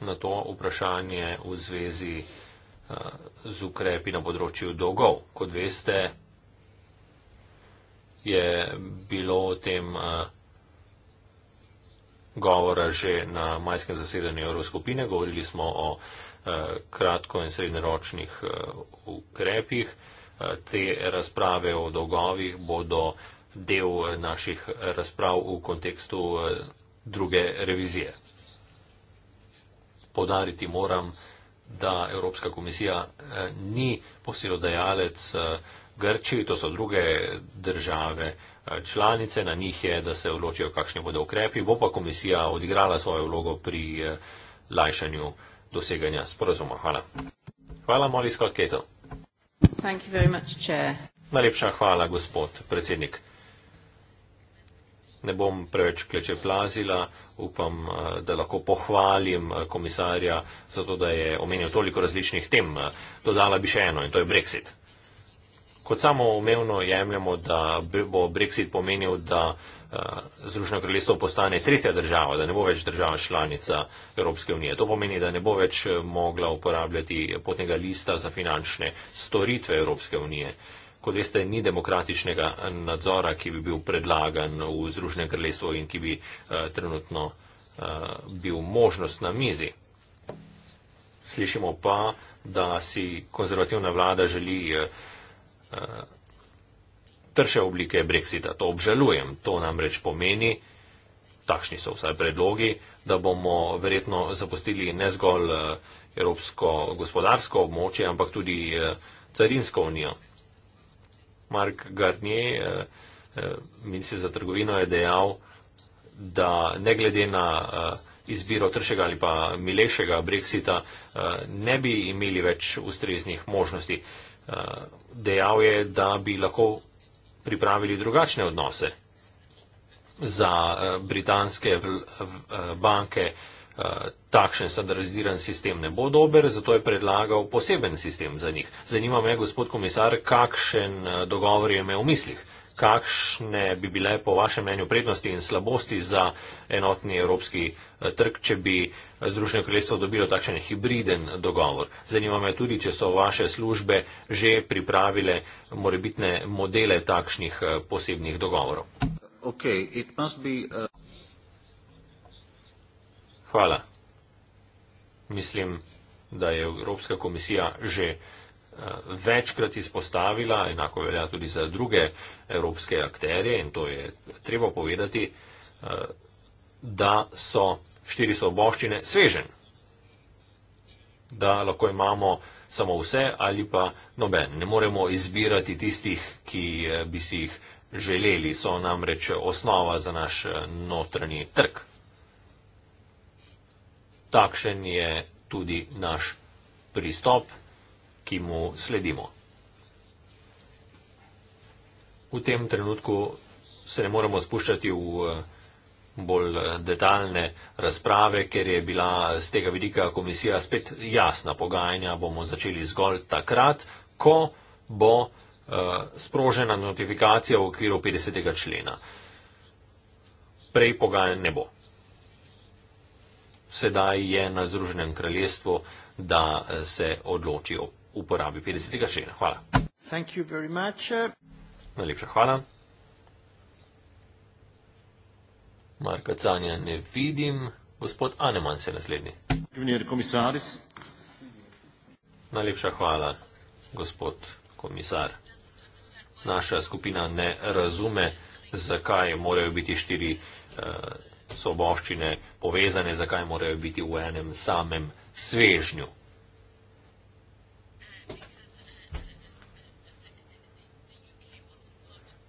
S2: Na to vprašanje v zvezi z ukrepi na področju dolgov. Kot veste, je bilo o tem eh, govora že na majskem zasedanju Evroskupine. Govorili smo o eh, kratko in srednjeročnih eh, ukrepih. Te razprave o dolgovih bodo del naših razprav v kontekstu druge revizije. Podariti moram, da Evropska komisija ni posilodajalec Grčiji, to so druge države eh, članice, na njih je, da se odločijo, kakšni bodo ukrepi. Bo pa komisija odigrala svojo vlogo pri eh, lajšanju doseganja sporozuma. Hvala. Hvala, Molly Scott Keto. Najlepša hvala, gospod predsednik. Ne bom preveč kleče plazila, upam, eh, da lahko pohvalim komisarja za to, da je omenil toliko različnih tem. Dodala bi še eno in to je Brexit. Kot samo umevno jemljamo, da bo Brexit pomenil, da eh, Združeno kraljestvo postane tretja država, da ne bo več država članica Evropske unije. To pomeni, da ne bo več eh, mogla uporabljati potnega lista za finančne storitve Evropske unije. Kot veste, ni demokratičnega nadzora, ki bi bil predlagan v Združenem kraljestvu in ki bi eh, trenutno bil možnost na mizi. Slišimo pa, da si konzervativna vlada želi trše oblike brexita. To obžalujem. To namreč pomeni, takšni so vsaj predlogi, da bomo verjetno zapustili ne zgolj eh, evropsko gospodarsko območje, ampak tudi eh, carinsko unijo. Mark Garnier, eh, ministr za trgovino, je dejal, da ne glede na izbiro tršega ali pa milejšega brexita, ne bi imeli več ustreznih možnosti. Eh, dejal je, da bi lahko pripravili drugačne odnose za eh, britanske eh, banke. Takšen standardiziran sistem ne bo dober, zato je predlagal poseben sistem za njih. Zanima me, gospod komisar, kakšen dogovor je imel v mislih? Kakšne bi bile po vašem mnenju prednosti in slabosti za enotni evropski sistem? trg, če bi Združeno kraljestvo dobilo takšen hibriden dogovor. Zanima me tudi, če so vaše službe že pripravile morebitne modele takšnih eh, posebnih dogovorov. Okay, be, uh... Hvala. Mislim, da je Evropska komisija že eh, večkrat izpostavila, enako velja tudi za druge evropske akterje in to je treba povedati, eh, da so štiri soboščine svežen, da lahko imamo samo vse ali pa noben. Ne moremo izbirati tistih, ki eh, bi si jih želeli, so namreč osnova za naš eh, notranji trg. Takšen je tudi naš pristop, ki mu sledimo. V tem trenutku se ne moremo spuščati v eh, bolj eh, detaljne razprave, ker je bila z tega vidika komisija spet jasna pogajanja, bomo začeli zgolj takrat, ko bo eh, sprožena notifikacija v okviru 50. člena. Prej pogajanj ne bo. Sedaj je na Združenem kraljestvu, da eh, se odloči o uporabi 50. člena. Hvala. Najlepša hvala. Marka Canja ne vidim. Gospod Aneman se naslednji. Najlepša hvala, gospod komisar. Naša skupina ne razume, zakaj morajo biti štiri uh, soboščine povezane, zakaj morajo biti v enem samem svežnju.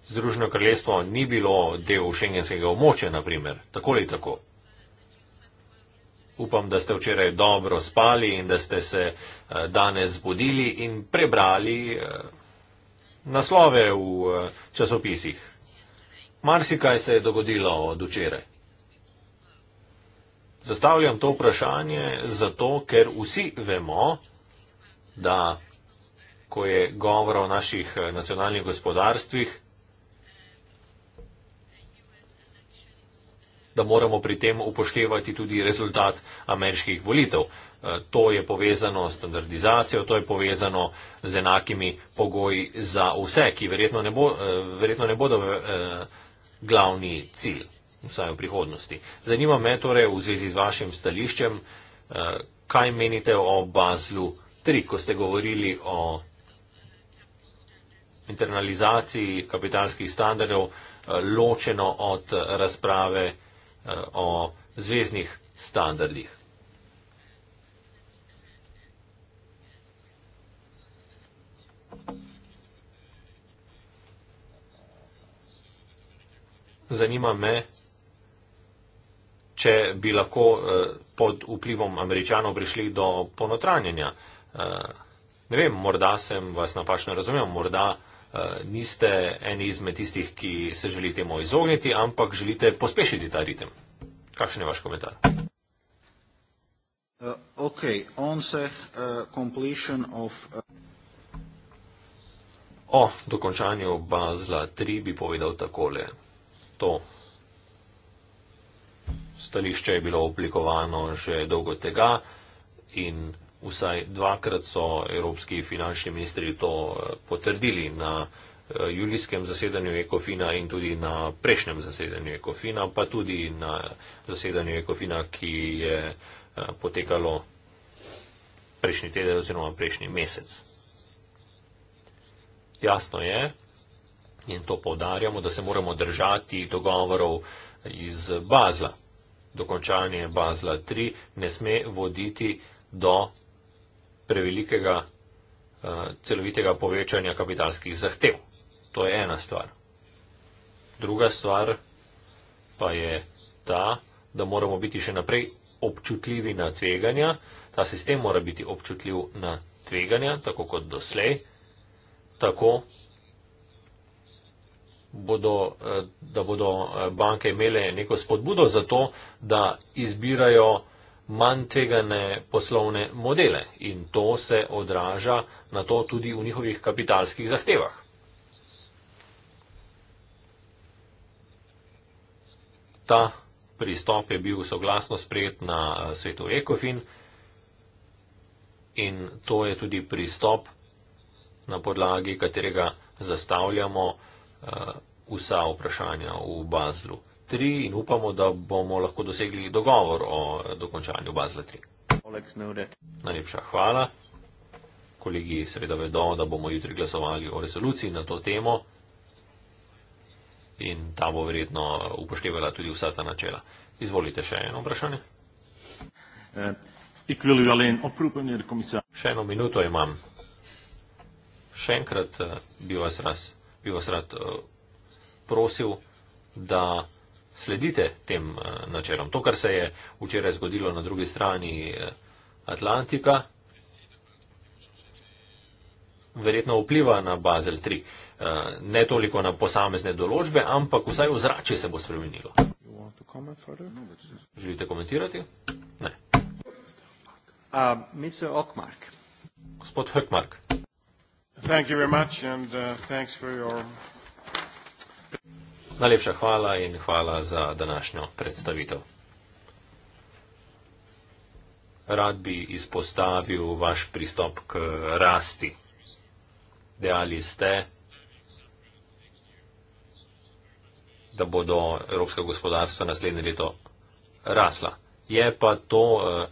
S2: Združeno kraljestvo ni bilo del šengenskega območja, naprimer, tako ali tako. Upam, da ste včeraj dobro spali in da ste se eh, danes zbudili in prebrali eh, naslove v eh, časopisih. Marsikaj se je dogodilo od včeraj. Zastavljam to vprašanje zato, ker vsi vemo, da ko je govor o naših nacionalnih gospodarstvih, da moramo pri tem upoštevati tudi rezultat ameriških volitev. E, to je povezano s standardizacijo, to je povezano z enakimi pogoji za vse, ki verjetno ne, bo, e, verjetno ne bodo e, glavni cilj, vsaj v prihodnosti. Zanima me torej v zvezi z vašim stališčem, kaj menite o Bazlu 3, ko ste govorili o internalizaciji kapitalskih standardov ločeno od razprave Eh, o zvezdnih standardih. Zanima me, če bi lahko eh, pod vplivom američanov prišli do ponotranjenja. Eh, ne vem, morda sem vas napačno razumel, morda. Eh, niste en izmed tistih, ki se želi temu izogniti, ampak želite pospešiti ta ritem. Kakšen je vaš komentar?
S3: Uh, eh, ok, on se uh, completion of. Uh...
S2: O dokončanju bazla 3 bi povedal takole. To stališče je bilo oblikovano že dolgo tega in Vsaj dvakrat so evropski finančni ministri to eh, potrdili na eh, julijskem zasedanju Ekofina in tudi na prejšnjem zasedanju Ekofina, pa tudi na zasedanju Ekofina, ki je eh, potekalo prejšnji teden oziroma prejšnji mesec. Jasno je, in to povdarjamo, da se moramo držati dogovorov iz Bazla. Dokončanje Bazla 3 ne sme voditi do prevelikega eh, celovitega povečanja kapitalskih zahtev. To je ena stvar. Druga stvar pa je ta, da moramo biti še naprej občutljivi na tveganja. Ta sistem mora biti občutljiv na tveganja, tako kot doslej. Tako bodo, eh, da bodo eh, banke imele neko spodbudo za to, da izbirajo manj tegane poslovne modele in to se odraža na to tudi v njihovih kapitalskih zahtevah. Ta pristop je bil soglasno sprejet na eh, svetu ECOFIN in to je tudi pristop, na podlagi katerega zastavljamo eh, vsa vprašanja v Bazlu. 3 in upamo, da bomo lahko dosegli dogovor o dokončanju Basla 3. Najlepša hvala. Kolegi seveda vedo, da bomo jutri glasovali o resoluciji na to temo in ta bo verjetno upoštevala tudi vsa ta načela. Izvolite še eno vprašanje. Eh, še eno minuto imam. Še enkrat eh, bi vas, raz, bi vas rad eh, prosil, da sledite tem eh, načelom. To, kar se je včeraj zgodilo na drugi strani eh, Atlantika, verjetno vpliva na Bazel 3. Eh, ne toliko na posamezne določbe, ampak vsaj v zrače se bo spremenilo. Želite komentirati? Ne.
S1: Uh, Gospod Hökmark. Thank you very much and uh, thanks for your
S2: Najlepša hvala in hvala za današnjo predstavitev. Rad bi izpostavil vaš pristop k rasti. Dejali ste, da bodo evropska gospodarstva naslednje leto rasla. Je pa to uh,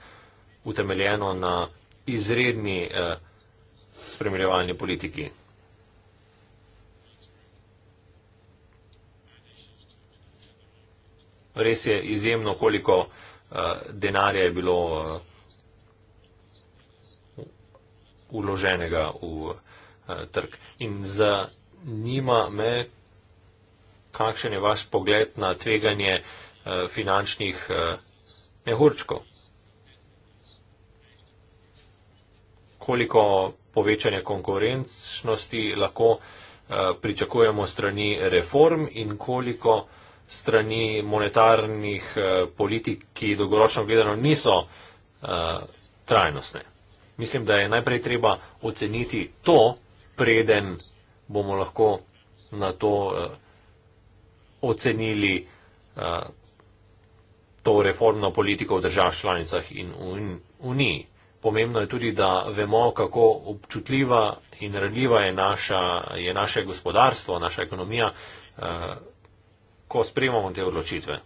S2: utemeljeno na izredni uh, eh, spremljevalni politiki. res je izjemno, koliko uh, denarja je bilo uh, eh, uloženega v uh, trg. In zanima me, kakšen je vaš pogled na tveganje uh, finančnih uh, mehurčkov. Koliko povečanja konkurenčnosti lahko uh, pričakujemo strani reform in koliko uh, strani monetarnih eh, politik, ki dolgoročno gledano niso eh, trajnostne. Mislim, da je najprej treba oceniti to, preden bomo lahko na to eh, ocenili to reformno politiko v državah članicah in uniji. Pomembno je tudi, da vemo, kako občutljiva in radljiva je, naša, je naše gospodarstvo, naša ekonomija, ko sprejemamo te odločitve.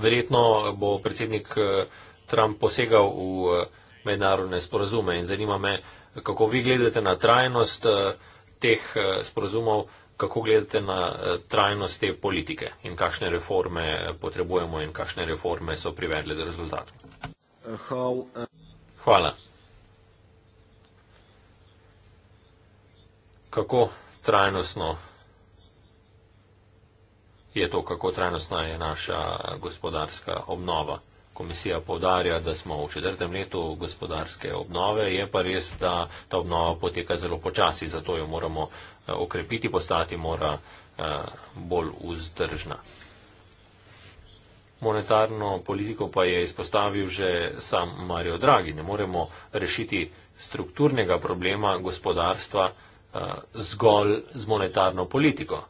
S2: Verjetno bo predsednik eh, Trump posegal v eh, mednarodne sporazume in zanima me, kako vi gledate na trajnost eh, teh sporazumov, kako gledate na trajnost te politike in kakšne reforme potrebujemo in kakšne reforme so privedle do rezultatov.
S1: Hvala. kako
S2: trajnostno je to, kako trajnostna je naša gospodarska obnova. Komisija povdarja, da smo v četrtem letu gospodarske obnove, je pa res, da ta obnova poteka zelo počasi, zato jo moramo eh, okrepiti, postati mora eh, bolj vzdržna. Monetarno politiko pa je izpostavil že sam Mario Draghi. Ne moremo rešiti strukturnega problema gospodarstva. Eh, zgolj z monetarno politiko.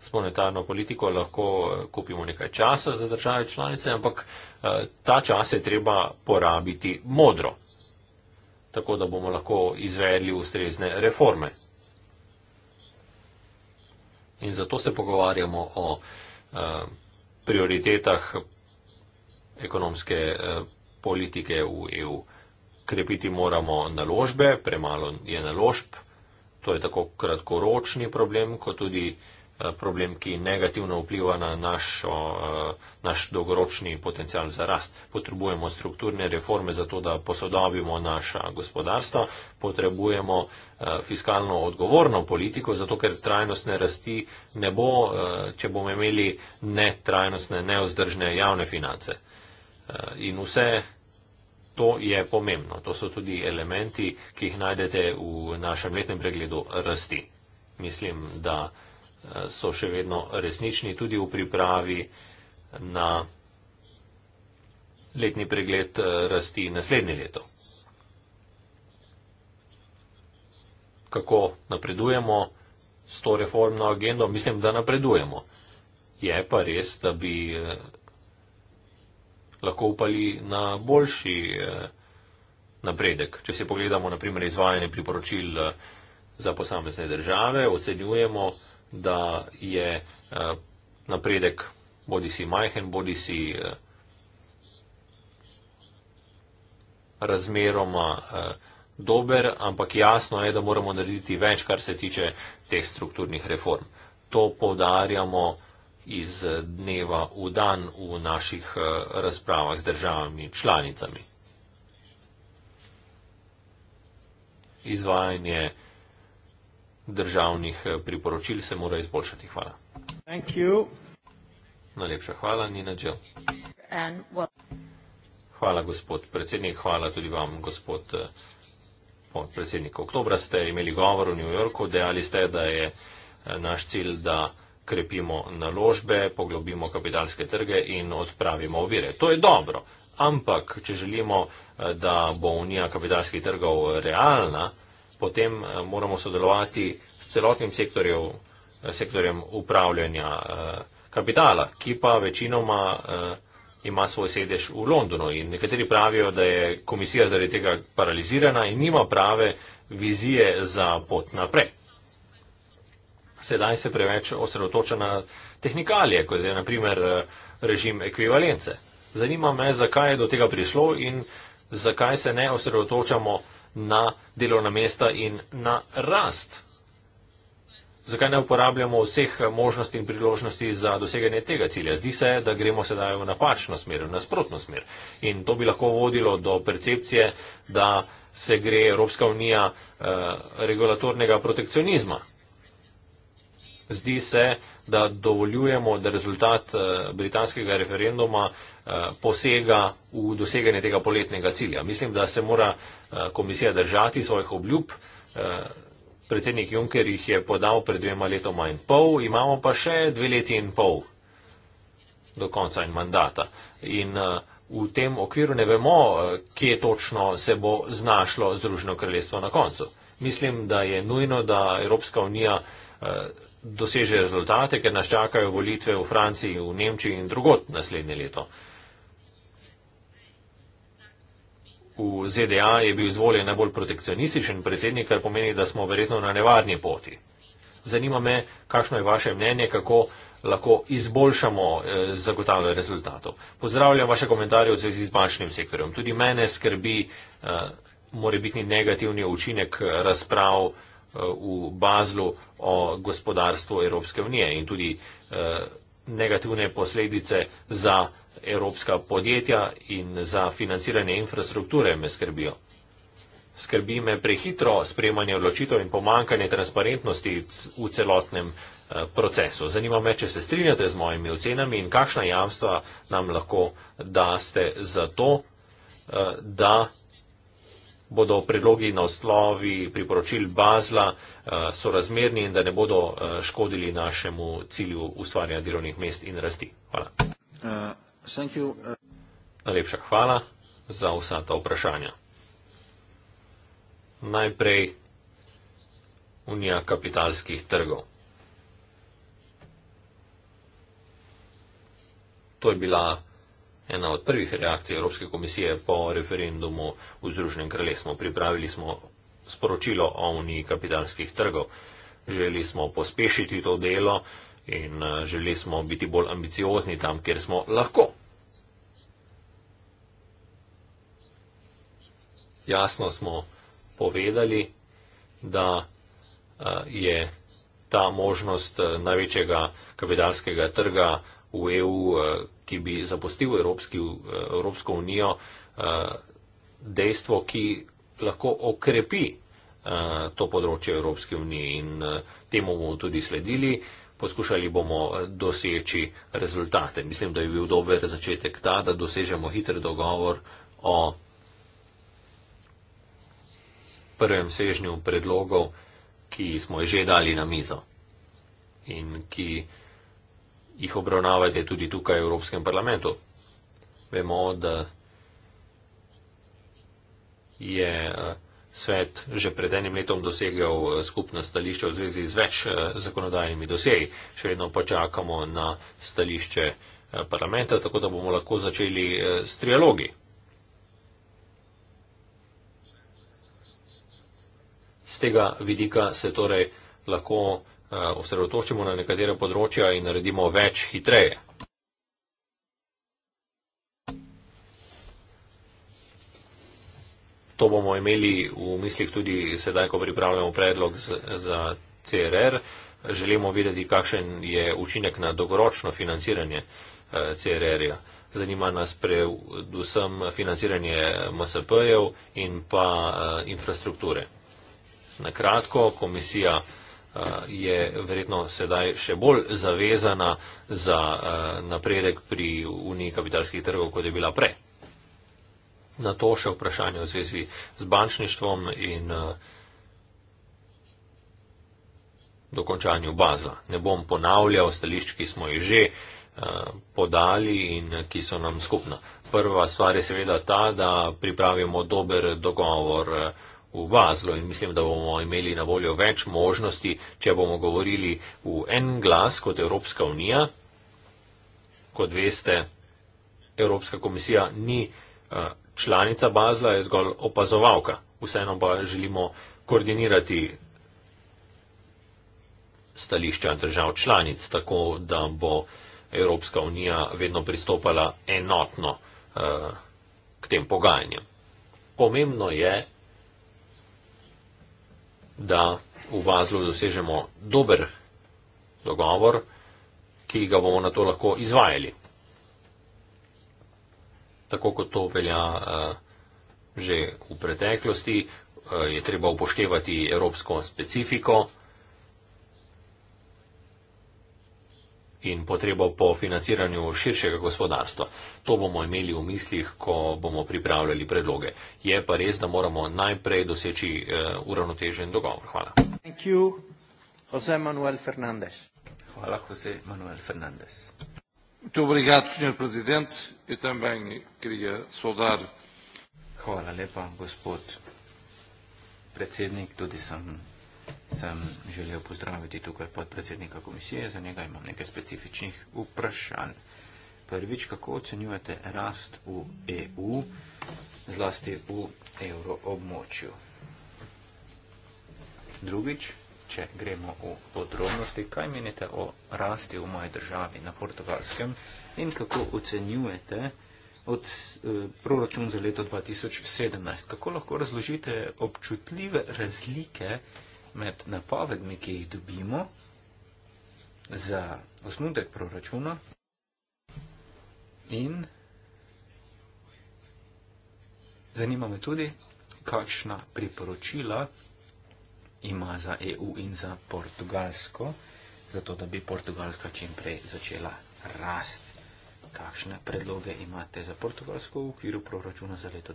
S2: S monetarno politiko lahko eh, kupimo nekaj časa za države članice, ampak eh, ta čas je treba porabiti modro, tako da bomo lahko izvedli ustrezne reforme. In zato se pogovarjamo o prioritetah ekonomske politike v EU krepiti moramo naložbe, premalo je naložb, to je tako kratkoročni problem, kot tudi eh, problem, ki negativno vpliva na našo, eh, naš dolgoročni potencial za rast. Potrebujemo strukturne reforme za to, da posodobimo naša gospodarstva, potrebujemo eh, fiskalno odgovorno politiko, zato ker trajnostne rasti ne bo, če bomo imeli netrajnostne, neozdržne javne finance. In vse To je pomembno. To so tudi elementi, ki jih najdete v našem letnem pregledu rasti. Mislim, da eh, so še vedno resnični tudi v pripravi na letni pregled eh, rasti naslednje leto. Kako napredujemo s to reformno agendo? Mislim, da napredujemo. Je pa res, da bi eh, lahko upali na boljši eh, napredek. Če si pogledamo, naprimer, izvajanje priporočil eh, za posamezne države, ocenjujemo, da je eh, napredek bodi si majhen, bodi si razmeroma dober, ampak jasno je, da moramo narediti več, kar se tiče teh strukturnih reform. To podarjamo iz dneva v dan v naših eh, razpravah z državami članicami. Izvajanje državnih eh, priporočil se mora izboljšati. Hvala. Najlepša hvala, Nina Džel. Hvala, gospod predsednik, hvala tudi vam, gospod eh, podpredsednik. Oktobra ste imeli govor v New Yorku, dejali ste, da je naš cilj, da krepimo naložbe, poglobimo kapitalske trge in odpravimo ovire. To je dobro, ampak če želimo, eh, da bo unija kapitalskih trgov realna, potem eh, moramo sodelovati s celotnim sektorjev, eh, sektorjem upravljanja kapitala, ki pa večinoma ima svoj sedež v Londonu. In nekateri pravijo, da je komisija zaradi tega paralizirana in nima prave vizije za pot naprej sedaj se preveč osredotoča na tehnikalije, kot je naprimer eh, režim ekvivalence. Zanima me, zakaj je do tega prišlo in zakaj se ne osredotočamo na delovna mesta in na rast. Zakaj ne uporabljamo vseh možnosti in priložnosti za doseganje tega cilja? Zdi se, da gremo sedaj v napačno smer, v nasprotno smer. In to bi lahko vodilo do percepcije, da se gre Evropska unija eh, regulatornega protekcionizma zdi se, da dovoljujemo, da rezultat eh, britanskega referenduma eh, posega v doseganje tega poletnega cilja. Mislim, da se mora eh, komisija držati svojih obljub. Predsednik Juncker jih je podal pred dvema letoma in pol, imamo pa še dve leti in pol do konca in mandata. In v tem okviru ne vemo, kje točno se bo znašlo Združeno kraljestvo na koncu. Mislim, da je nujno, da Evropska unija doseže rezultate, ker nas čakajo volitve v Franciji, v Nemčiji in drugot naslednje leto. V ZDA je bil izvoljen najbolj protekcionističen predsednik, kar pomeni, da smo verjetno na nevarni poti. Zanima me, kakšno je vaše mnenje, kako lahko izboljšamo eh, zagotavljanje rezultatov. Pozdravljam vaše komentarje v zvezi z bančnim sektorjem. Tudi mene skrbi uh, morebitni negativni učinek eh, razprav uh, Eh, v Bazlu o gospodarstvu Evropske unije in tudi eh, negativne posledice za evropska podjetja in za financiranje infrastrukture me skrbijo. Skrbi me prehitro sprejemanje odločitev in pomankanje transparentnosti v celotnem eh, procesu. Zanima me, če se strinjate z mojimi ocenami in kakšna jamstva nam lahko daste za to, da bodo predlogi na osnovi priporočil Bazla uh, eh, sorazmerni in da ne bodo uh, škodili našemu cilju ustvarjanja delovnih mest in rasti. Hvala.
S1: Uh, uh...
S2: Najlepša hvala za vsa ta vprašanja. Najprej Unija kapitalskih trgov. To je bila ena od prvih reakcij Evropske komisije po referendumu v Združenem kraljestvu. Pripravili smo sporočilo o uniji kapitalskih trgov. Želeli smo pospešiti to delo in eh, želeli smo biti bolj ambiciozni tam, kjer smo lahko. Jasno smo povedali, da eh, je ta možnost eh, največjega kapitalskega trga v EU, eh, ki bi zapustil Evropski, eh, Evropsko unijo, eh, dejstvo, ki lahko okrepi to področje Evropske unije in temu bomo tudi sledili. Poskušali bomo doseči rezultate. Mislim, da je bil dober začetek ta, da dosežemo hiter dogovor o prvem sežnju predlogov, ki smo jih že dali na mizo in ki uh, jih obravnavate tudi tukaj v Evropskem parlamentu. Vemo, da je eh, svet že pred enim letom dosegel eh, skupno stališče v zvezi z več eh, zakonodajnimi doseji. Še vedno pa čakamo na stališče parlamenta, tako da bomo lahko začeli s trialogi. Z tega vidika se torej lahko Eh, osredotočimo na nekatere področja in naredimo več hitreje. To bomo imeli v mislih tudi sedaj, ko pripravljamo predlog za CRR. Želimo videti, kakšen je učinek na dolgoročno financiranje eh, CRR-ja. Zanima nas predvsem financiranje MSP-jev in pa eh, infrastrukture. Na kratko, komisija. Eh, je verjetno sedaj še bolj zavezana za eh, napredek pri uniji kapitalskih trgov, kot je bila prej. Na to še vprašanje v zvezi z bančništvom in eh, dokončanju bazla. Ne bom ponavljal stališč, ki smo jih že podali in ki so nam skupna. Prva stvar je seveda ta, da pripravimo dober dogovor uvazlo in mislim, da bomo imeli na voljo več možnosti, če bomo govorili v en glas kot Evropska unija. Kot veste, Evropska komisija ni eh, članica bazla, je zgolj opazovalka. Vseeno pa želimo koordinirati stališča držav članic, tako da bo Evropska unija vedno pristopala enotno eh, k tem pogajanjem. Pomembno je, da v Bazlu dosežemo dober dogovor, ki ga bomo na to lahko izvajali. Tako kot to velja eh, že v preteklosti, eh, je treba upoštevati evropsko specifiko. in potrebo po financiranju širšega gospodarstva. To bomo imeli v mislih, ko bomo pripravljali predloge. Je pa res, da moramo najprej doseči uh, uravnotežen dogovor. Hvala.
S3: You, Jose Hvala, Jose Manuel Fernandez. Hvala lepa, gospod predsednik. Tudi sem sem želel pozdraviti tukaj podpredsednika komisije, za njega imam nekaj specifičnih vprašanj. Prvič, kako ocenjujete rast v EU, zlasti v evroobmočju? Drugič, če gremo v podrobnosti, kaj menite o rasti v moji državi na portugalskem in kako ocenjujete od uh, proračun za leto 2017? Kako lahko razložite občutljive razlike, med napovedmi, ki jih dobimo za osnutek proračuna in zanima me tudi, kakšna priporočila ima za EU in za Portugalsko, zato da bi Portugalska čim prej začela rast. Kakšne predloge imate za Portugalsko v okviru proračuna za leto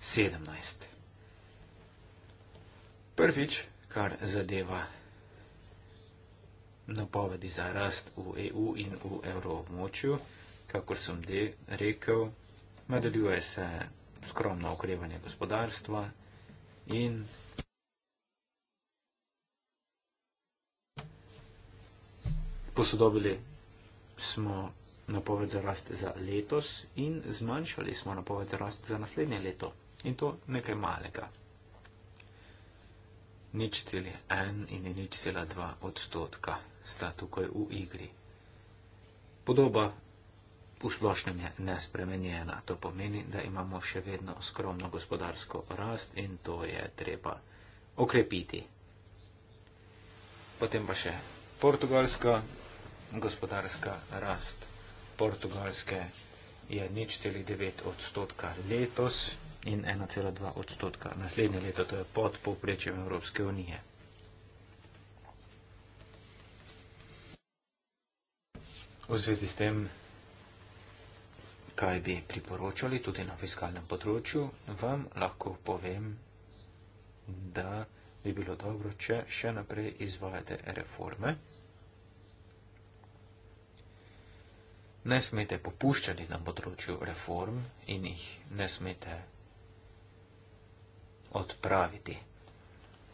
S3: 2017? Prvič, kar zadeva napovedi za rast v EU in v evroobmočju, kakor sem de, rekel, nadaljuje se skromno okrevanje gospodarstva in posodobili smo napoved za rast za letos in zmanjšali smo napoved za rast za naslednje leto. In to nekaj malega nič celi en in nič cela dva odstotka sta tukaj v igri. Podoba v splošnem je nespremenjena, to pomeni, da imamo še vedno skromno gospodarsko rast in to je treba okrepiti. Potem pa še portugalska gospodarska rast. Portugalske je nič celi devet odstotka letos in 1,2 odstotka. Naslednje leto to je pod povprečjem Evropske unije. V zvezi s tem, kaj bi priporočali tudi na fiskalnem področju, vam lahko povem, da bi bilo dobro, če še naprej izvajate reforme. Ne smete popuščati na področju reform in jih ne smete odpraviti.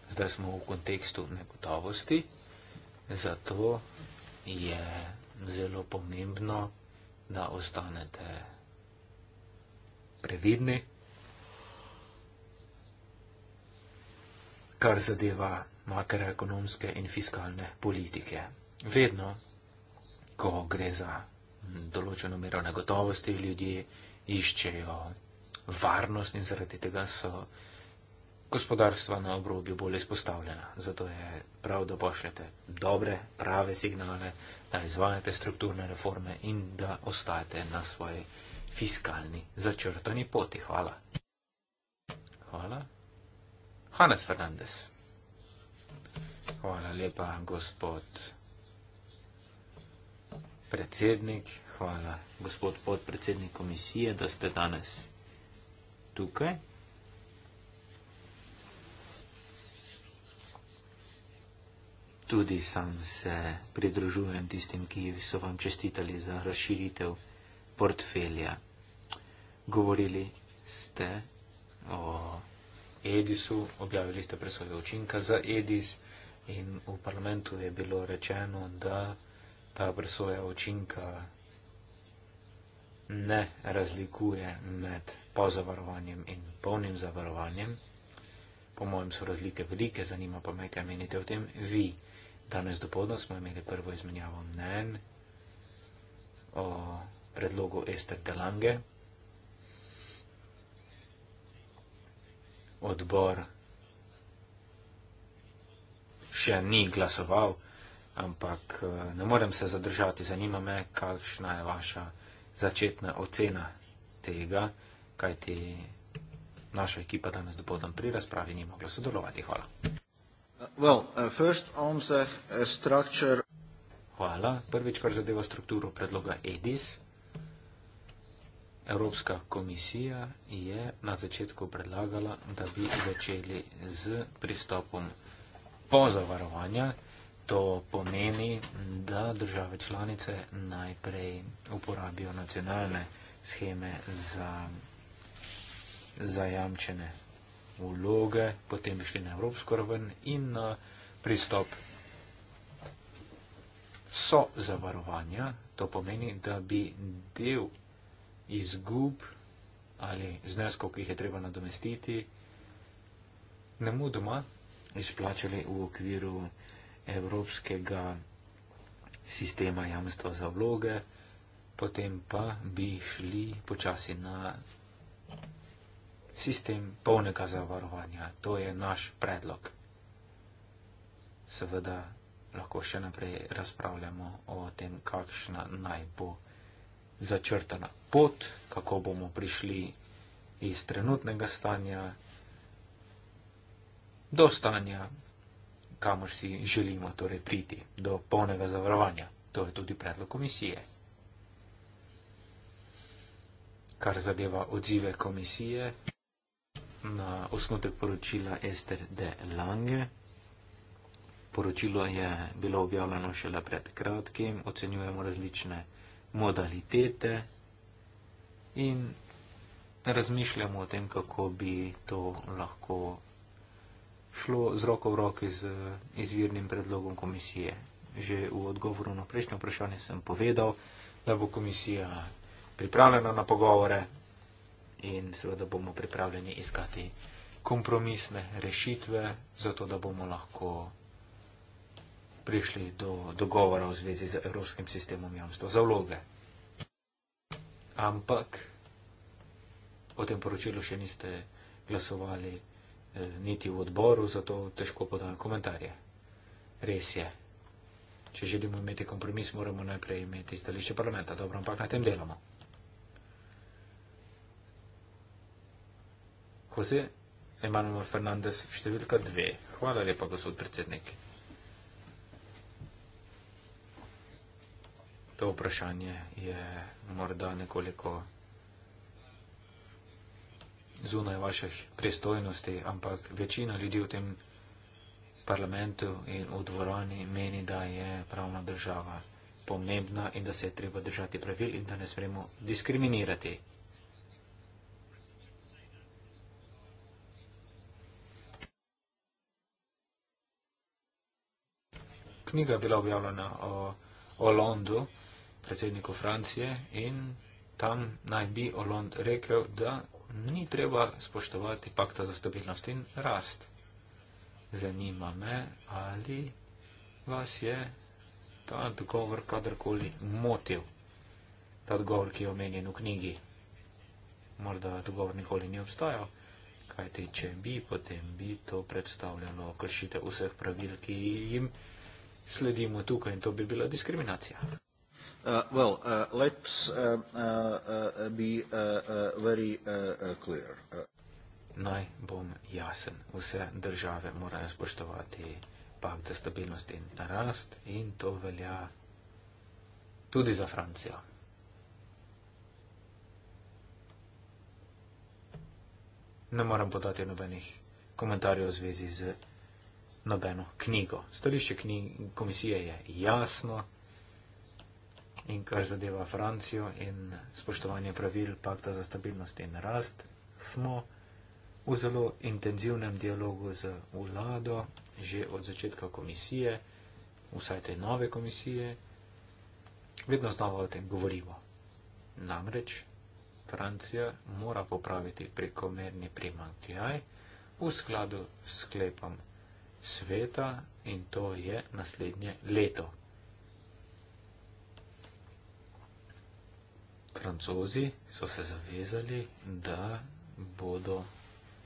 S3: Zdaj smo v kontekstu negotovosti, zato je zelo pomembno, da ostanete previdni. kar zadeva makroekonomske in fiskalne politike. Vedno, ko gre za določeno mero negotovosti, ljudje iščejo varnost in zaradi tega so gospodarstva na obrobju bolj izpostavljena. Zato je prav, da pošljete dobre, prave signale, da izvajate strukturne reforme in da ostajate na svoji fiskalni začrtani poti. Hvala. Hvala. Hanes Fernandez. Hvala lepa, gospod predsednik. Hvala, gospod podpredsednik komisije, da ste danes tukaj. tudi sam se pridružujem tistim, ki so vam čestitali za razširitev portfelja. Govorili ste o Edisu, objavili ste presoje učinka za Edis in v parlamentu je bilo rečeno, da ta presoja učinka ne razlikuje med pozavarovanjem in polnim zavarovanjem. Po mojem so razlike velike, zanima pa me, kaj menite o tem vi. Danes do podno smo imeli prvo izmenjavo mnen o predlogu Ester Delange. Odbor še ni glasoval, ampak eh, ne morem se zadržati. Zanima me, kakšna je vaša začetna ocena tega, kajti naša ekipa danes do podno pri razpravi ni mogla sodelovati. Hvala.
S1: Uh, uh,
S3: Hvala. Prvič, kar zadeva strukturo predloga EDIS. Evropska komisija je na začetku predlagala, da bi začeli z pristopom pozavarovanja. To pomeni, da države članice najprej uporabijo nacionalne scheme za zajamčene vloge, potem bi šli na evropsko raven in na eh, pristop. So zavarovanja, to pomeni, da bi del izgub ali zneskov, ki jih je treba nadomestiti, ne mudoma izplačali v okviru evropskega sistema jamstva za vloge, potem pa bi šli počasi na sistem polnega zavarovanja. To je naš predlog. Seveda lahko še naprej razpravljamo o tem, kakšna naj bo začrtana pot, kako bomo prišli iz trenutnega stanja do stanja, kamor si želimo torej priti, do polnega zavarovanja. To je tudi predlog komisije. Kar zadeva odzive komisije na osnutek poročila Ester de Lange. Poročilo je bilo objavljeno šele pred kratkim, ocenjujemo različne modalitete in razmišljamo o tem, kako bi to lahko šlo z roko v roki z izvirnim predlogom komisije. Že v odgovoru na prejšnje vprašanje sem povedal, da bo komisija pripravljena na pogovore in seveda bomo pripravljeni iskati kompromisne rešitve, zato da bomo lahko prišli do dogovora v zvezi z Evropskim sistemom jamstva za vloge. Ampak o tem poročilu še niste glasovali eh, niti v odboru, zato težko podajam komentarje. Res je. Če želimo imeti kompromis, moramo najprej imeti stališče parlamenta. Dobro, ampak na tem delamo. Kozi, Emanuel Fernandez, številka dve. Hvala lepa, gospod predsednik. To vprašanje je morda nekoliko zunaj vaših pristojnosti, ampak večina ljudi v tem parlamentu in v dvorani meni, da je pravna država pomembna in da se je treba držati pravil in da ne smemo diskriminirati. knjiga je bila objavljena o, o Londu, predsedniku Francije, in tam naj bi Olond rekel, da ni treba spoštovati pakta za stabilnost in rast. Zanima me, ali vas je ta odgovor kadarkoli motil, ta odgovor, ki je omenjen v knjigi. Morda odgovor nikoli ni obstajal. Kajti, če bi, potem bi to predstavljalo kršitev vseh pravil, ki jim sledimo tukaj in to bi bila diskriminacija. Uh, well, uh, let's uh, uh, uh be uh, uh, very uh, uh, clear. Uh. Naj bom jasen. Vse države morajo spoštovati pakt za stabilnost in rast in to velja tudi za Francijo. Ne moram podati nobenih komentarjev v zvezi z nobeno knjigo. Stališče knjig, komisije je jasno in kar zadeva Francijo in spoštovanje pravil Pakta za stabilnost in rast, smo v zelo intenzivnem dialogu z vlado že od začetka komisije, vsaj te nove komisije, vedno znova o tem govorimo. Namreč Francija mora popraviti prekomerni primankljaj v skladu s sklepom sveta in to je naslednje leto. Francozi so se zavezali, da bodo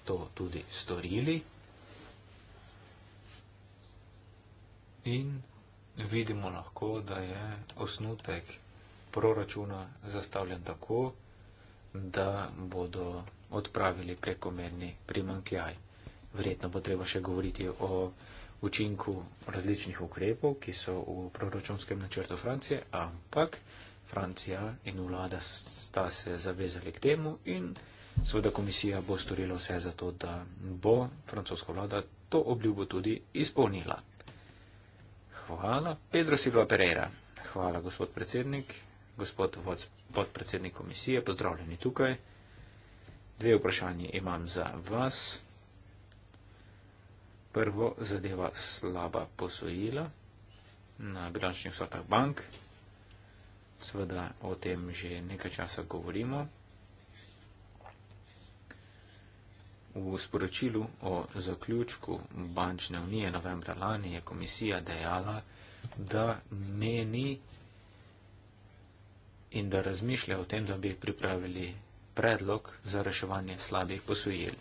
S3: to tudi storili in vidimo lahko, da je osnutek proračuna zastavljen tako, da bodo odpravili prekomerni primankjaj verjetno bo treba še govoriti o učinku različnih ukrepov, ki so v proračunskem načrtu Francije, ampak Francija in vlada sta se zavezali k temu in seveda komisija bo storila vse za to, da bo francoska vlada to obljubo tudi izpolnila. Hvala, Pedro Silva Pereira. Hvala, gospod predsednik, gospod podpredsednik komisije, pozdravljeni tukaj. Dve vprašanje imam za vas. Prvo zadeva slaba posojila na bilančnih vsotah bank. Seveda o tem že nekaj časa govorimo. V sporočilu o zaključku bančne unije novembra lani je komisija dejala, da meni in da razmišlja o tem, da bi pripravili predlog za reševanje slabih posojil.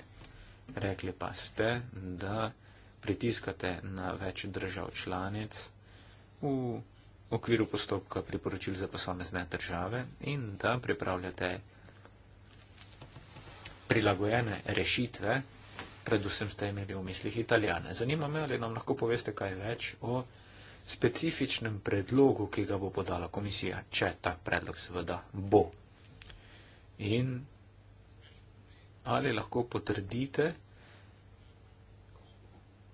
S3: Rekli pa ste, da pritiskate na več držav članic v okviru postopka priporočil za posamezne države in da pripravljate prilagojene rešitve, predvsem ste imeli v mislih italijane. Zanima me, ali nam lahko poveste kaj več o specifičnem predlogu, ki ga bo podala komisija, če ta predlog seveda bo. In ali lahko potrdite,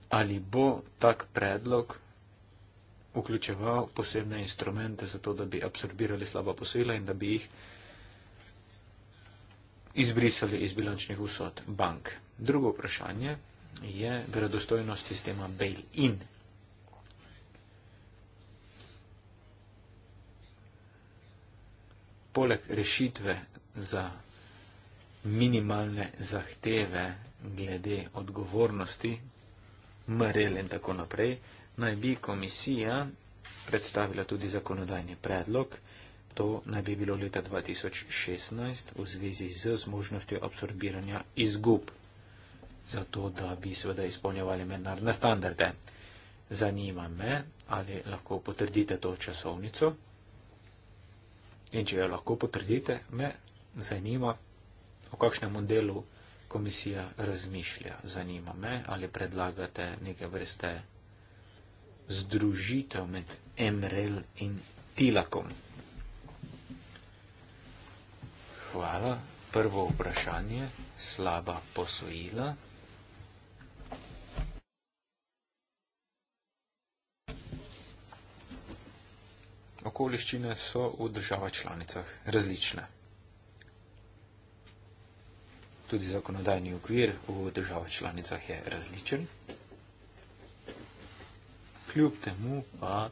S3: ali bo tak predlog vključeval posebne instrumente za to, da bi absorbirali slaba posojila in da bi jih izbrisali iz bilančnih vsot bank. Drugo vprašanje je verodostojnost sistema bail-in. Poleg rešitve za minimalne zahteve glede odgovornosti, MRL in tako naprej, naj bi komisija predstavila tudi zakonodajni predlog, to naj bi bilo leta 2016 v zvezi z zmožnostjo absorbiranja izgub, zato da bi seveda izpolnjevali mednarodne standarde. Zanima me, ali lahko potrdite to časovnico in če jo lahko potrdite, me zanima, o kakšnem modelu komisija razmišlja. Zanima me, ali predlagate neke vrste združitev med MRL in Tilakom. Hvala. Prvo vprašanje. Slaba posojila. Okoliščine so v državah članicah različne. Tudi zakonodajni okvir v državah članicah je različen. Kljub temu pa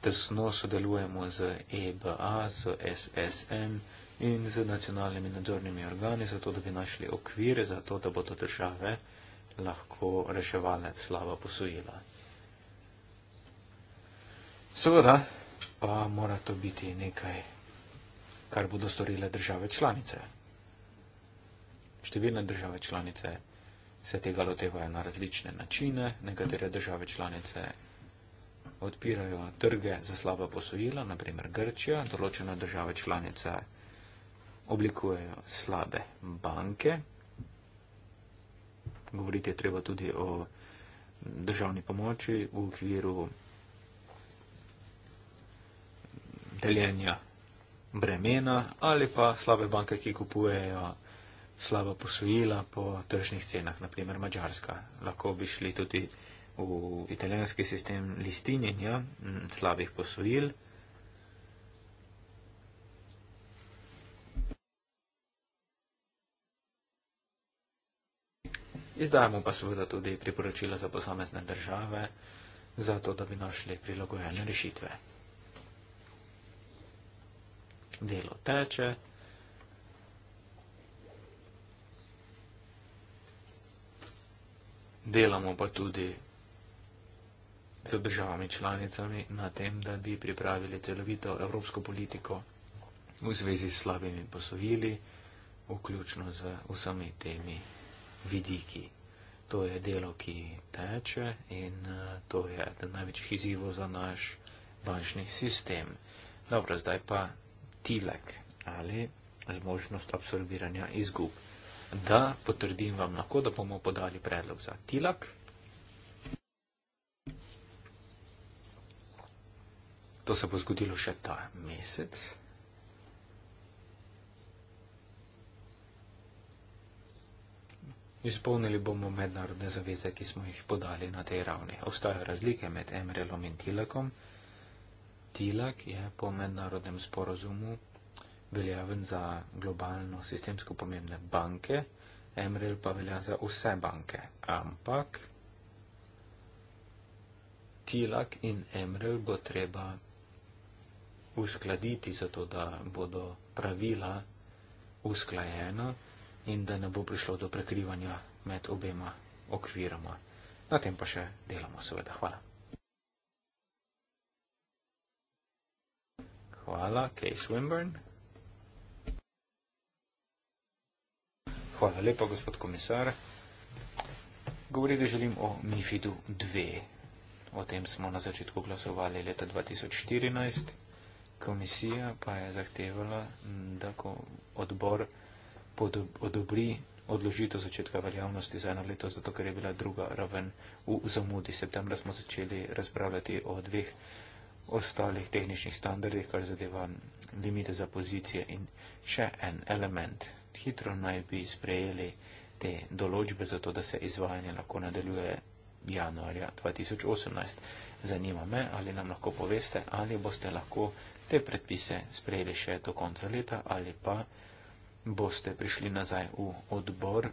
S3: tesno sodelujemo z EBA, z SSM in z nacionalnimi nadzornimi organi, zato da bi našli okvir, zato da bodo države lahko reševale slaba posojila. Seveda pa mora to biti nekaj, kar bodo storile države članice. Številne države članice se tega lotevajo na različne načine. Nekatere države članice odpirajo trge za slaba posojila, naprimer Grčija, določene države članice oblikujejo slabe banke. Govoriti je treba tudi o državni pomoči v okviru deljenja bremena ali pa slabe banke, ki kupujejo slaba posojila po tržnih cenah, naprimer Mačarska. Lahko bi šli tudi v italijanski sistem listinjenja mm, slabih posojil. Izdajamo pa seveda tudi priporočila za posamezne države, zato da bi našli prilagojene rešitve. Delo teče. Delamo pa tudi z državami članicami na tem, da bi pripravili celovito evropsko politiko v zvezi s slabimi posojili, vključno z vsemi temi vidiki. To je delo, ki teče in eh, to je eden največjih izzivov za naš bančni sistem. Dobro, zdaj pa tilek ali zmožnost absorbiranja izgub da potrdim vam lahko, da bomo podali predlog za tilak. To se bo zgodilo še ta mesec. Izpolnili bomo mednarodne zaveze, ki smo jih podali na tej ravni. Obstajajo razlike med MRL-om in Tilakom. Tilak je po mednarodnem sporozumu veljaven za globalno sistemsko pomembne banke, MRL pa velja za vse banke. Ampak TILAK in MRL bo treba uskladiti, zato da bodo pravila usklajena in da ne bo prišlo do prekrivanja med obema okviroma. Na tem pa še delamo, seveda. Hvala. Hvala, Kay Swinburne. Hvala lepa, gospod komisar. Govoriti želim o MIFIDu 2. O tem smo na začetku glasovali leta 2014. Komisija pa je zahtevala, da ko odbor odobri odložitev začetka veljavnosti za eno leto, zato ker je bila druga raven v zamudi. Septembra smo začeli razpravljati o dveh ostalih tehničnih standardih, kar zadeva limite za pozicije in še en element hitro naj bi sprejeli te določbe, zato da se izvajanje lahko nadaljuje januarja 2018. Zanima me, ali nam lahko poveste, ali boste lahko te predpise sprejeli še do konca leta ali pa boste prišli nazaj v odbor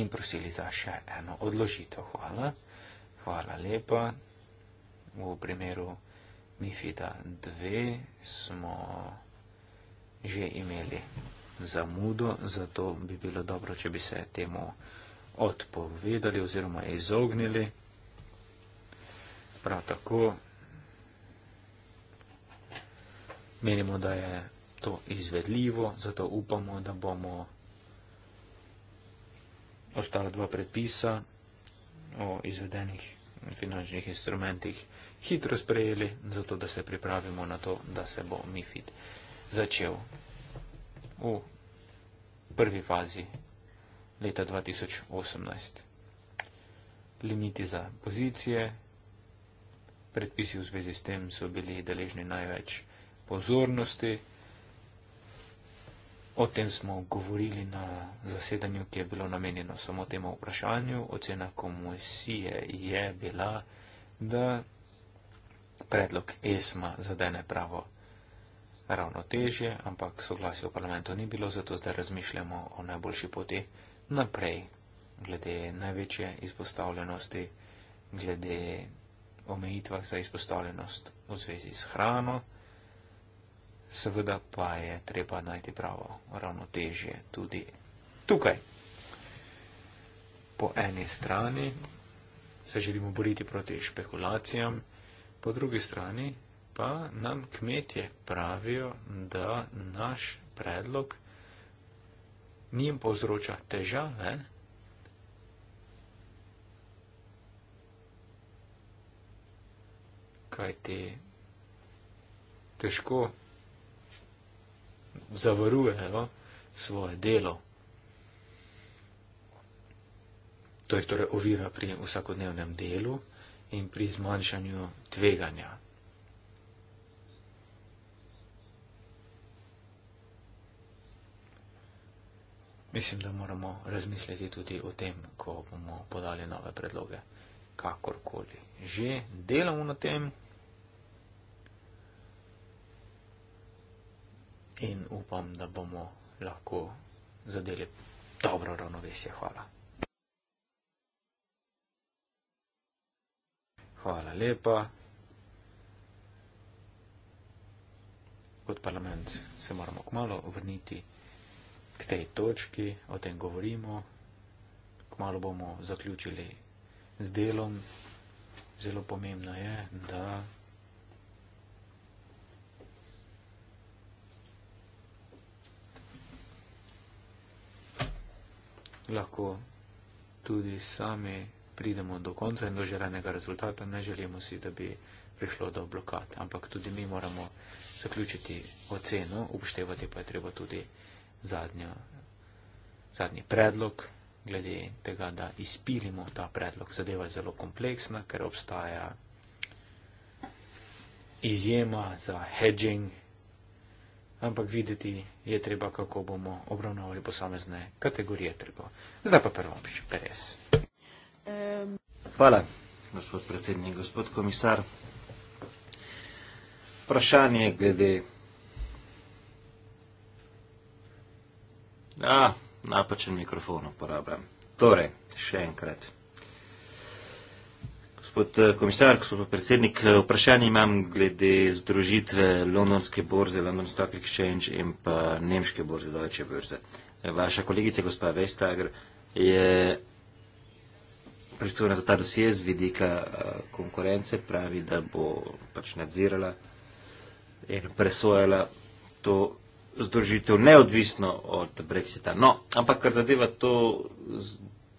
S3: in prosili za še eno odložitev. Hvala. Hvala lepa. V primeru MIFIDA 2 smo že imeli zamudo, zato bi bilo dobro, če bi se temu odpovedali oziroma izognili. Prav tako menimo, da je to izvedljivo, zato upamo, da bomo ostala dva predpisa o izvedenih finančnih instrumentih hitro sprejeli, zato da se pripravimo na to, da se bo MIFID začel v prvi fazi leta 2018. Limiti za pozicije, predpisi v zvezi s tem so bili deležni največ pozornosti. O tem smo govorili na zasedanju, ki je bilo namenjeno samo temu vprašanju. Ocena komisije je bila, da predlog ESMA zadene pravo ravnotežje, ampak soglasje v parlamentu ni bilo, zato zdaj razmišljamo o najboljši poti naprej, glede največje izpostavljenosti, glede omejitva za izpostavljenost v zvezi s hrano. Seveda pa je treba najti pravo ravnotežje tudi tukaj. Po eni strani se želimo boriti proti špekulacijam, po drugi strani pa nam kmetje pravijo, da naš predlog njim povzroča težave. Kaj ti težko zavarujejo svoje delo. To je torej ovira pri vsakodnevnem delu in pri zmanjšanju tveganja. Mislim, da moramo razmisliti tudi o tem, ko bomo podali nove predloge. Kakorkoli že delamo na tem in upam, da bomo lahko zadeli dobro ravnovesje. Hvala. Hvala lepa. Kot parlament se moramo kmalo vrniti k tej točki, o tem govorimo, kmalo bomo zaključili z delom. Zelo pomembno je, da lahko tudi sami pridemo do konca in do želenega rezultata. Ne želimo si, da bi prišlo do blokad, ampak tudi mi moramo zaključiti oceno, upoštevati pa je treba tudi zadnja, zadnji predlog, glede tega, da izpilimo ta predlog. Zadeva je zelo kompleksna, ker obstaja izjema za hedging, ampak videti je treba, kako bomo obravnavali posamezne kategorije trgov. Zdaj pa prvo piše Perez.
S1: Hvala, gospod predsednik, gospod komisar. Vprašanje glede Ja, napačen mikrofon uporabljam. Torej, še enkrat. Gospod eh, komisar, gospod predsednik, eh, vprašanje imam glede združitve Londonske borze, London Stock Exchange in pa Nemške borze, Deutsche Börse. Vaša kolegica, gospa Vestager, je pristojna za ta dosje z vidika eh, konkurence, pravi, da bo pač nadzirala in presojala to združitev, neodvisno od Brexita. No, ampak kar zadeva to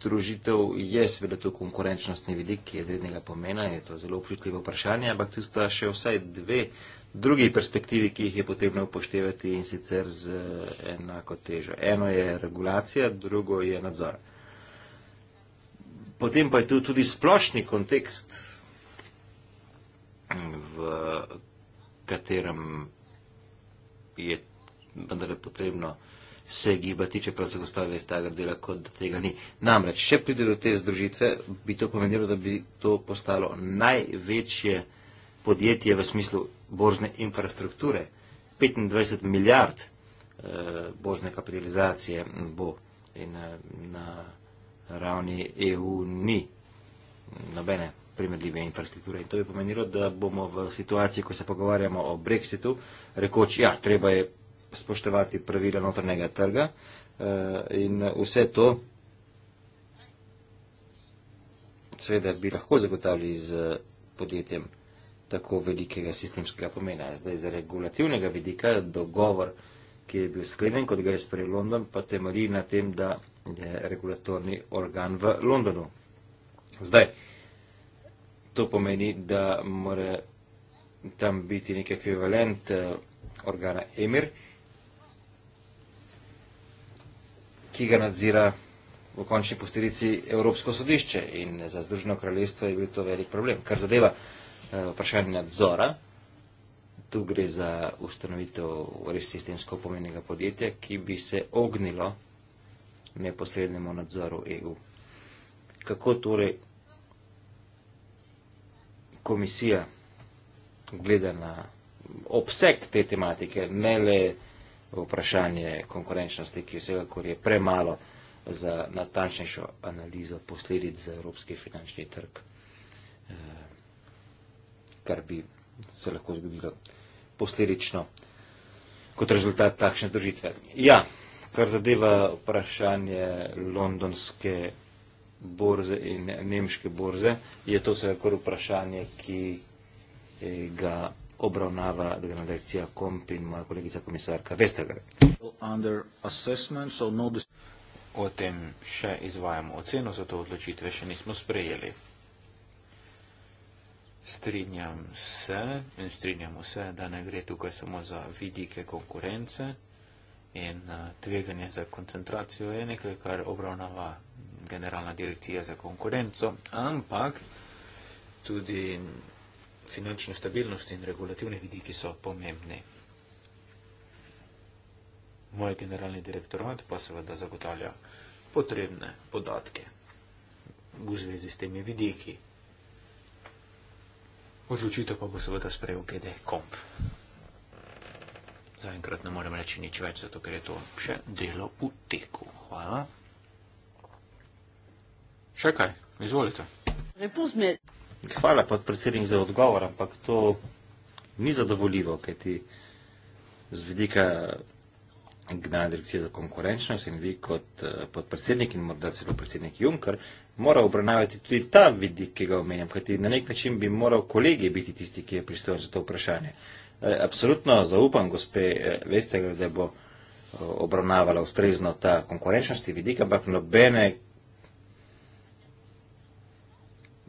S1: združitev, je seveda tu konkurenčnostni vidik, ki je zrednega pomena, je to zelo občutljivo vprašanje, ampak tu sta še vsaj dve drugi perspektivi, ki jih je potrebno upoštevati in sicer z enako težo. Eno je regulacija, drugo je nadzor. Potem pa je tu tudi splošni kontekst, v katerem je vendar je potrebno se gibati, čeprav se gospa Vestager dela, kot da tega ni. Namreč, če pride do te združitve, bi to pomenilo, da bi to postalo največje podjetje v smislu borzne infrastrukture. 25 milijard eh, borzne kapitalizacije bo in na, eh, na ravni EU ni nobene primerljive infrastrukture. In to bi pomenilo, da bomo v situaciji, ko se pogovarjamo o brexitu, rekoč, ja, treba je spoštovati pravila notrnega trga eh, in vse to seveda bi lahko zagotavljali z podjetjem tako velikega sistemskega pomena. Zdaj, z regulativnega vidika dogovor, ki je bil sklenjen, kot ga je sprejel London, pa temori na tem, da je regulatorni organ v Londonu. Zdaj, to pomeni, da mora tam biti nek ekvivalent eh, organa EMIR, ki ga nadzira v končni posterici Evropsko sodišče. In za Združeno kraljestvo je bil to velik problem. Kar zadeva eh, vprašanje nadzora, tu gre za ustanovitev res sistemsko pomenjega podjetja, ki bi se ognilo neposrednemu nadzoru EU. Kako torej komisija gleda na obseg te tematike, ne le vprašanje konkurenčnosti, ki vsega, kar je premalo za natančnejšo analizo posledic za evropski finančni trg, eh, kar bi se lahko zgodilo posledično kot rezultat takšne združitve. Ja, kar zadeva vprašanje londonske borze in nemške borze, je to vsega, kar vprašanje, ki eh, ga obravnava delegacija direkcija Komp in moja kolegica komisarka Vestergaard.
S3: So no o tem še izvajamo oceno, zato odločitve še nismo sprejeli. Strinjam se in strinjamo se, da ne gre tukaj samo za vidike konkurence in eh, tveganje za koncentracijo je nekaj, kar obravnava generalna direkcija za konkurenco, ampak tudi finančne stabilnosti in regulativni vidiki so pomembni. Moj generalni direktorat pa seveda zagotavlja potrebne podatke v zvezi s temi vidiki. Odločitev pa bo seveda sprejel GD Komp. Zaenkrat ne morem reči nič več, zato ker je to še delo v teku. Hvala. Še kaj? Izvolite. Repuzme. Hvala podpredsednik za odgovor, ampak to
S1: ni zadovoljivo, kaj ti z vidika Gnana direkcije za konkurenčnost in vi kot eh, podpredsednik in morda celo predsednik Juncker mora obravnavati tudi ta vidik, ki ga omenjam, kaj ti na nek način bi moral kolegi biti tisti, ki je pristojen za to vprašanje. Eh, absolutno zaupam, gospe, eh, veste, da bo obravnavala ustrezno ta konkurenčnosti vidik, ampak nobene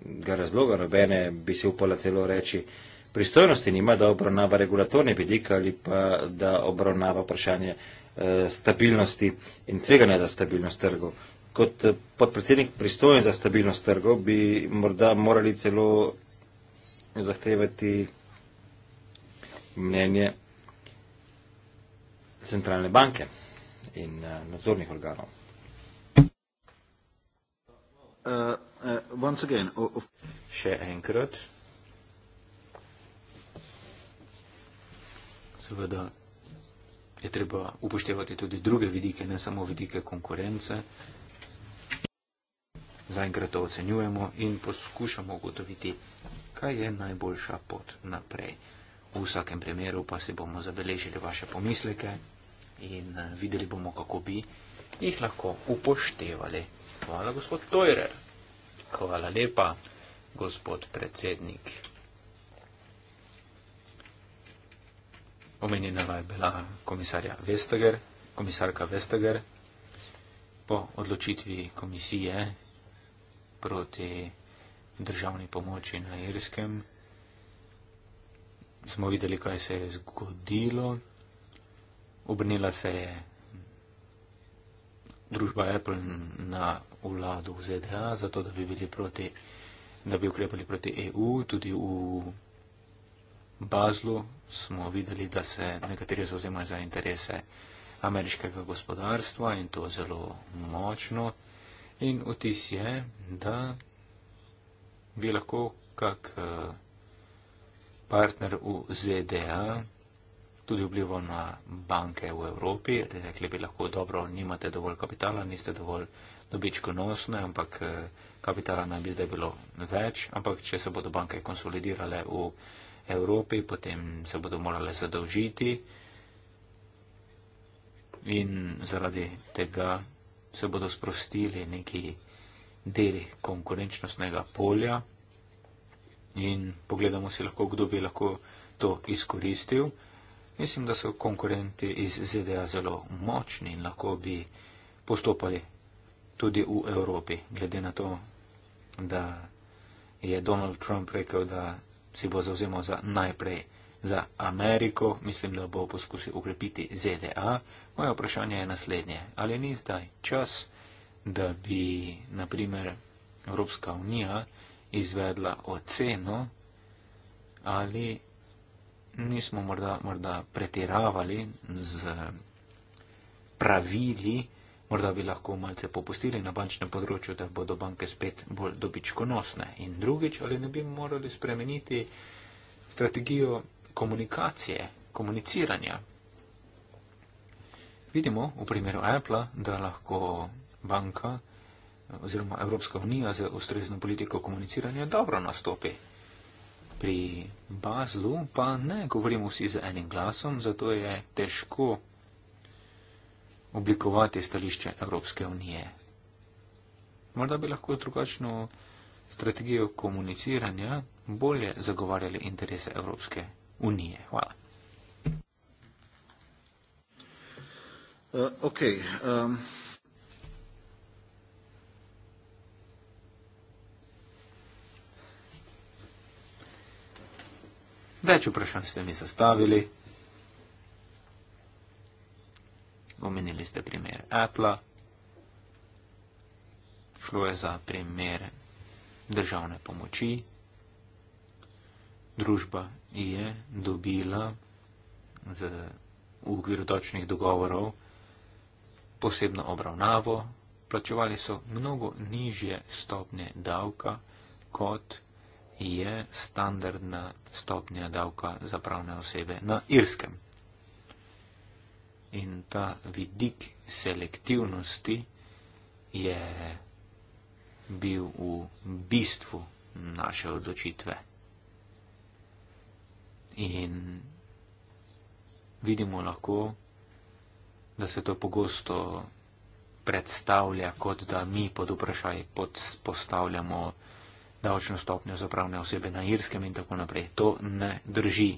S1: ga razloga, nobene bi se upala celo reči pristojnosti, nima, da obravnava regulatorni vidik ali pa da obravnava vprašanje e, stabilnosti in tveganja za stabilnost trgov. Kot eh, podpredsednik pristojen za stabilnost trgov bi morda morali celo zahtevati mnenje centralne banke in eh, nadzornih organov.
S3: Uh uh, once again, of še enkrat. Seveda je treba upoštevati tudi druge vidike, ne samo vidike konkurence. Zaenkrat to ocenjujemo in poskušamo ugotoviti, kaj je najboljša pot naprej. V vsakem primeru pa si bomo zabeležili vaše pomisleke in eh, videli bomo, kako bi jih lahko upoštevali. Hvala, gospod Tojrer. Hvala lepa, gospod predsednik. Omenjena je bila komisarja Vesteger, komisarka Vesteger. Po odločitvi komisije proti državni pomoči na Irskem smo videli, kaj se je zgodilo. Obrnila se je družba Apple na vladu v ZDA, zato da bi, bili proti, da bi ukrepali proti EU. Tudi v Bazlu smo videli, da se nekateri zauzemajo za interese ameriškega gospodarstva in to zelo močno. In vtis je, da bi lahko kak eh, partner v ZDA tudi vplival na banke v Evropi. Rekli bi lahko, dobro, nimate dovolj kapitala, niste dovolj dobičkonosne, ampak eh, kapitala naj bi zdaj bilo več. Ampak če se bodo banke konsolidirale v Evropi, potem se bodo morale zadolžiti in zaradi tega se bodo sprostili neki deli konkurenčnostnega polja. In pogledamo si lahko, kdo bi lahko to izkoristil. Mislim, da so konkurenti iz ZDA zelo močni in lahko bi postopali tudi v Evropi, glede na to, da je Donald Trump rekel, da si bo zauzemal za najprej za Ameriko, mislim, da bo poskusil ukrepiti ZDA. Moje vprašanje je naslednje. Ali ni zdaj čas, da bi, naprimer, Evropska unija izvedla oceno, ali nismo morda, morda pretiravali z pravili, morda bi lahko malce popustili na bančnem področju, da bodo banke spet bolj dobičkonosne. In drugič, ali ne bi morali spremeniti strategijo komunikacije, komuniciranja. Vidimo v primeru Apple, da lahko banka oziroma Evropska unija z ustrezno politiko komuniciranja dobro nastopi pri Bazlu pa ne govorimo vsi z enim glasom, zato je težko oblikovati stališče Evropske unije. Morda bi lahko z drugačno strategijo komuniciranja bolje zagovarjali interese Evropske unije. Hvala.
S1: Uh, okay, um...
S3: Več vprašanj ste mi zastavili. Omenili ste primer Apple. Šlo je za primer državne pomoči. Družba je dobila z ugirotočnih dogovorov posebno obravnavo. Plačevali so mnogo nižje stopnje davka kot je standardna stopnja davka za pravne osebe na Irskem. In ta vidik selektivnosti je bil v bistvu naše odločitve. In vidimo lahko, da se to pogosto predstavlja, kot da mi pod vprašaj pod, postavljamo davčno stopnjo za pravne osebe na Irskem in tako naprej. To ne drži.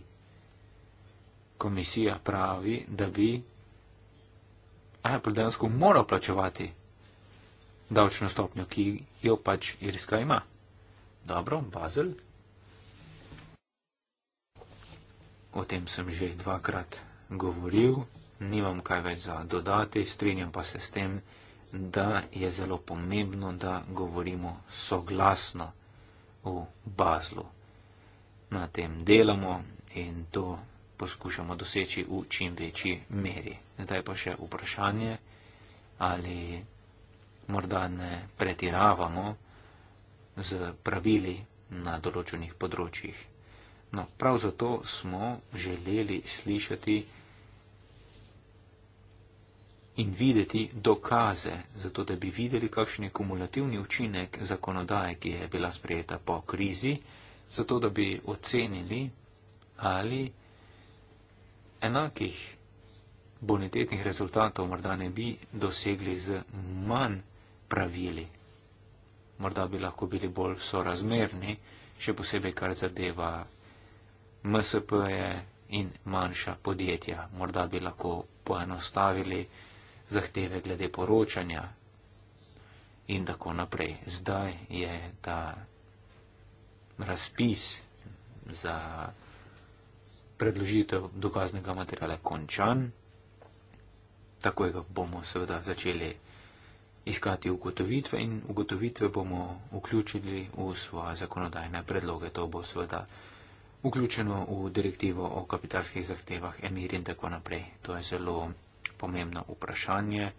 S3: Komisija pravi, da bi Apple dejansko moral plačevati davčno stopnjo, ki jo pač Irska ima. Dobro, Bazel. O tem sem že dvakrat govoril, nimam kaj več za dodati, strinjam pa se s tem, da je zelo pomembno, da govorimo soglasno v Bazlu. Na tem delamo in to poskušamo doseči v čim večji meri. Zdaj pa še vprašanje, ali morda ne pretiravamo z pravili na določenih področjih. No, prav zato smo želeli slišati, in videti dokaze, zato da bi videli, kakšen je kumulativni učinek zakonodaje, ki je bila sprejeta po krizi, zato da bi ocenili, ali enakih bonitetnih rezultatov morda ne bi dosegli z manj pravili. Morda bi lahko bili bolj sorazmerni, še posebej kar zadeva MSP-je in manjša podjetja. Morda bi lahko poenostavili, zahteve glede poročanja in tako naprej. Zdaj je ta razpis za predložitev dokaznega materiala končan. Tako ga bomo seveda začeli iskati ugotovitve in ugotovitve bomo vključili v svoje zakonodajne predloge. To bo seveda vključeno v direktivo o kapitalskih zahtevah, emir in tako naprej. To je zelo pomembno vprašanje.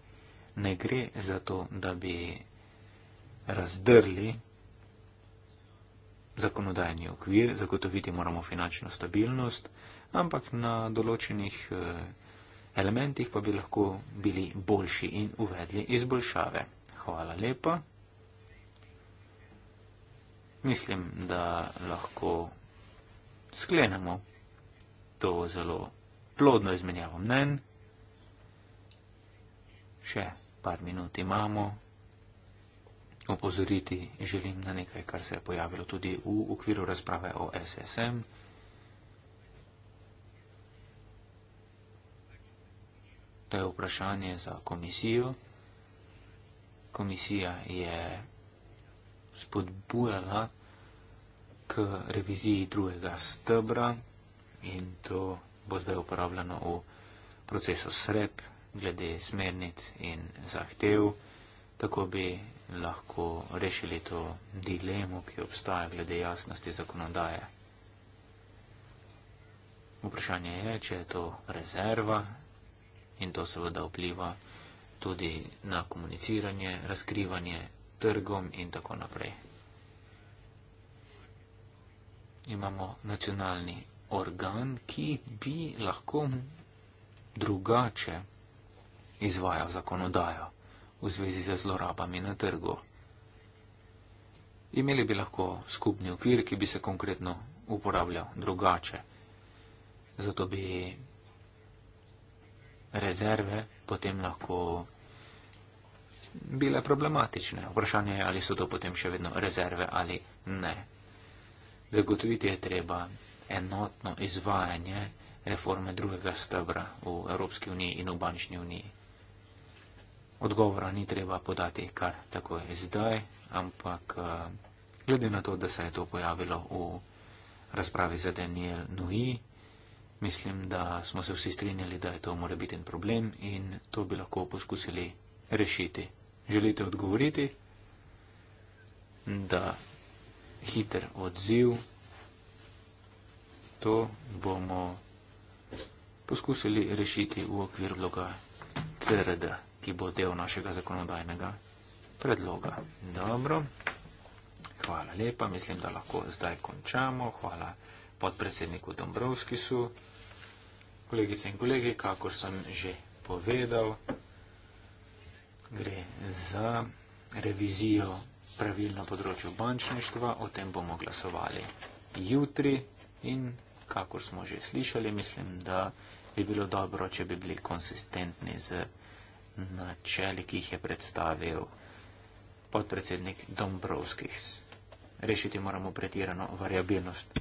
S3: Ne gre za to, da bi razdrli zakonodajni okvir, zagotoviti moramo finančno stabilnost, ampak na določenih eh, elementih pa bi lahko bili boljši in uvedli izboljšave. Hvala lepa. Mislim, da lahko sklenemo to zelo plodno izmenjavo mnen še par minut imamo. Opozoriti želim na nekaj, kar se je pojavilo tudi v okviru razprave o SSM. To je vprašanje za komisijo. Komisija je spodbujala k reviziji drugega stebra in to bo zdaj uporabljeno v procesu SREP glede smernic in zahtev, tako bi lahko rešili to dilemo, ki obstaja glede jasnosti zakonodaje. Vprašanje je, če je to rezerva in to seveda vpliva tudi na komuniciranje, razkrivanje trgom in tako naprej. Imamo nacionalni organ, ki bi lahko drugače izvajal zakonodajo v zvezi z zlorabami na trgu. Imeli bi lahko skupni okvir, ki bi se konkretno uporabljal drugače. Zato bi rezerve potem lahko bile problematične. Vprašanje je, ali so to potem še vedno rezerve ali ne. Zagotoviti je treba enotno izvajanje reforme drugega stebra v Evropski uniji in v bančni uniji odgovora ni treba podati kar tako je zdaj, ampak eh, glede na to, da se je to pojavilo v razpravi za Daniel Nui, mislim, da smo se vsi strinjali, da je to mora biti en problem in to bi lahko poskusili rešiti. Želite odgovoriti, da hiter odziv, to bomo poskusili rešiti v okvir vloga CRD ki bo del našega zakonodajnega predloga. Dobro, hvala lepa, mislim, da lahko zdaj končamo. Hvala podpredsedniku Dombrovskisu, kolegice in kolegi, kakor sem že povedal, gre za revizijo pravil na področju bančništva, o tem bomo glasovali jutri in kakor smo že slišali, mislim, da bi bilo dobro, če bi bili konsistentni z načeli, ki jih je predstavil podpredsednik Dombrovskih. Rešiti moramo pretirano variabilnost.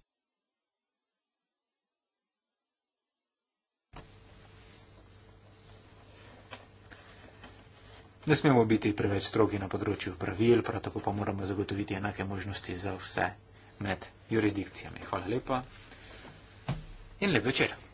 S3: Ne smemo biti preveč strogi na področju pravil, prav tako pa moramo zagotoviti enake možnosti za vse med jurisdikcijami. Hvala lepa in lep večer.